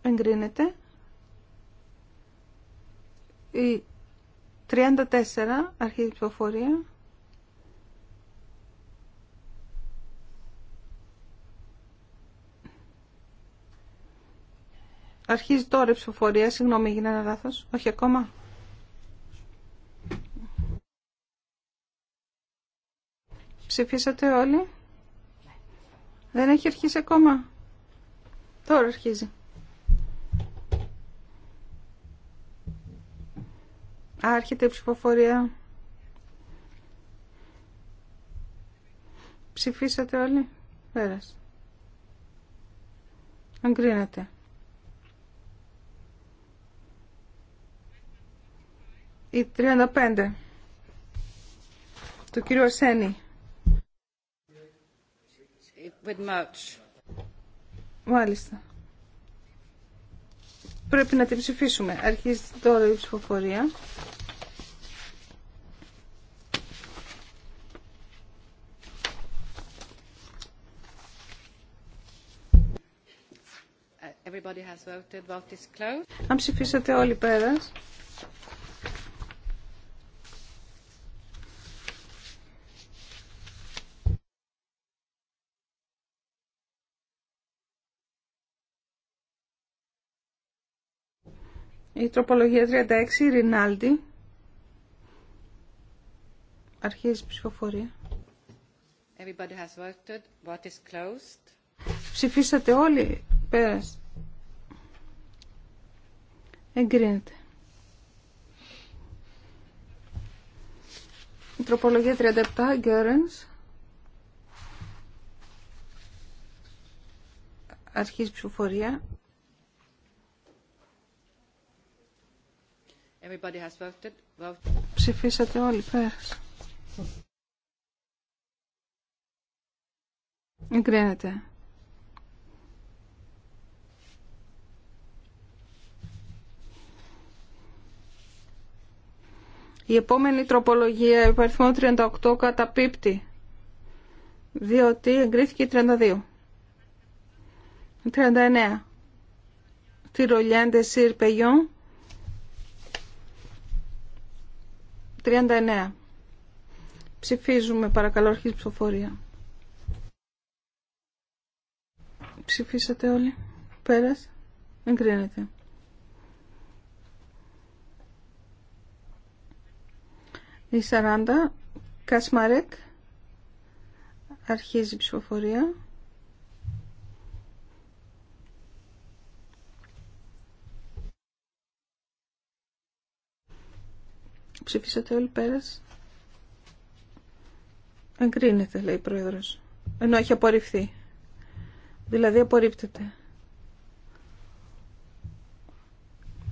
Εγκρίνεται. Η 34 αρχίζει η ψηφοφορία. Αρχίζει τώρα η ψηφοφορία. Συγγνώμη, έγινε ένα λάθος. Όχι ακόμα. Ψηφίσατε όλοι. Δεν έχει αρχίσει ακόμα. Τώρα αρχίζει. Άρχεται η ψηφοφορία. Ψηφίσατε όλοι. Πέρασε. Η 35 Το κύριου Αρσένη with much. Μάλιστα. Πρέπει να την ψηφίσουμε. Αρχίζει τώρα η ψηφοφορία. Everybody has voted. Vote is closed. Αν ψηφίσατε όλοι πέρας. Η τροπολογία 36, Ρινάλντι. Αρχίζει η ψηφοφορία. Everybody Ψηφίσατε όλοι. Πέρασε. Εγκρίνεται. Η τροπολογία 37, Γκέρενς. Αρχίζει ψηφοφορία. Ψηφίσατε όλοι πέρα. Εγκρίνεται. Η επόμενη τροπολογία υπαριθμό 38 καταπίπτει, διότι εγκρίθηκε 32. 39. Τυρολιάντε Σιρ γιόν 39. Ψηφίζουμε παρακαλώ αρχής ψηφοφορία. Ψηφίσατε όλοι. Πέρας. Εγκρίνεται. Η 40. Κασμαρέκ. Αρχίζει ψηφοφορία. Ψηφίσατε όλοι πέρα. Εγκρίνεται, λέει η πρόεδρο. Ενώ έχει απορριφθεί. Δηλαδή απορρίπτεται.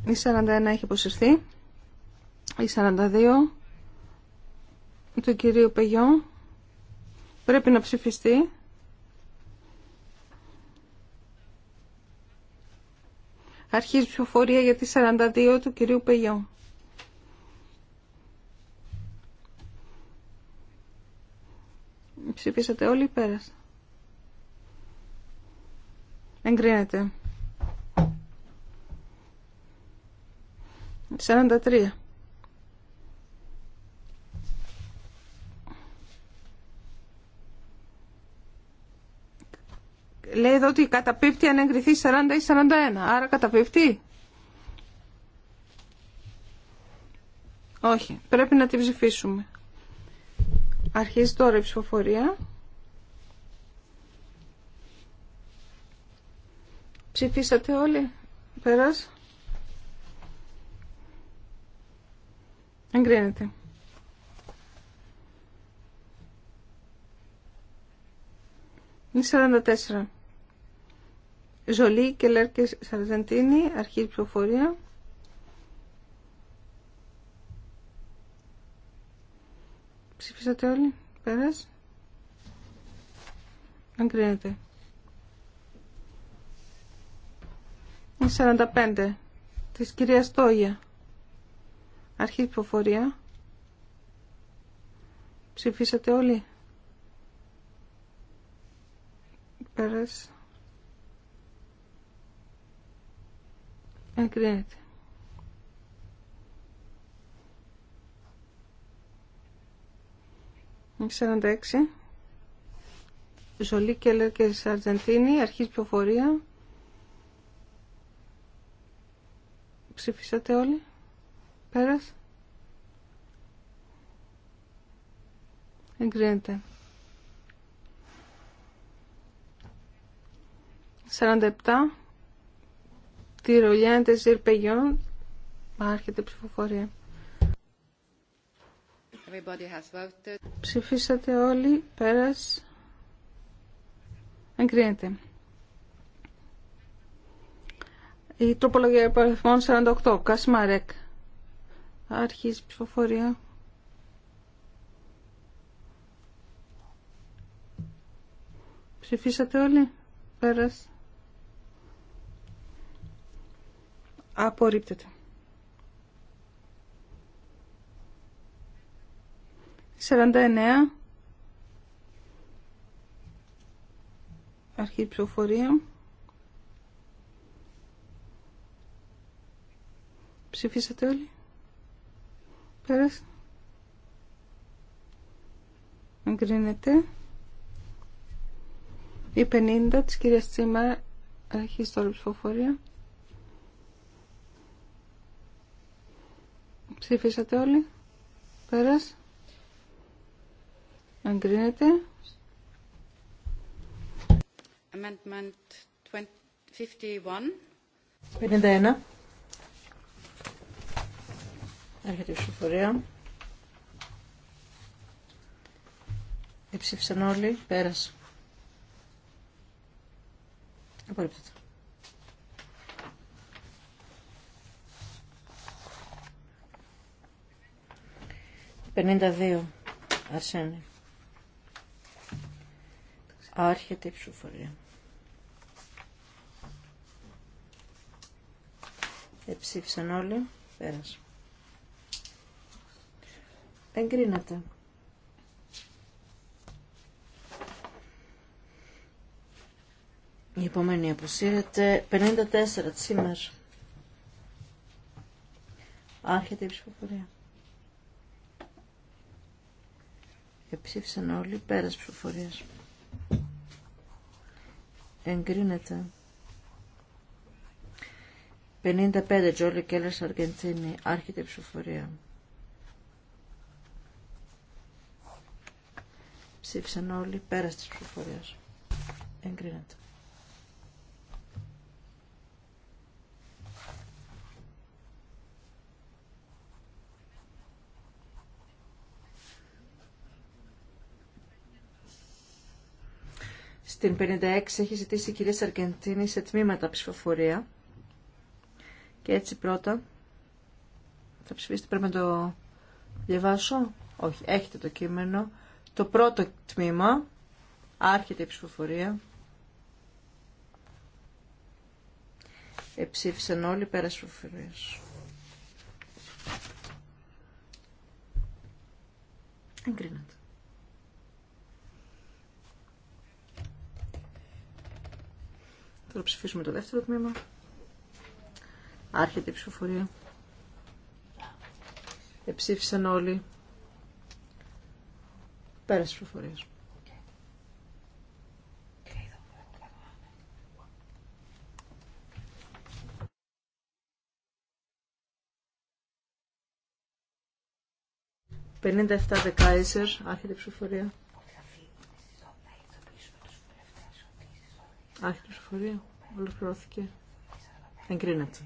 Η 41 έχει αποσυρθεί. Η 42 του κυρίου Πεγιό πρέπει να ψηφιστεί. Αρχίζει ψηφοφορία για τη 42 του κυρίου Πεγιό. Ψηφίσατε όλοι ή πέρασε. Εγκρίνεται. 43. Λέει εδώ ότι καταπίπτει αν εγκριθεί 40 ή 41. Άρα καταπίπτει. Όχι. Πρέπει να τη ψηφίσουμε. Αρχίζει τώρα η ψηφοφορία. Ψηφίσατε όλοι. Πέρας. Εγκρίνεται. Είναι 44. Ζολή και Λέρκες Σαρζεντίνη, αρχή ψηφοφορία. Ψήφισατε όλοι. Πέρας. Εγκρίνεται. 45 της κυρία Στόγια. Αρχή υποφορία. Ψηφίσατε όλοι. Πέρας. Εγκρίνεται. 46. Ζολί Κέλλερ και Σαρτζεντίνη. αρχη πληροφορία. Ψηφίσατε όλοι. Πέρας. Εγκρίνεται. 47. Τυρολιάντε Ζερπεγιόν. Άρχεται ψηφοφορία. Ψηφίσατε όλοι, πέρας. Εγκρίνεται. Η τροπολογία υπαριθμών 48, Κασμαρέκ. Άρχισε ψηφοφορία. Ψηφίσατε όλοι, πέρας. Απορρίπτεται. 49. Αρχή ψηφοφορία. Ψηφίσατε όλοι. Πέρασε. Εγκρίνεται. Η 50 της κυρίας Τσίμα αρχή τώρα ψηφοφορία. Ψήφισατε όλοι. Πέρασε. Εγκρίνεται. Amendment 51. 51. Έρχεται η ψηφοφορία. Εψήφισαν όλοι. Πέρασε. Απορρίπτεται. Πενήντα δύο. Αρσένη. Άρχεται η ψηφοφορία. Εψήφισαν όλοι. Πέρασε. Εγκρίνεται. Η επόμενη αποσύρεται 54 της σήμερα. Άρχεται η ψηφοφορία. Εψήφισαν όλοι πέρας ψηφοφορία εγκρίνεται. 55 Τζόλι Κέλλερ Αργεντίνη, άρχιτε ψηφοφορία. Ψήφισαν όλοι πέρα τη ψηφοφορία. Εγκρίνεται. Στην 56 έχει ζητήσει η κυρία Σαρκεντίνη σε τμήματα ψηφοφορία. Και έτσι πρώτα θα ψηφίσετε, πρέπει να το διαβάσω. Όχι, έχετε το κείμενο. Το πρώτο τμήμα, άρχεται η ψηφοφορία. Εψήφισαν όλοι πέρα ψηφοφορίας. Εγκρίνεται. δεύτερο, ψηφίσουμε το δεύτερο τμήμα. Άρχεται η ψηφοφορία. Εψήφισαν όλοι. Πέρασε ψηφοφορία. Okay. 57 δεκάισερ, άρχεται η ψηφοφορία. Άχι ψηφοφορία. Ολοκληρώθηκε. Εγκρίνεται.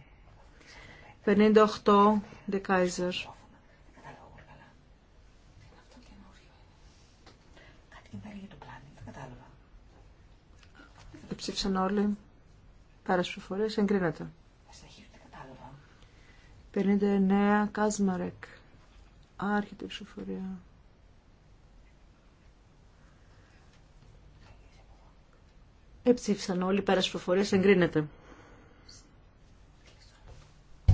58. Δεκάιζερ. Ψήφισαν όλοι. Πέρα ψηφοφορίες. Εγκρίνεται. 59. Κάσμαρεκ. Άρχεται η ψηφοφορία. Εψήφισαν όλοι πέρας ψηφοφορία εγκρίνεται.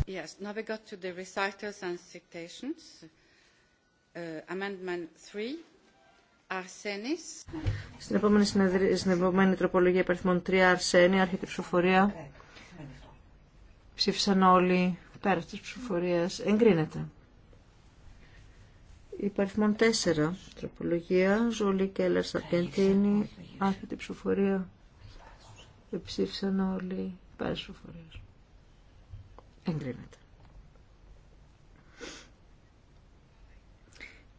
Yes, now we got to the recitals and citations. Uh, amendment 3. Στην επόμενη, συνεδρι... Στην επόμενη τροπολογία υπερθυμών 3 Αρσένη, άρχεται η ψηφοφορία. Ψήφισαν όλοι πέρα της ψηφοφορίας. Εγκρίνεται. Υπαριθμών 4 τροπολογία. Ζολή Κέλλερ Σαρκεντίνη, άρχεται η ψηφοφορία. Εψήφισαν όλοι υπέρ ψηφοφορία. Εγκρίνεται.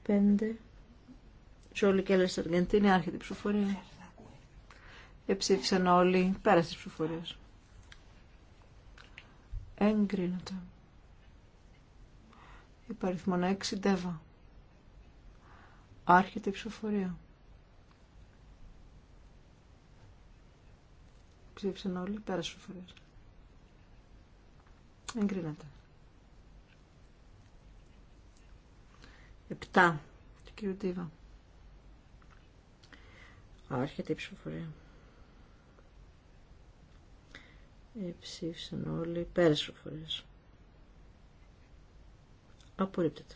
5. Τζόλι και στην Αργεντίνη, άρχεται η ψηφοφορία. Εψήφισαν όλοι πέρα στις ψηφοφορία. Εγκρίνεται. μόνο έξι Ντέβα. Άρχεται η ψηφοφορία. Ψήφισαν όλοι. Πέρασε ο φορέας. Εγκρίνεται. Επτά. Του κύριου Τίβα. Άρχεται η ψηφοφορία. Ε, ψήφισαν όλοι. Πέρασε ψηφοφορίας. Απορρίπτεται.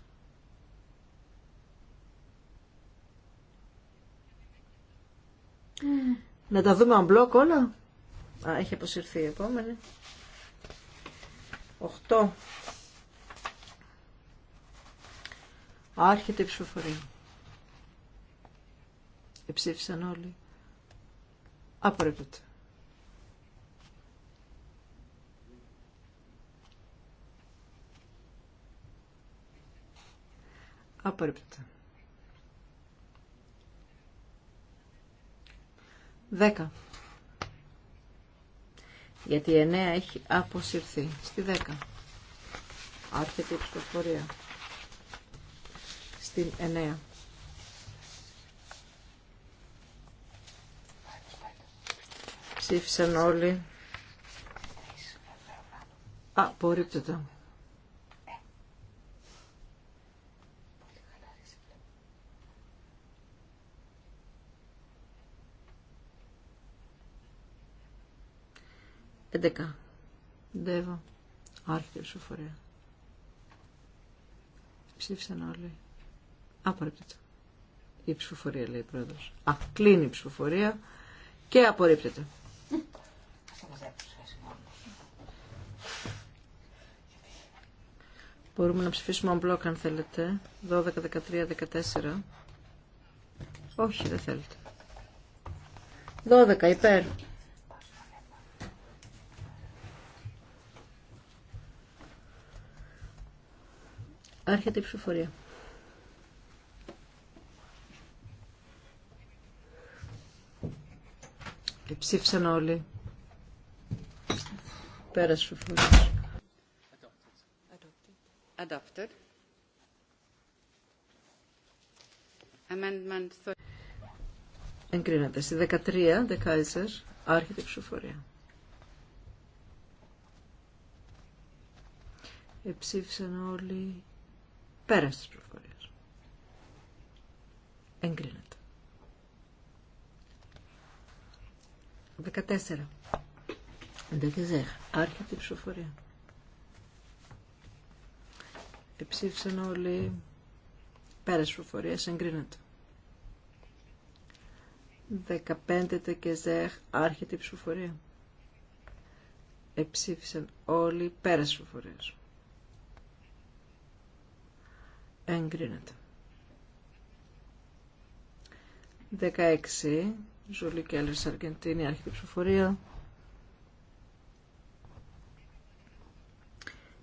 Ε. Να τα δούμε αν μπλοκ όλα. Α, έχει αποσυρθεί η επόμενη. 8. Άρχεται η ψηφοφορία. Εψήφισαν όλοι. Απορρίπτεται. Απορρίπτεται. Δέκα. Γιατί η 9 έχει αποσυρθεί. Στη 10. Άρχεται η ψηφοφορία. Στην 9. Ψήφισαν όλοι. Απορρίπτεται. 11. Ντέβα. η ψηφοφορία. Ψήφισαν όλοι. Απορρίπτεται. Η ψηφοφορία λέει η πρόεδρος. Α, κλείνει η ψηφοφορία και απορρίπτεται. Μπορούμε να ψηφίσουμε on αν θέλετε. 12, 13, 14. Όχι, δεν θέλετε. 12 υπέρ. Άρχεται η ψηφοφορία. Και ψήφισαν όλοι. Πέρασε ψηφοφορία. Adopted. Amendment Εγκρίνεται. Στη 13, Δεκάιζερ, άρχεται η ψηφοφορία. Εψήφισαν όλοι. Πέρας της προφορίας. Εγκρίνεται. 14. Δεκεζέχ. Άρχεται η ψηφοφορία. Εψήφισαν όλοι. Πέρας της ψηφοφορία. Εγκρίνεται. 15 Δεκεζέχ. Άρχεται η ψηφοφορία. Εψήφισαν όλοι. Πέρας της ψηφοφορία. Εγκρίνεται. 16. Ζουλή Κέλλερ Αργεντίνη, άρχιτη ψηφοφορία.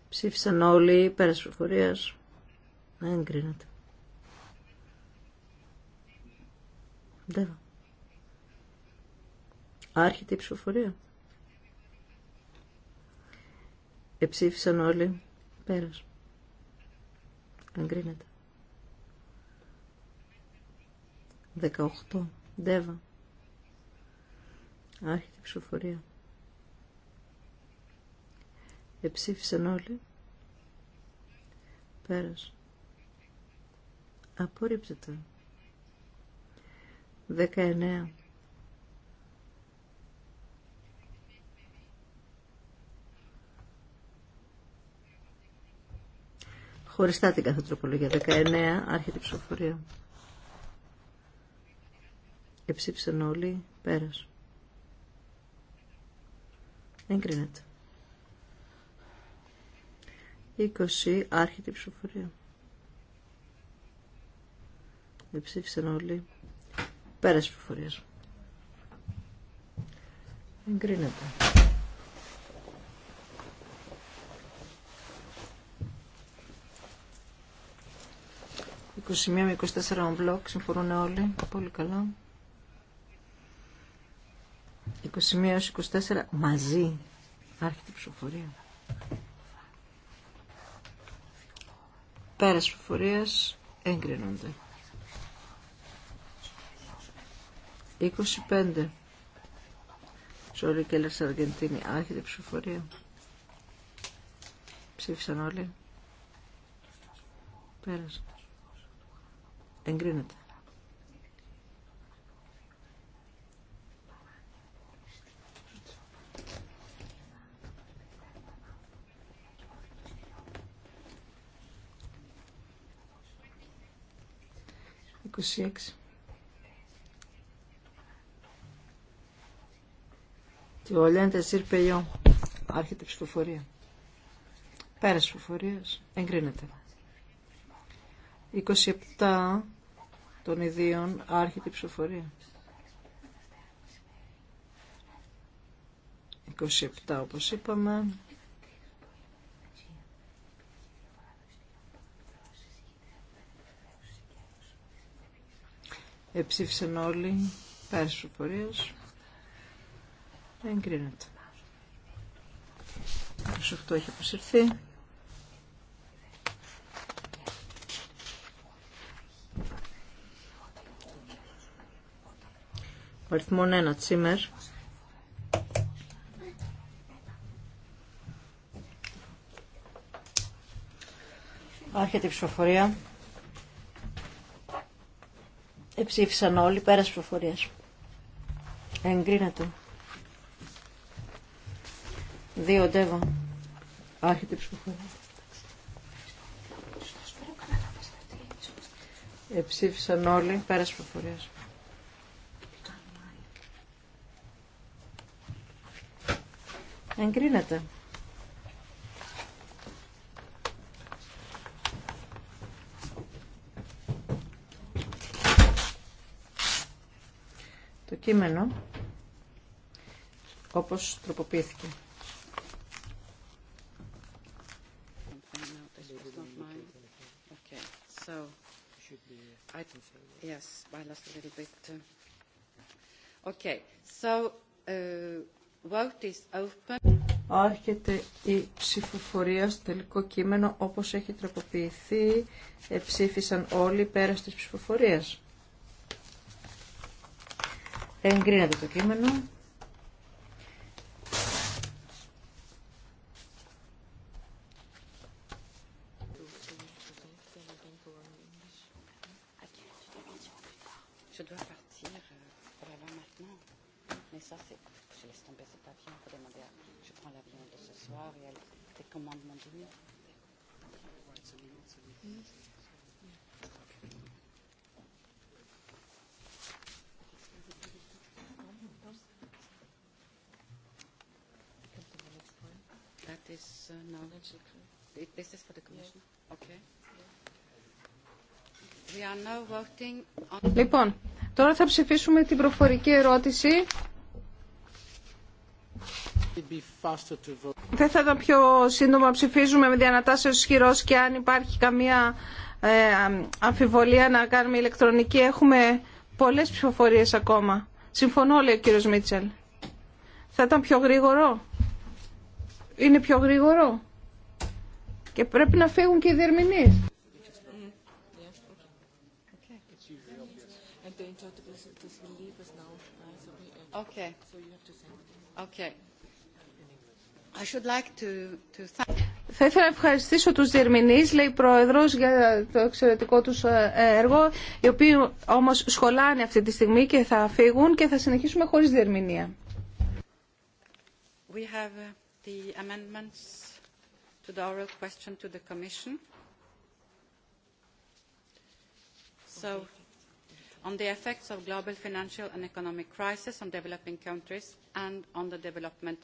Ψήφισαν όλοι, πέρας ψηφοφορίας. Εγκρίνεται. Δεν. Άρχιτη ψηφοφορία. Εψήφισαν όλοι. Πέρας. Εγκρίνεται. 18. Δέβα. Άρχεται η ψηφοφορία. Εψήφισαν όλοι. Πέρας. Απορρίπτεται. 19. χωριστά την κάθε τροπολογία. 19, άρχεται η ψηφοφορία. Εψήψαν όλοι, πέρας. Εγκρίνεται. 20, άρχεται η ψηφοφορία. Εψήφισαν όλοι. Πέρας ψηφοφορίας. Εγκρίνεται. 21 με 24 μπλοκ, συμφωνούν όλοι. Πολύ καλά. 21 24 μαζί. Άρχεται η ψηφοφορία. Πέρας ψηφοφορίας εγκρίνονται. 25. Σόλιο και Λέξα Αργεντίνη. Άρχεται ψηφοφορία. Ψήφισαν όλοι. Πέρασε. Εγκρίνεται. Τη Βολέντα Ζήρπελιό. Άρχεται η ψηφοφορία. Πέρας ψηφοφορίας. Εγκρίνεται. 27 των ιδίων άρχεται η ψηφοφορία. 27 όπως είπαμε. Εψήφισαν όλοι πέρα της Εγκρίνεται. 28 έχει αποσυρθεί. αριθμό 1 Τσίμερ. Άρχεται η ψηφοφορία. Εψήφισαν όλοι πέρας ψηφοφορίας. Εγκρίνεται. Δύο ντεύω Άρχεται η ψηφοφορία. Εψήφισαν όλοι πέρας ψηφοφορίας. Εγκρίνεται. Το κείμενο όπως τροποποιήθηκε. So, I, yes, by last a little bit. Okay, so uh, vote is open. Άρχεται η ψηφοφορία στο τελικό κείμενο όπως έχει τροποποιηθεί. Ψήφισαν όλοι πέρα της ψηφοφορίας. Εγκρίνεται το κείμενο. Λοιπόν, τώρα θα ψηφίσουμε την προφορική ερώτηση. Δεν θα ήταν πιο σύντομα ψηφίζουμε με διανατάσεις χειρός και αν υπάρχει καμία ε, αμφιβολία να κάνουμε ηλεκτρονική. Έχουμε πολλές ψηφοφορίες ακόμα. Συμφωνώ, λέει ο κύριος Μίτσελ. Θα ήταν πιο γρήγορο. Είναι πιο γρήγορο. Και πρέπει να φύγουν και οι διερμηνείς. Θα ήθελα να ευχαριστήσω τους διερμηνείς, λέει η Πρόεδρος, για το εξαιρετικό τους ε, έργο, οι οποίοι όμως σχολάνε αυτή τη στιγμή και θα φύγουν και θα συνεχίσουμε χωρίς διερμηνία on the effects of global financial and economic crisis on developing countries and on the development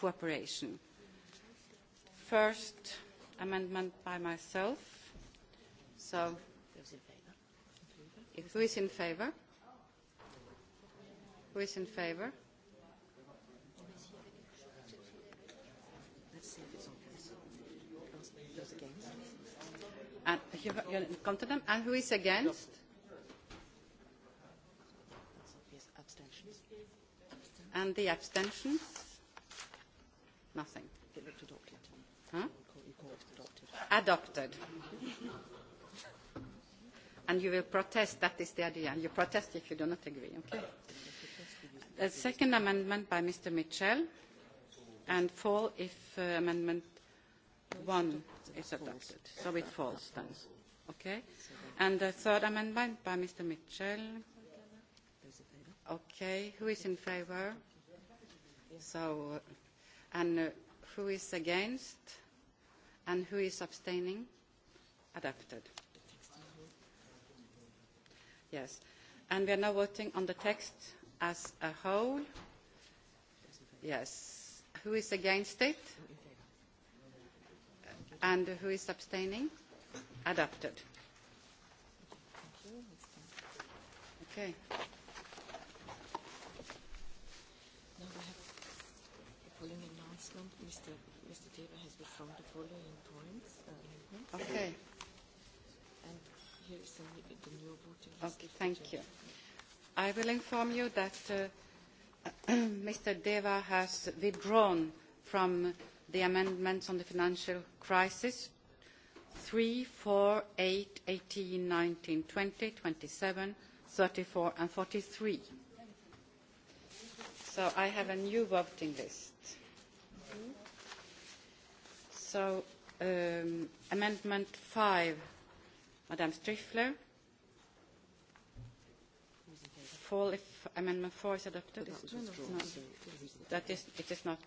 cooperation. First amendment by myself. So, if who is in favour? Who is in favour? them. And who is against? And the abstentions? Nothing. adopted. Huh? adopted. And you will protest, that is the idea. You protest if you do not agree, okay? The second amendment by Mr. Mitchell and fall if amendment one is adopted. So it falls then. Okay? And the third amendment by Mr. Mitchell. Okay. Who is in favor? So, and who is against? And who is abstaining? Adapted. Yes. And we are now voting on the text as a whole. Yes. Who is against it? And who is abstaining? Adopted. Okay. Iceland, Mr. Mr. Deva has performed the following points. Okay. And here is the, the new voting list. Okay, thank you. I will inform you that Mr. Deva has withdrawn from the amendments on the financial crisis 3, 4, 8, 18, 19, 20, 27, 34 and 43. So I have a new voting list. So amendment 5, Madame Striffler. Fall if amendment 4 is adopted. That is, it is not.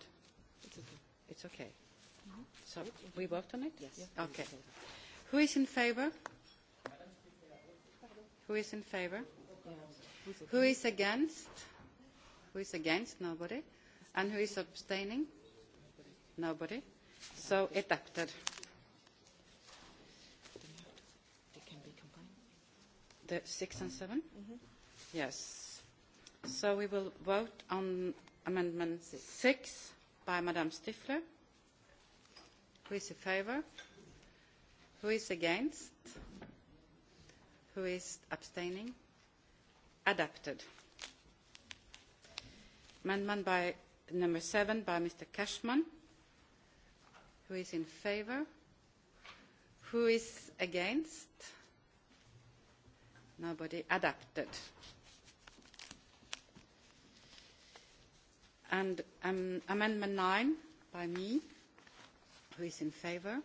It's okay. So we vote on it? Yes. Okay. Who is in favor? Who is in favor? Who is against? Who is against? Nobody. And who is abstaining? Nobody so adapted. The six and seven? Yes. So we will vote on amendment six by Madame Stifler. Who is in favor. Who is against? Who is abstaining? Adapted. Amendment by number seven by Mr. Cashman. Who is in favor? Who is against? Nobody. Adapted. And Amendment 9 by me. Who is in favor?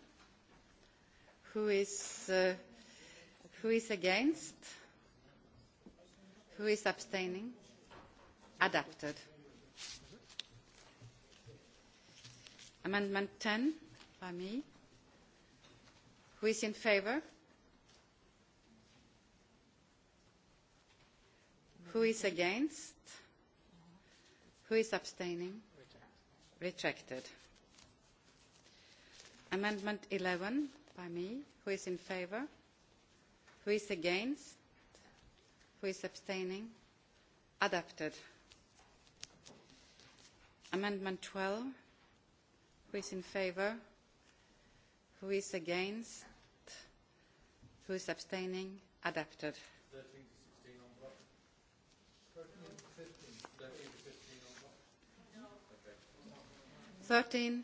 Who is who is against? Who is abstaining? Adapted. Amendment 10 By me. Who is in favor? Who is against? Who is abstaining? Rejected. Amendment 11 by me. Who is in favor? Who is against? Who is abstaining? Adopted. Amendment 12. Who is in favor? Who is against? Who is abstaining? Adapted. Thirteen.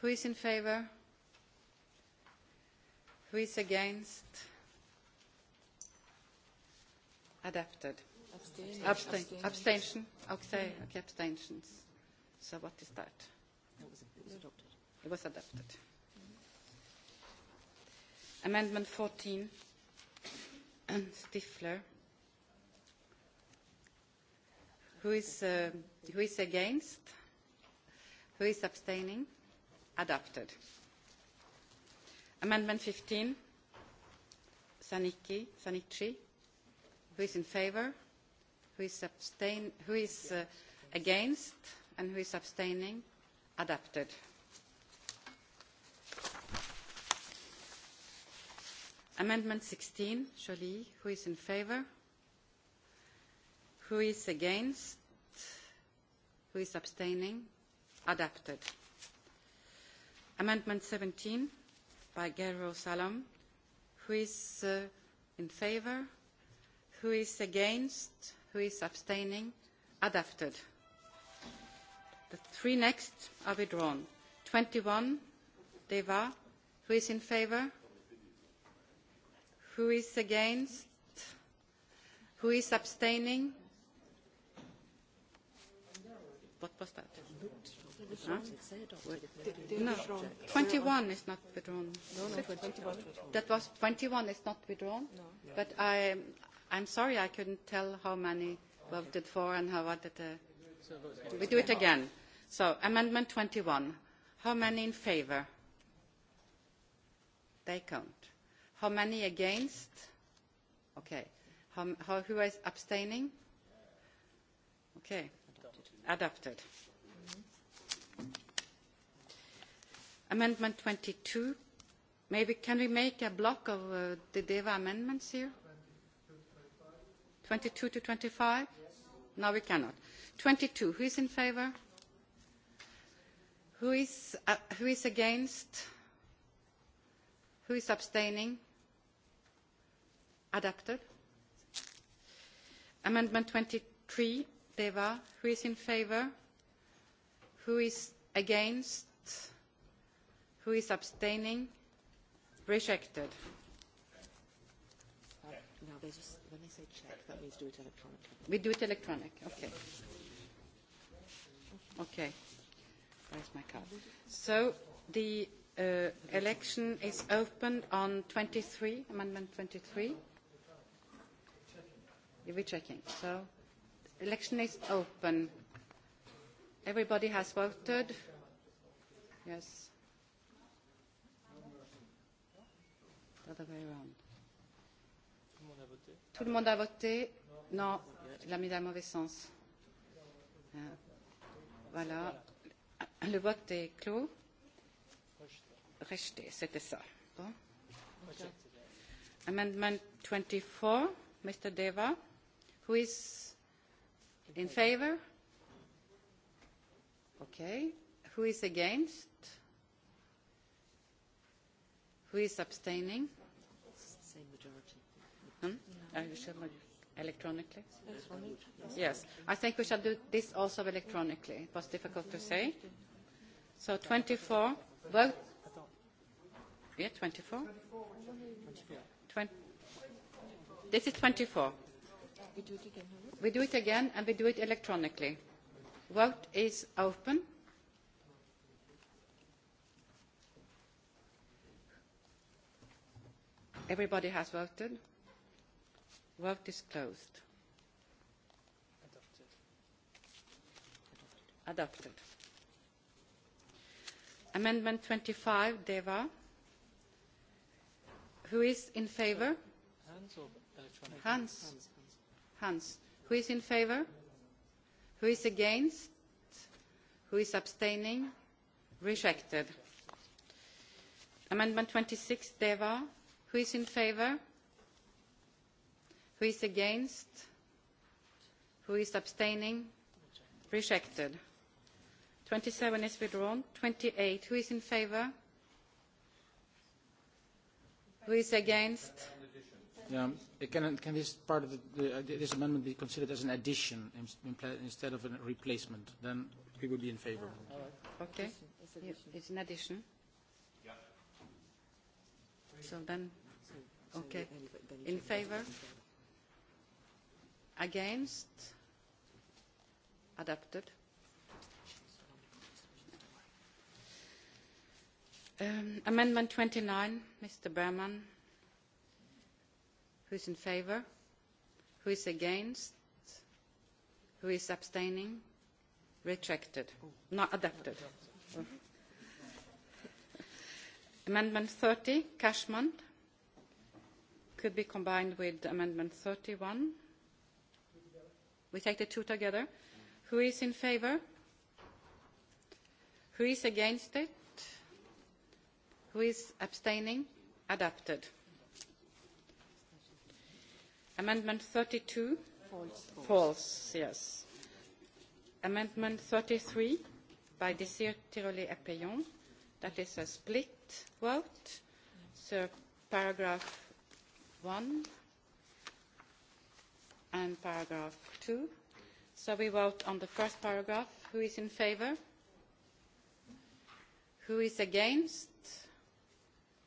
Who is in favour? Who is against? Adapted. Abstention. Okay, okay, abstentions. So what is that? It was adopted. It was adopted. Amendment 14. Stifler. Who is against? Who is abstaining? Adopted. Amendment 15. Saniki. Sanichi. Who is in favor? Who is abstain? Who is against? And who is abstaining? Adopted. Amendment 16, Jolie, Who is in favour, Who is against? Who is abstaining? Adapted. Amendment 17 by Gero Salom, Who is in favour, Who is against? Who is abstaining? Adapted. The three next are withdrawn. 21, Deva. Who is in favour. Who is against? Who is abstaining? What was that? No, 21 is not withdrawn. That was 21 is not withdrawn. But I, I'm sorry I couldn't tell how many voted for and how did. We do it again. So amendment 21. How many in favour? They come. How many against? Okay. Who is abstaining? Okay. Adopted. Amendment 22. Maybe can we make a block of the DEVA amendments here? 22 to 25? No, we cannot. 22. Who is in favor? Who is against? Who is abstaining? adopted. Amendment 23, Deva. Who is in favour? Who is against? Who is abstaining? Rejected. No, just, when they say check, that means do it electronically. We do it electronic, okay. Okay. Where's my card? So the election is opened on 23, Amendment 23. You're checking. So, election is open. Everybody has voted. Yes. The other way around. Tout le monde a voté Non, il a mauvais sens. Voilà. Le vote est clos. Rejeté, c'était ça. Bon. Amendment 24, Mr. Deva. Who is in favor? Okay. Who is against? Who is abstaining? Same majority. Electronically? Yes. I think we shall do this also electronically. It was difficult to say. So 24. Vote. Yeah, 24. This is 24. We do it again. and we do it electronically. Vote is open. Everybody has voted. Vote is closed. Adopted. Amendment 25, Deva. Who is in favor? Hands or Hands. Hans. Who is in favor? Who is against? Who is abstaining? Rejected. Amendment 26, Deva. Who is in favor? Who is against? Who is abstaining? Rejected. 27 is withdrawn. 28. Who is in favor? Who is against? Can this part of this amendment be considered as an addition instead of a replacement? Then we would be in favor. Okay. It's an addition. So then, okay. In favor? Against? Adopted. Amendment 29, Mr. Berman. Who is in favor? Who is against? Who is abstaining? Rejected. Not adapted. Amendment 30, Cashman, could be combined with Amendment 31. We take the two together. Who is in favor? Who is against it? Who is abstaining? Adapted. Amendment 32? False, yes. Amendment 33 by Desir Tiroli Epeillon. That is a split vote. So paragraph 1 and paragraph 2. So we vote on the first paragraph. Who is in favour? Who is against?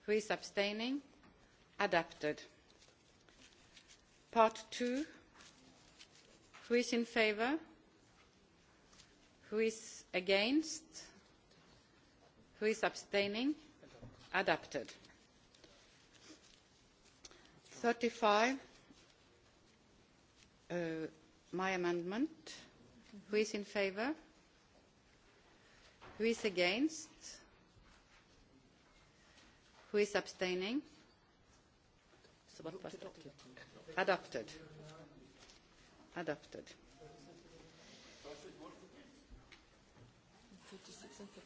Who is abstaining? Adapted. Part two. Who is in favor? Who is against? Who is abstaining? Adopted. 35. My amendment. Who is in favor? Who is against? Who is abstaining? adopted adopted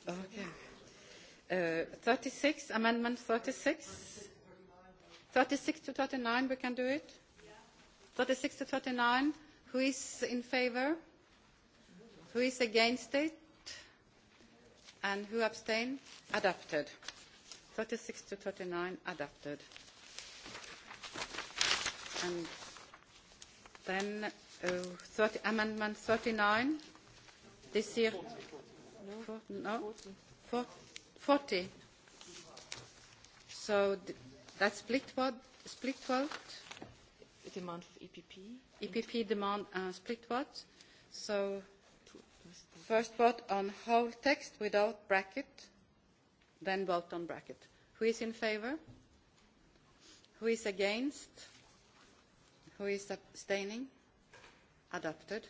okay 36 amendment 36 36 to 39 we can do it 36 to 39 who is in favor who is against it and who abstain adopted 36 to 39 adopted And then Amendment 39. This year. No. 40. So that's split vote. Split vote. Demand of EPP. EPP demand split vote. So first vote on whole text without bracket, then vote on bracket. Who is in favor? Who is against? Who is abstaining? Adopted.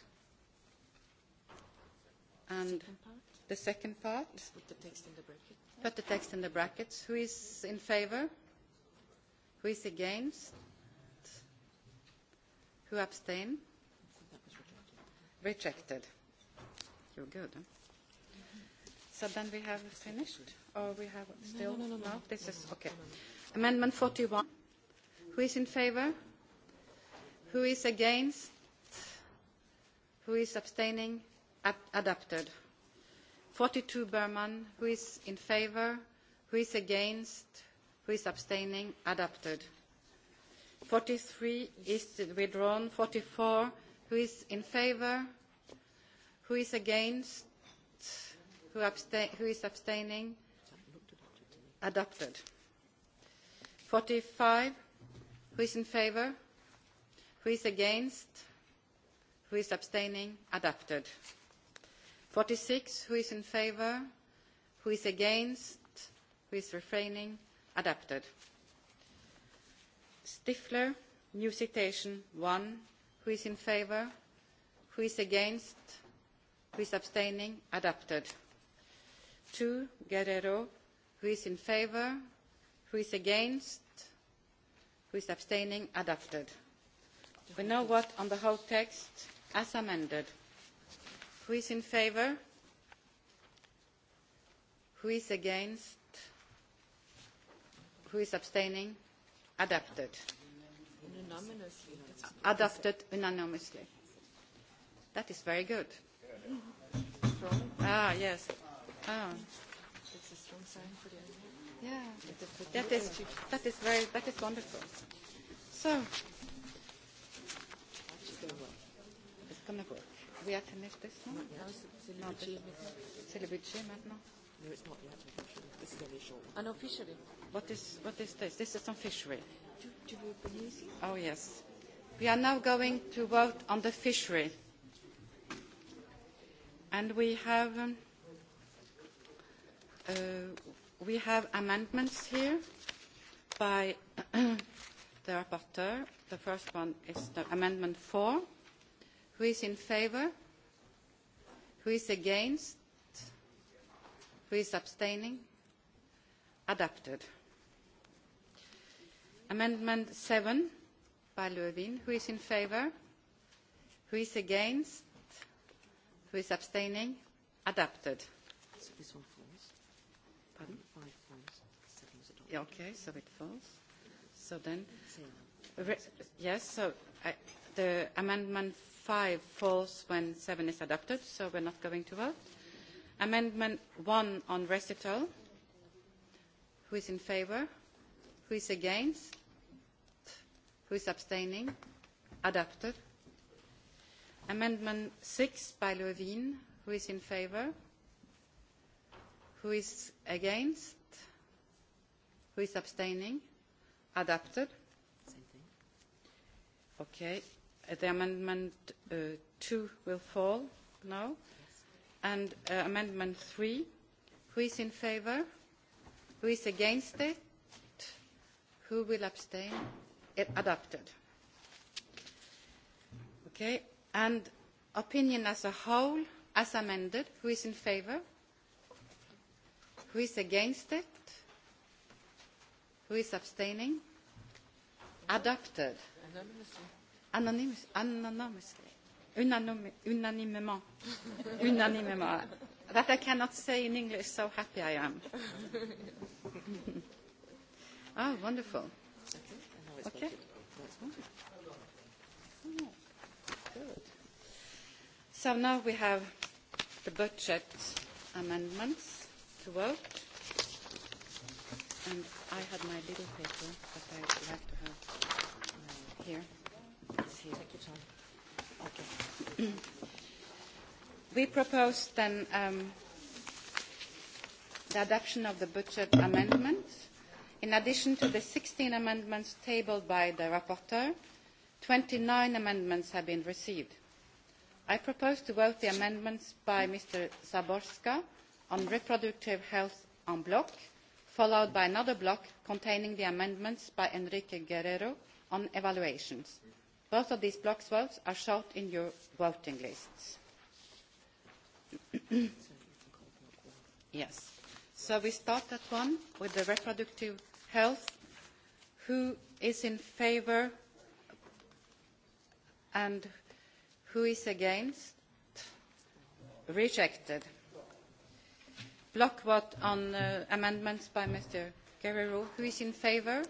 And the second part? Put the text in the brackets. Put the text in the brackets. Who is in favor? Who is against? Who abstain? Rejected. You're good. So then we have finished? Or we have still? No, this is okay. Amendment 41. Who is in favor? Who is against? Who is abstaining? Adopted. 42 Berman. Who is in favor? Who is against? Who is abstaining? Adopted. 43 is withdrawn. 44. Who is in favor? Who is against? Who is abstaining? Adopted. 45. Who is in favor? Who is against? Who is abstaining? Adopted. 46. Who is in favour? Who is against? Who is refraining? Adopted. Stifler, new citation. 1. Who is in favour? Who is against? Who is abstaining? Adopted. 2. Guerrero. Who is in favour? Who is against? Who is abstaining? Adopted. We know what on the whole text as amended. Who is in favour? Who is against? Who is abstaining? Adopted. Adopted unanimously. That is very good. Ah, yes. that is, that is very, that is wonderful. So, comme vous. We have finished this one? No, It's le budget maintenant. No, it's not yet. This is only short. An officially. What is what is this? This is on fishery. Oh yes. We are now going to vote on the fishery. And we have we have amendments here by the rapporteur. The first one is the amendment 4 Who is in favor? Who is against? Who is abstaining? Adopted. Amendment 7 by Lövin. Who is in favor? Who is against? Who is abstaining? Adopted. Pardon? Okay, so it falls. So then. Yes, so the amendment five falls when seven is adopted, so we're not going to vote. Amendment one on recital. Who is in favour? Who is against? Who is abstaining? Adopted. Amendment six by Levine. Who is in favour? Who is against? Who is abstaining? Adopted. Okay. The amendment Two will fall now. And amendment three, Who is in favour? Who is against it? Who will abstain? It Adopted. Okay. And opinion as a whole, as amended. Who is in favour? Who is against it? Who is abstaining? Adopted. Anonymously. Anonymously unanimement. Unanimement. That I cannot say in English, so happy I am. Oh, wonderful. Okay. So now we have the budget amendments to vote. And I had my little paper, that I would like to have here. Take your time. Okay. We propose then the adoption of the budget amendments. In addition to the 16 amendments tabled by the rapporteur, 29 amendments have been received. I propose to vote the amendments by Mr. Zaborska on reproductive health en bloc, followed by another block containing the amendments by Enrique Guerrero on evaluations. Both of these blocks votes are shot in your voting lists. Yes. So we start at one with the reproductive health. Who is in favor? and who is against? Rejected. Block vote on amendments by Mr. Guerrero. Who is in favor?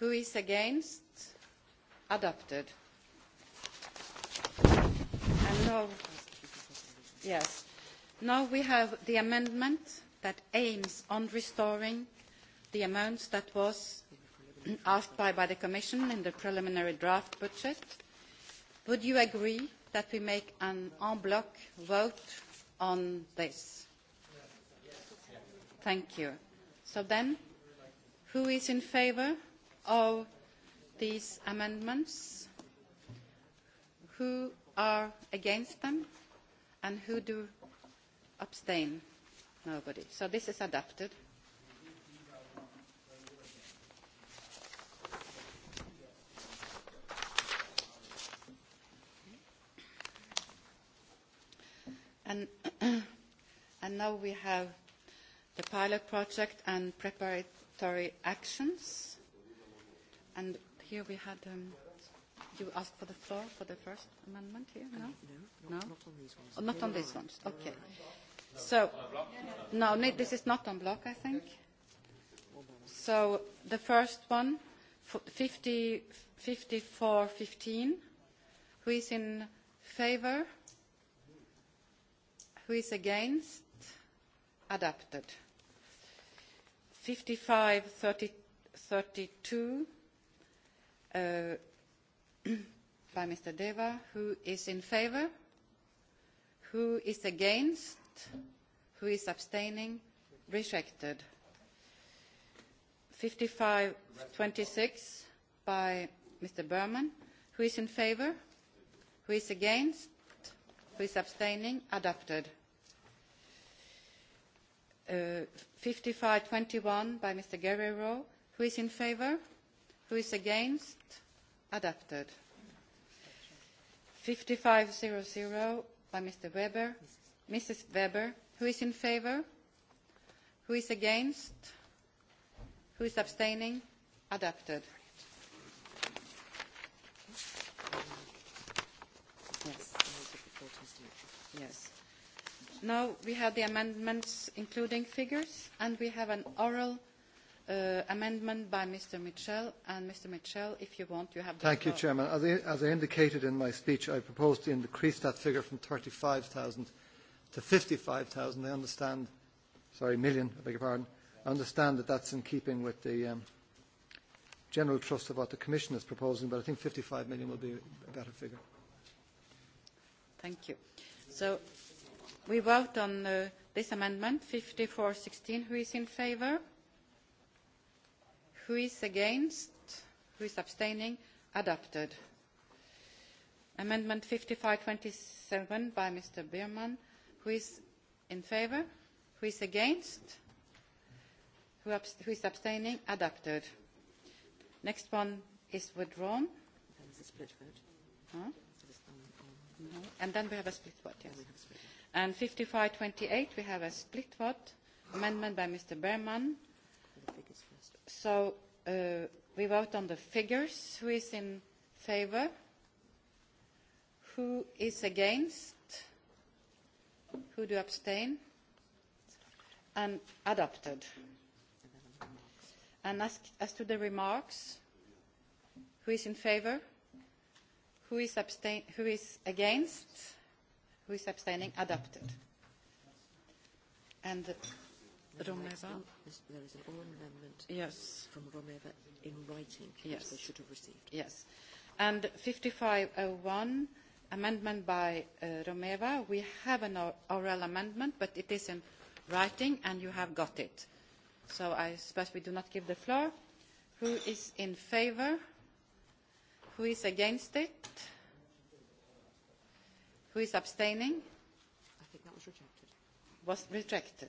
Who is against? adopted. Now we have the amendment that aims on restoring the amounts that was asked by the Commission in the preliminary draft budget. Would you agree that we make an en bloc vote on this? Thank you. So then, who is in favour of these amendments? Who are against them? And who do abstain? Nobody. So this is adopted. And now we have the pilot project and preparatory actions. And Here we had, you asked for the floor for the first amendment here, no? No, not on these ones. okay. So, no, this is not on block, I think. So, the first one, 54-15, who is in favor? Who is against? Adapted. 55-32, by Mr. Deva. Who is in favor? Who is against? Who is abstaining? Rejected. 5526 by Mr. Berman. Who is in favor? Who is against? Who is abstaining? Adopted. 5521 by Mr. Guerrero. Who is in favor? Who is against? Adopted. 5500 by Mr. Weber. Mrs. Weber. Who is in favor? Who is against? Who is abstaining? Adopted. Yes. Now we have the amendments including figures and we have an oral amendment by Mr. Mitchell. And Mr. Mitchell, if you want, you have the floor. Thank you, Chairman. As I indicated in my speech, I propose to increase that figure from 35,000 to 55,000. I understand, sorry, million, I beg pardon. I understand that that's in keeping with the general trust of what the Commission is proposing, but I think 55 million will be a better figure. Thank you. So we vote on this amendment, 5416. Who is in favour? who is against who is abstaining adopted amendment 5527 by mr Beerman. who is in favor who is against who is abstaining adopted next one is withdrawn and then we have a split vote yes and 5528 we have a split vote amendment by mr Beerman So we vote on the figures. Who is in favour? Who is against? Who do abstain? And adopted. And as to the remarks, who is in favour? Who is against? Who is abstaining? Adopted. And Romeva. There is an oral amendment. Yes. From Romeva in writing. Yes. They should have received. Yes. And 5501, amendment by Romeva. We have an oral amendment, but it is in writing, and you have got it. So I suppose we do not give the floor. Who is in favor? Who is against it? Who is abstaining? I think that was rejected. Was rejected.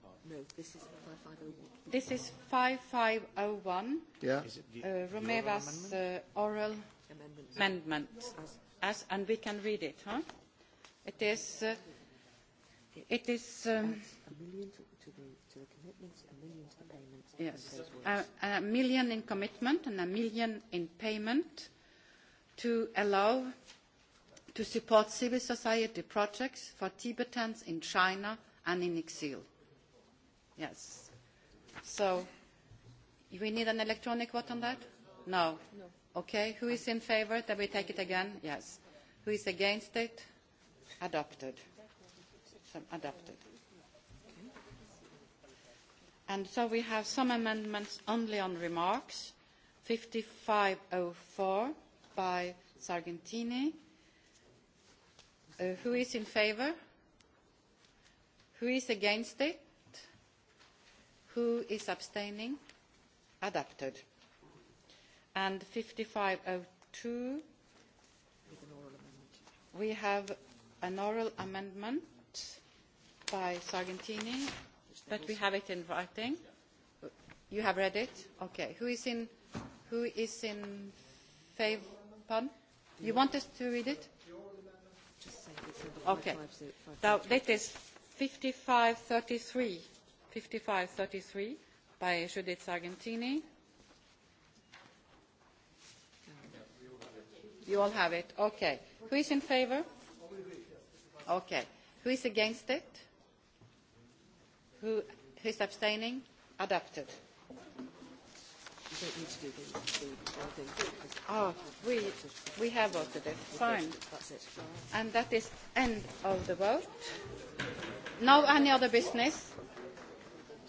this is 5501. This is 5501. Romeva's oral amendment. As and we can read it, huh? It is. It is. A million to the commitments, a million payments. a million in commitment and a million in payment to allow to support civil society projects for Tibetans in China and in exile. Yes. So we need an electronic vote on that? No. Okay. Who is in favor that we take it again? Yes. Who is against it? Adopted. Adopted. And so we have some amendments only on remarks. 5504 by Sargentini. Who is in favor? Who is against it? who is abstaining adopted and 5502 we have an oral amendment by Sargentini but we have it in writing you have read it okay who is in who is in favor you want us to read it okay Now, that is 5533 5533 by Judith Sargentini. You all have it. Okay. Who is in favor? Okay. Who is against it? Who is abstaining? Adopted. Oh, we, we have voted it. Fine. And that is end of the vote. No any other business.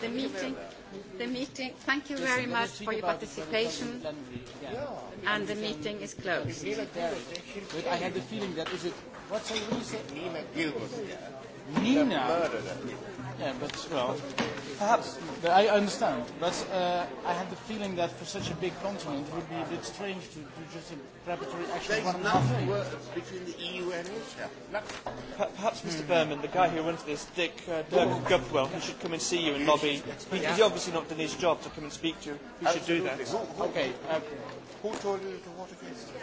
The meeting, the meeting. Thank you very much for your participation. And the meeting is closed. But I had the feeling that is it. What's we say? Nina Gilbert. Nina. Yeah, but well. Perhaps, but I understand. But uh, I had the feeling that for such a big continent, it would be a bit strange to just a preparatory action There's one between the EU and Russia. Perhaps, Mr. Berman, the guy who runs this, Dick uh, he should come and see you and lobby. He, he's obviously not done his job to come and speak to you. He should do that. Okay. who told you to vote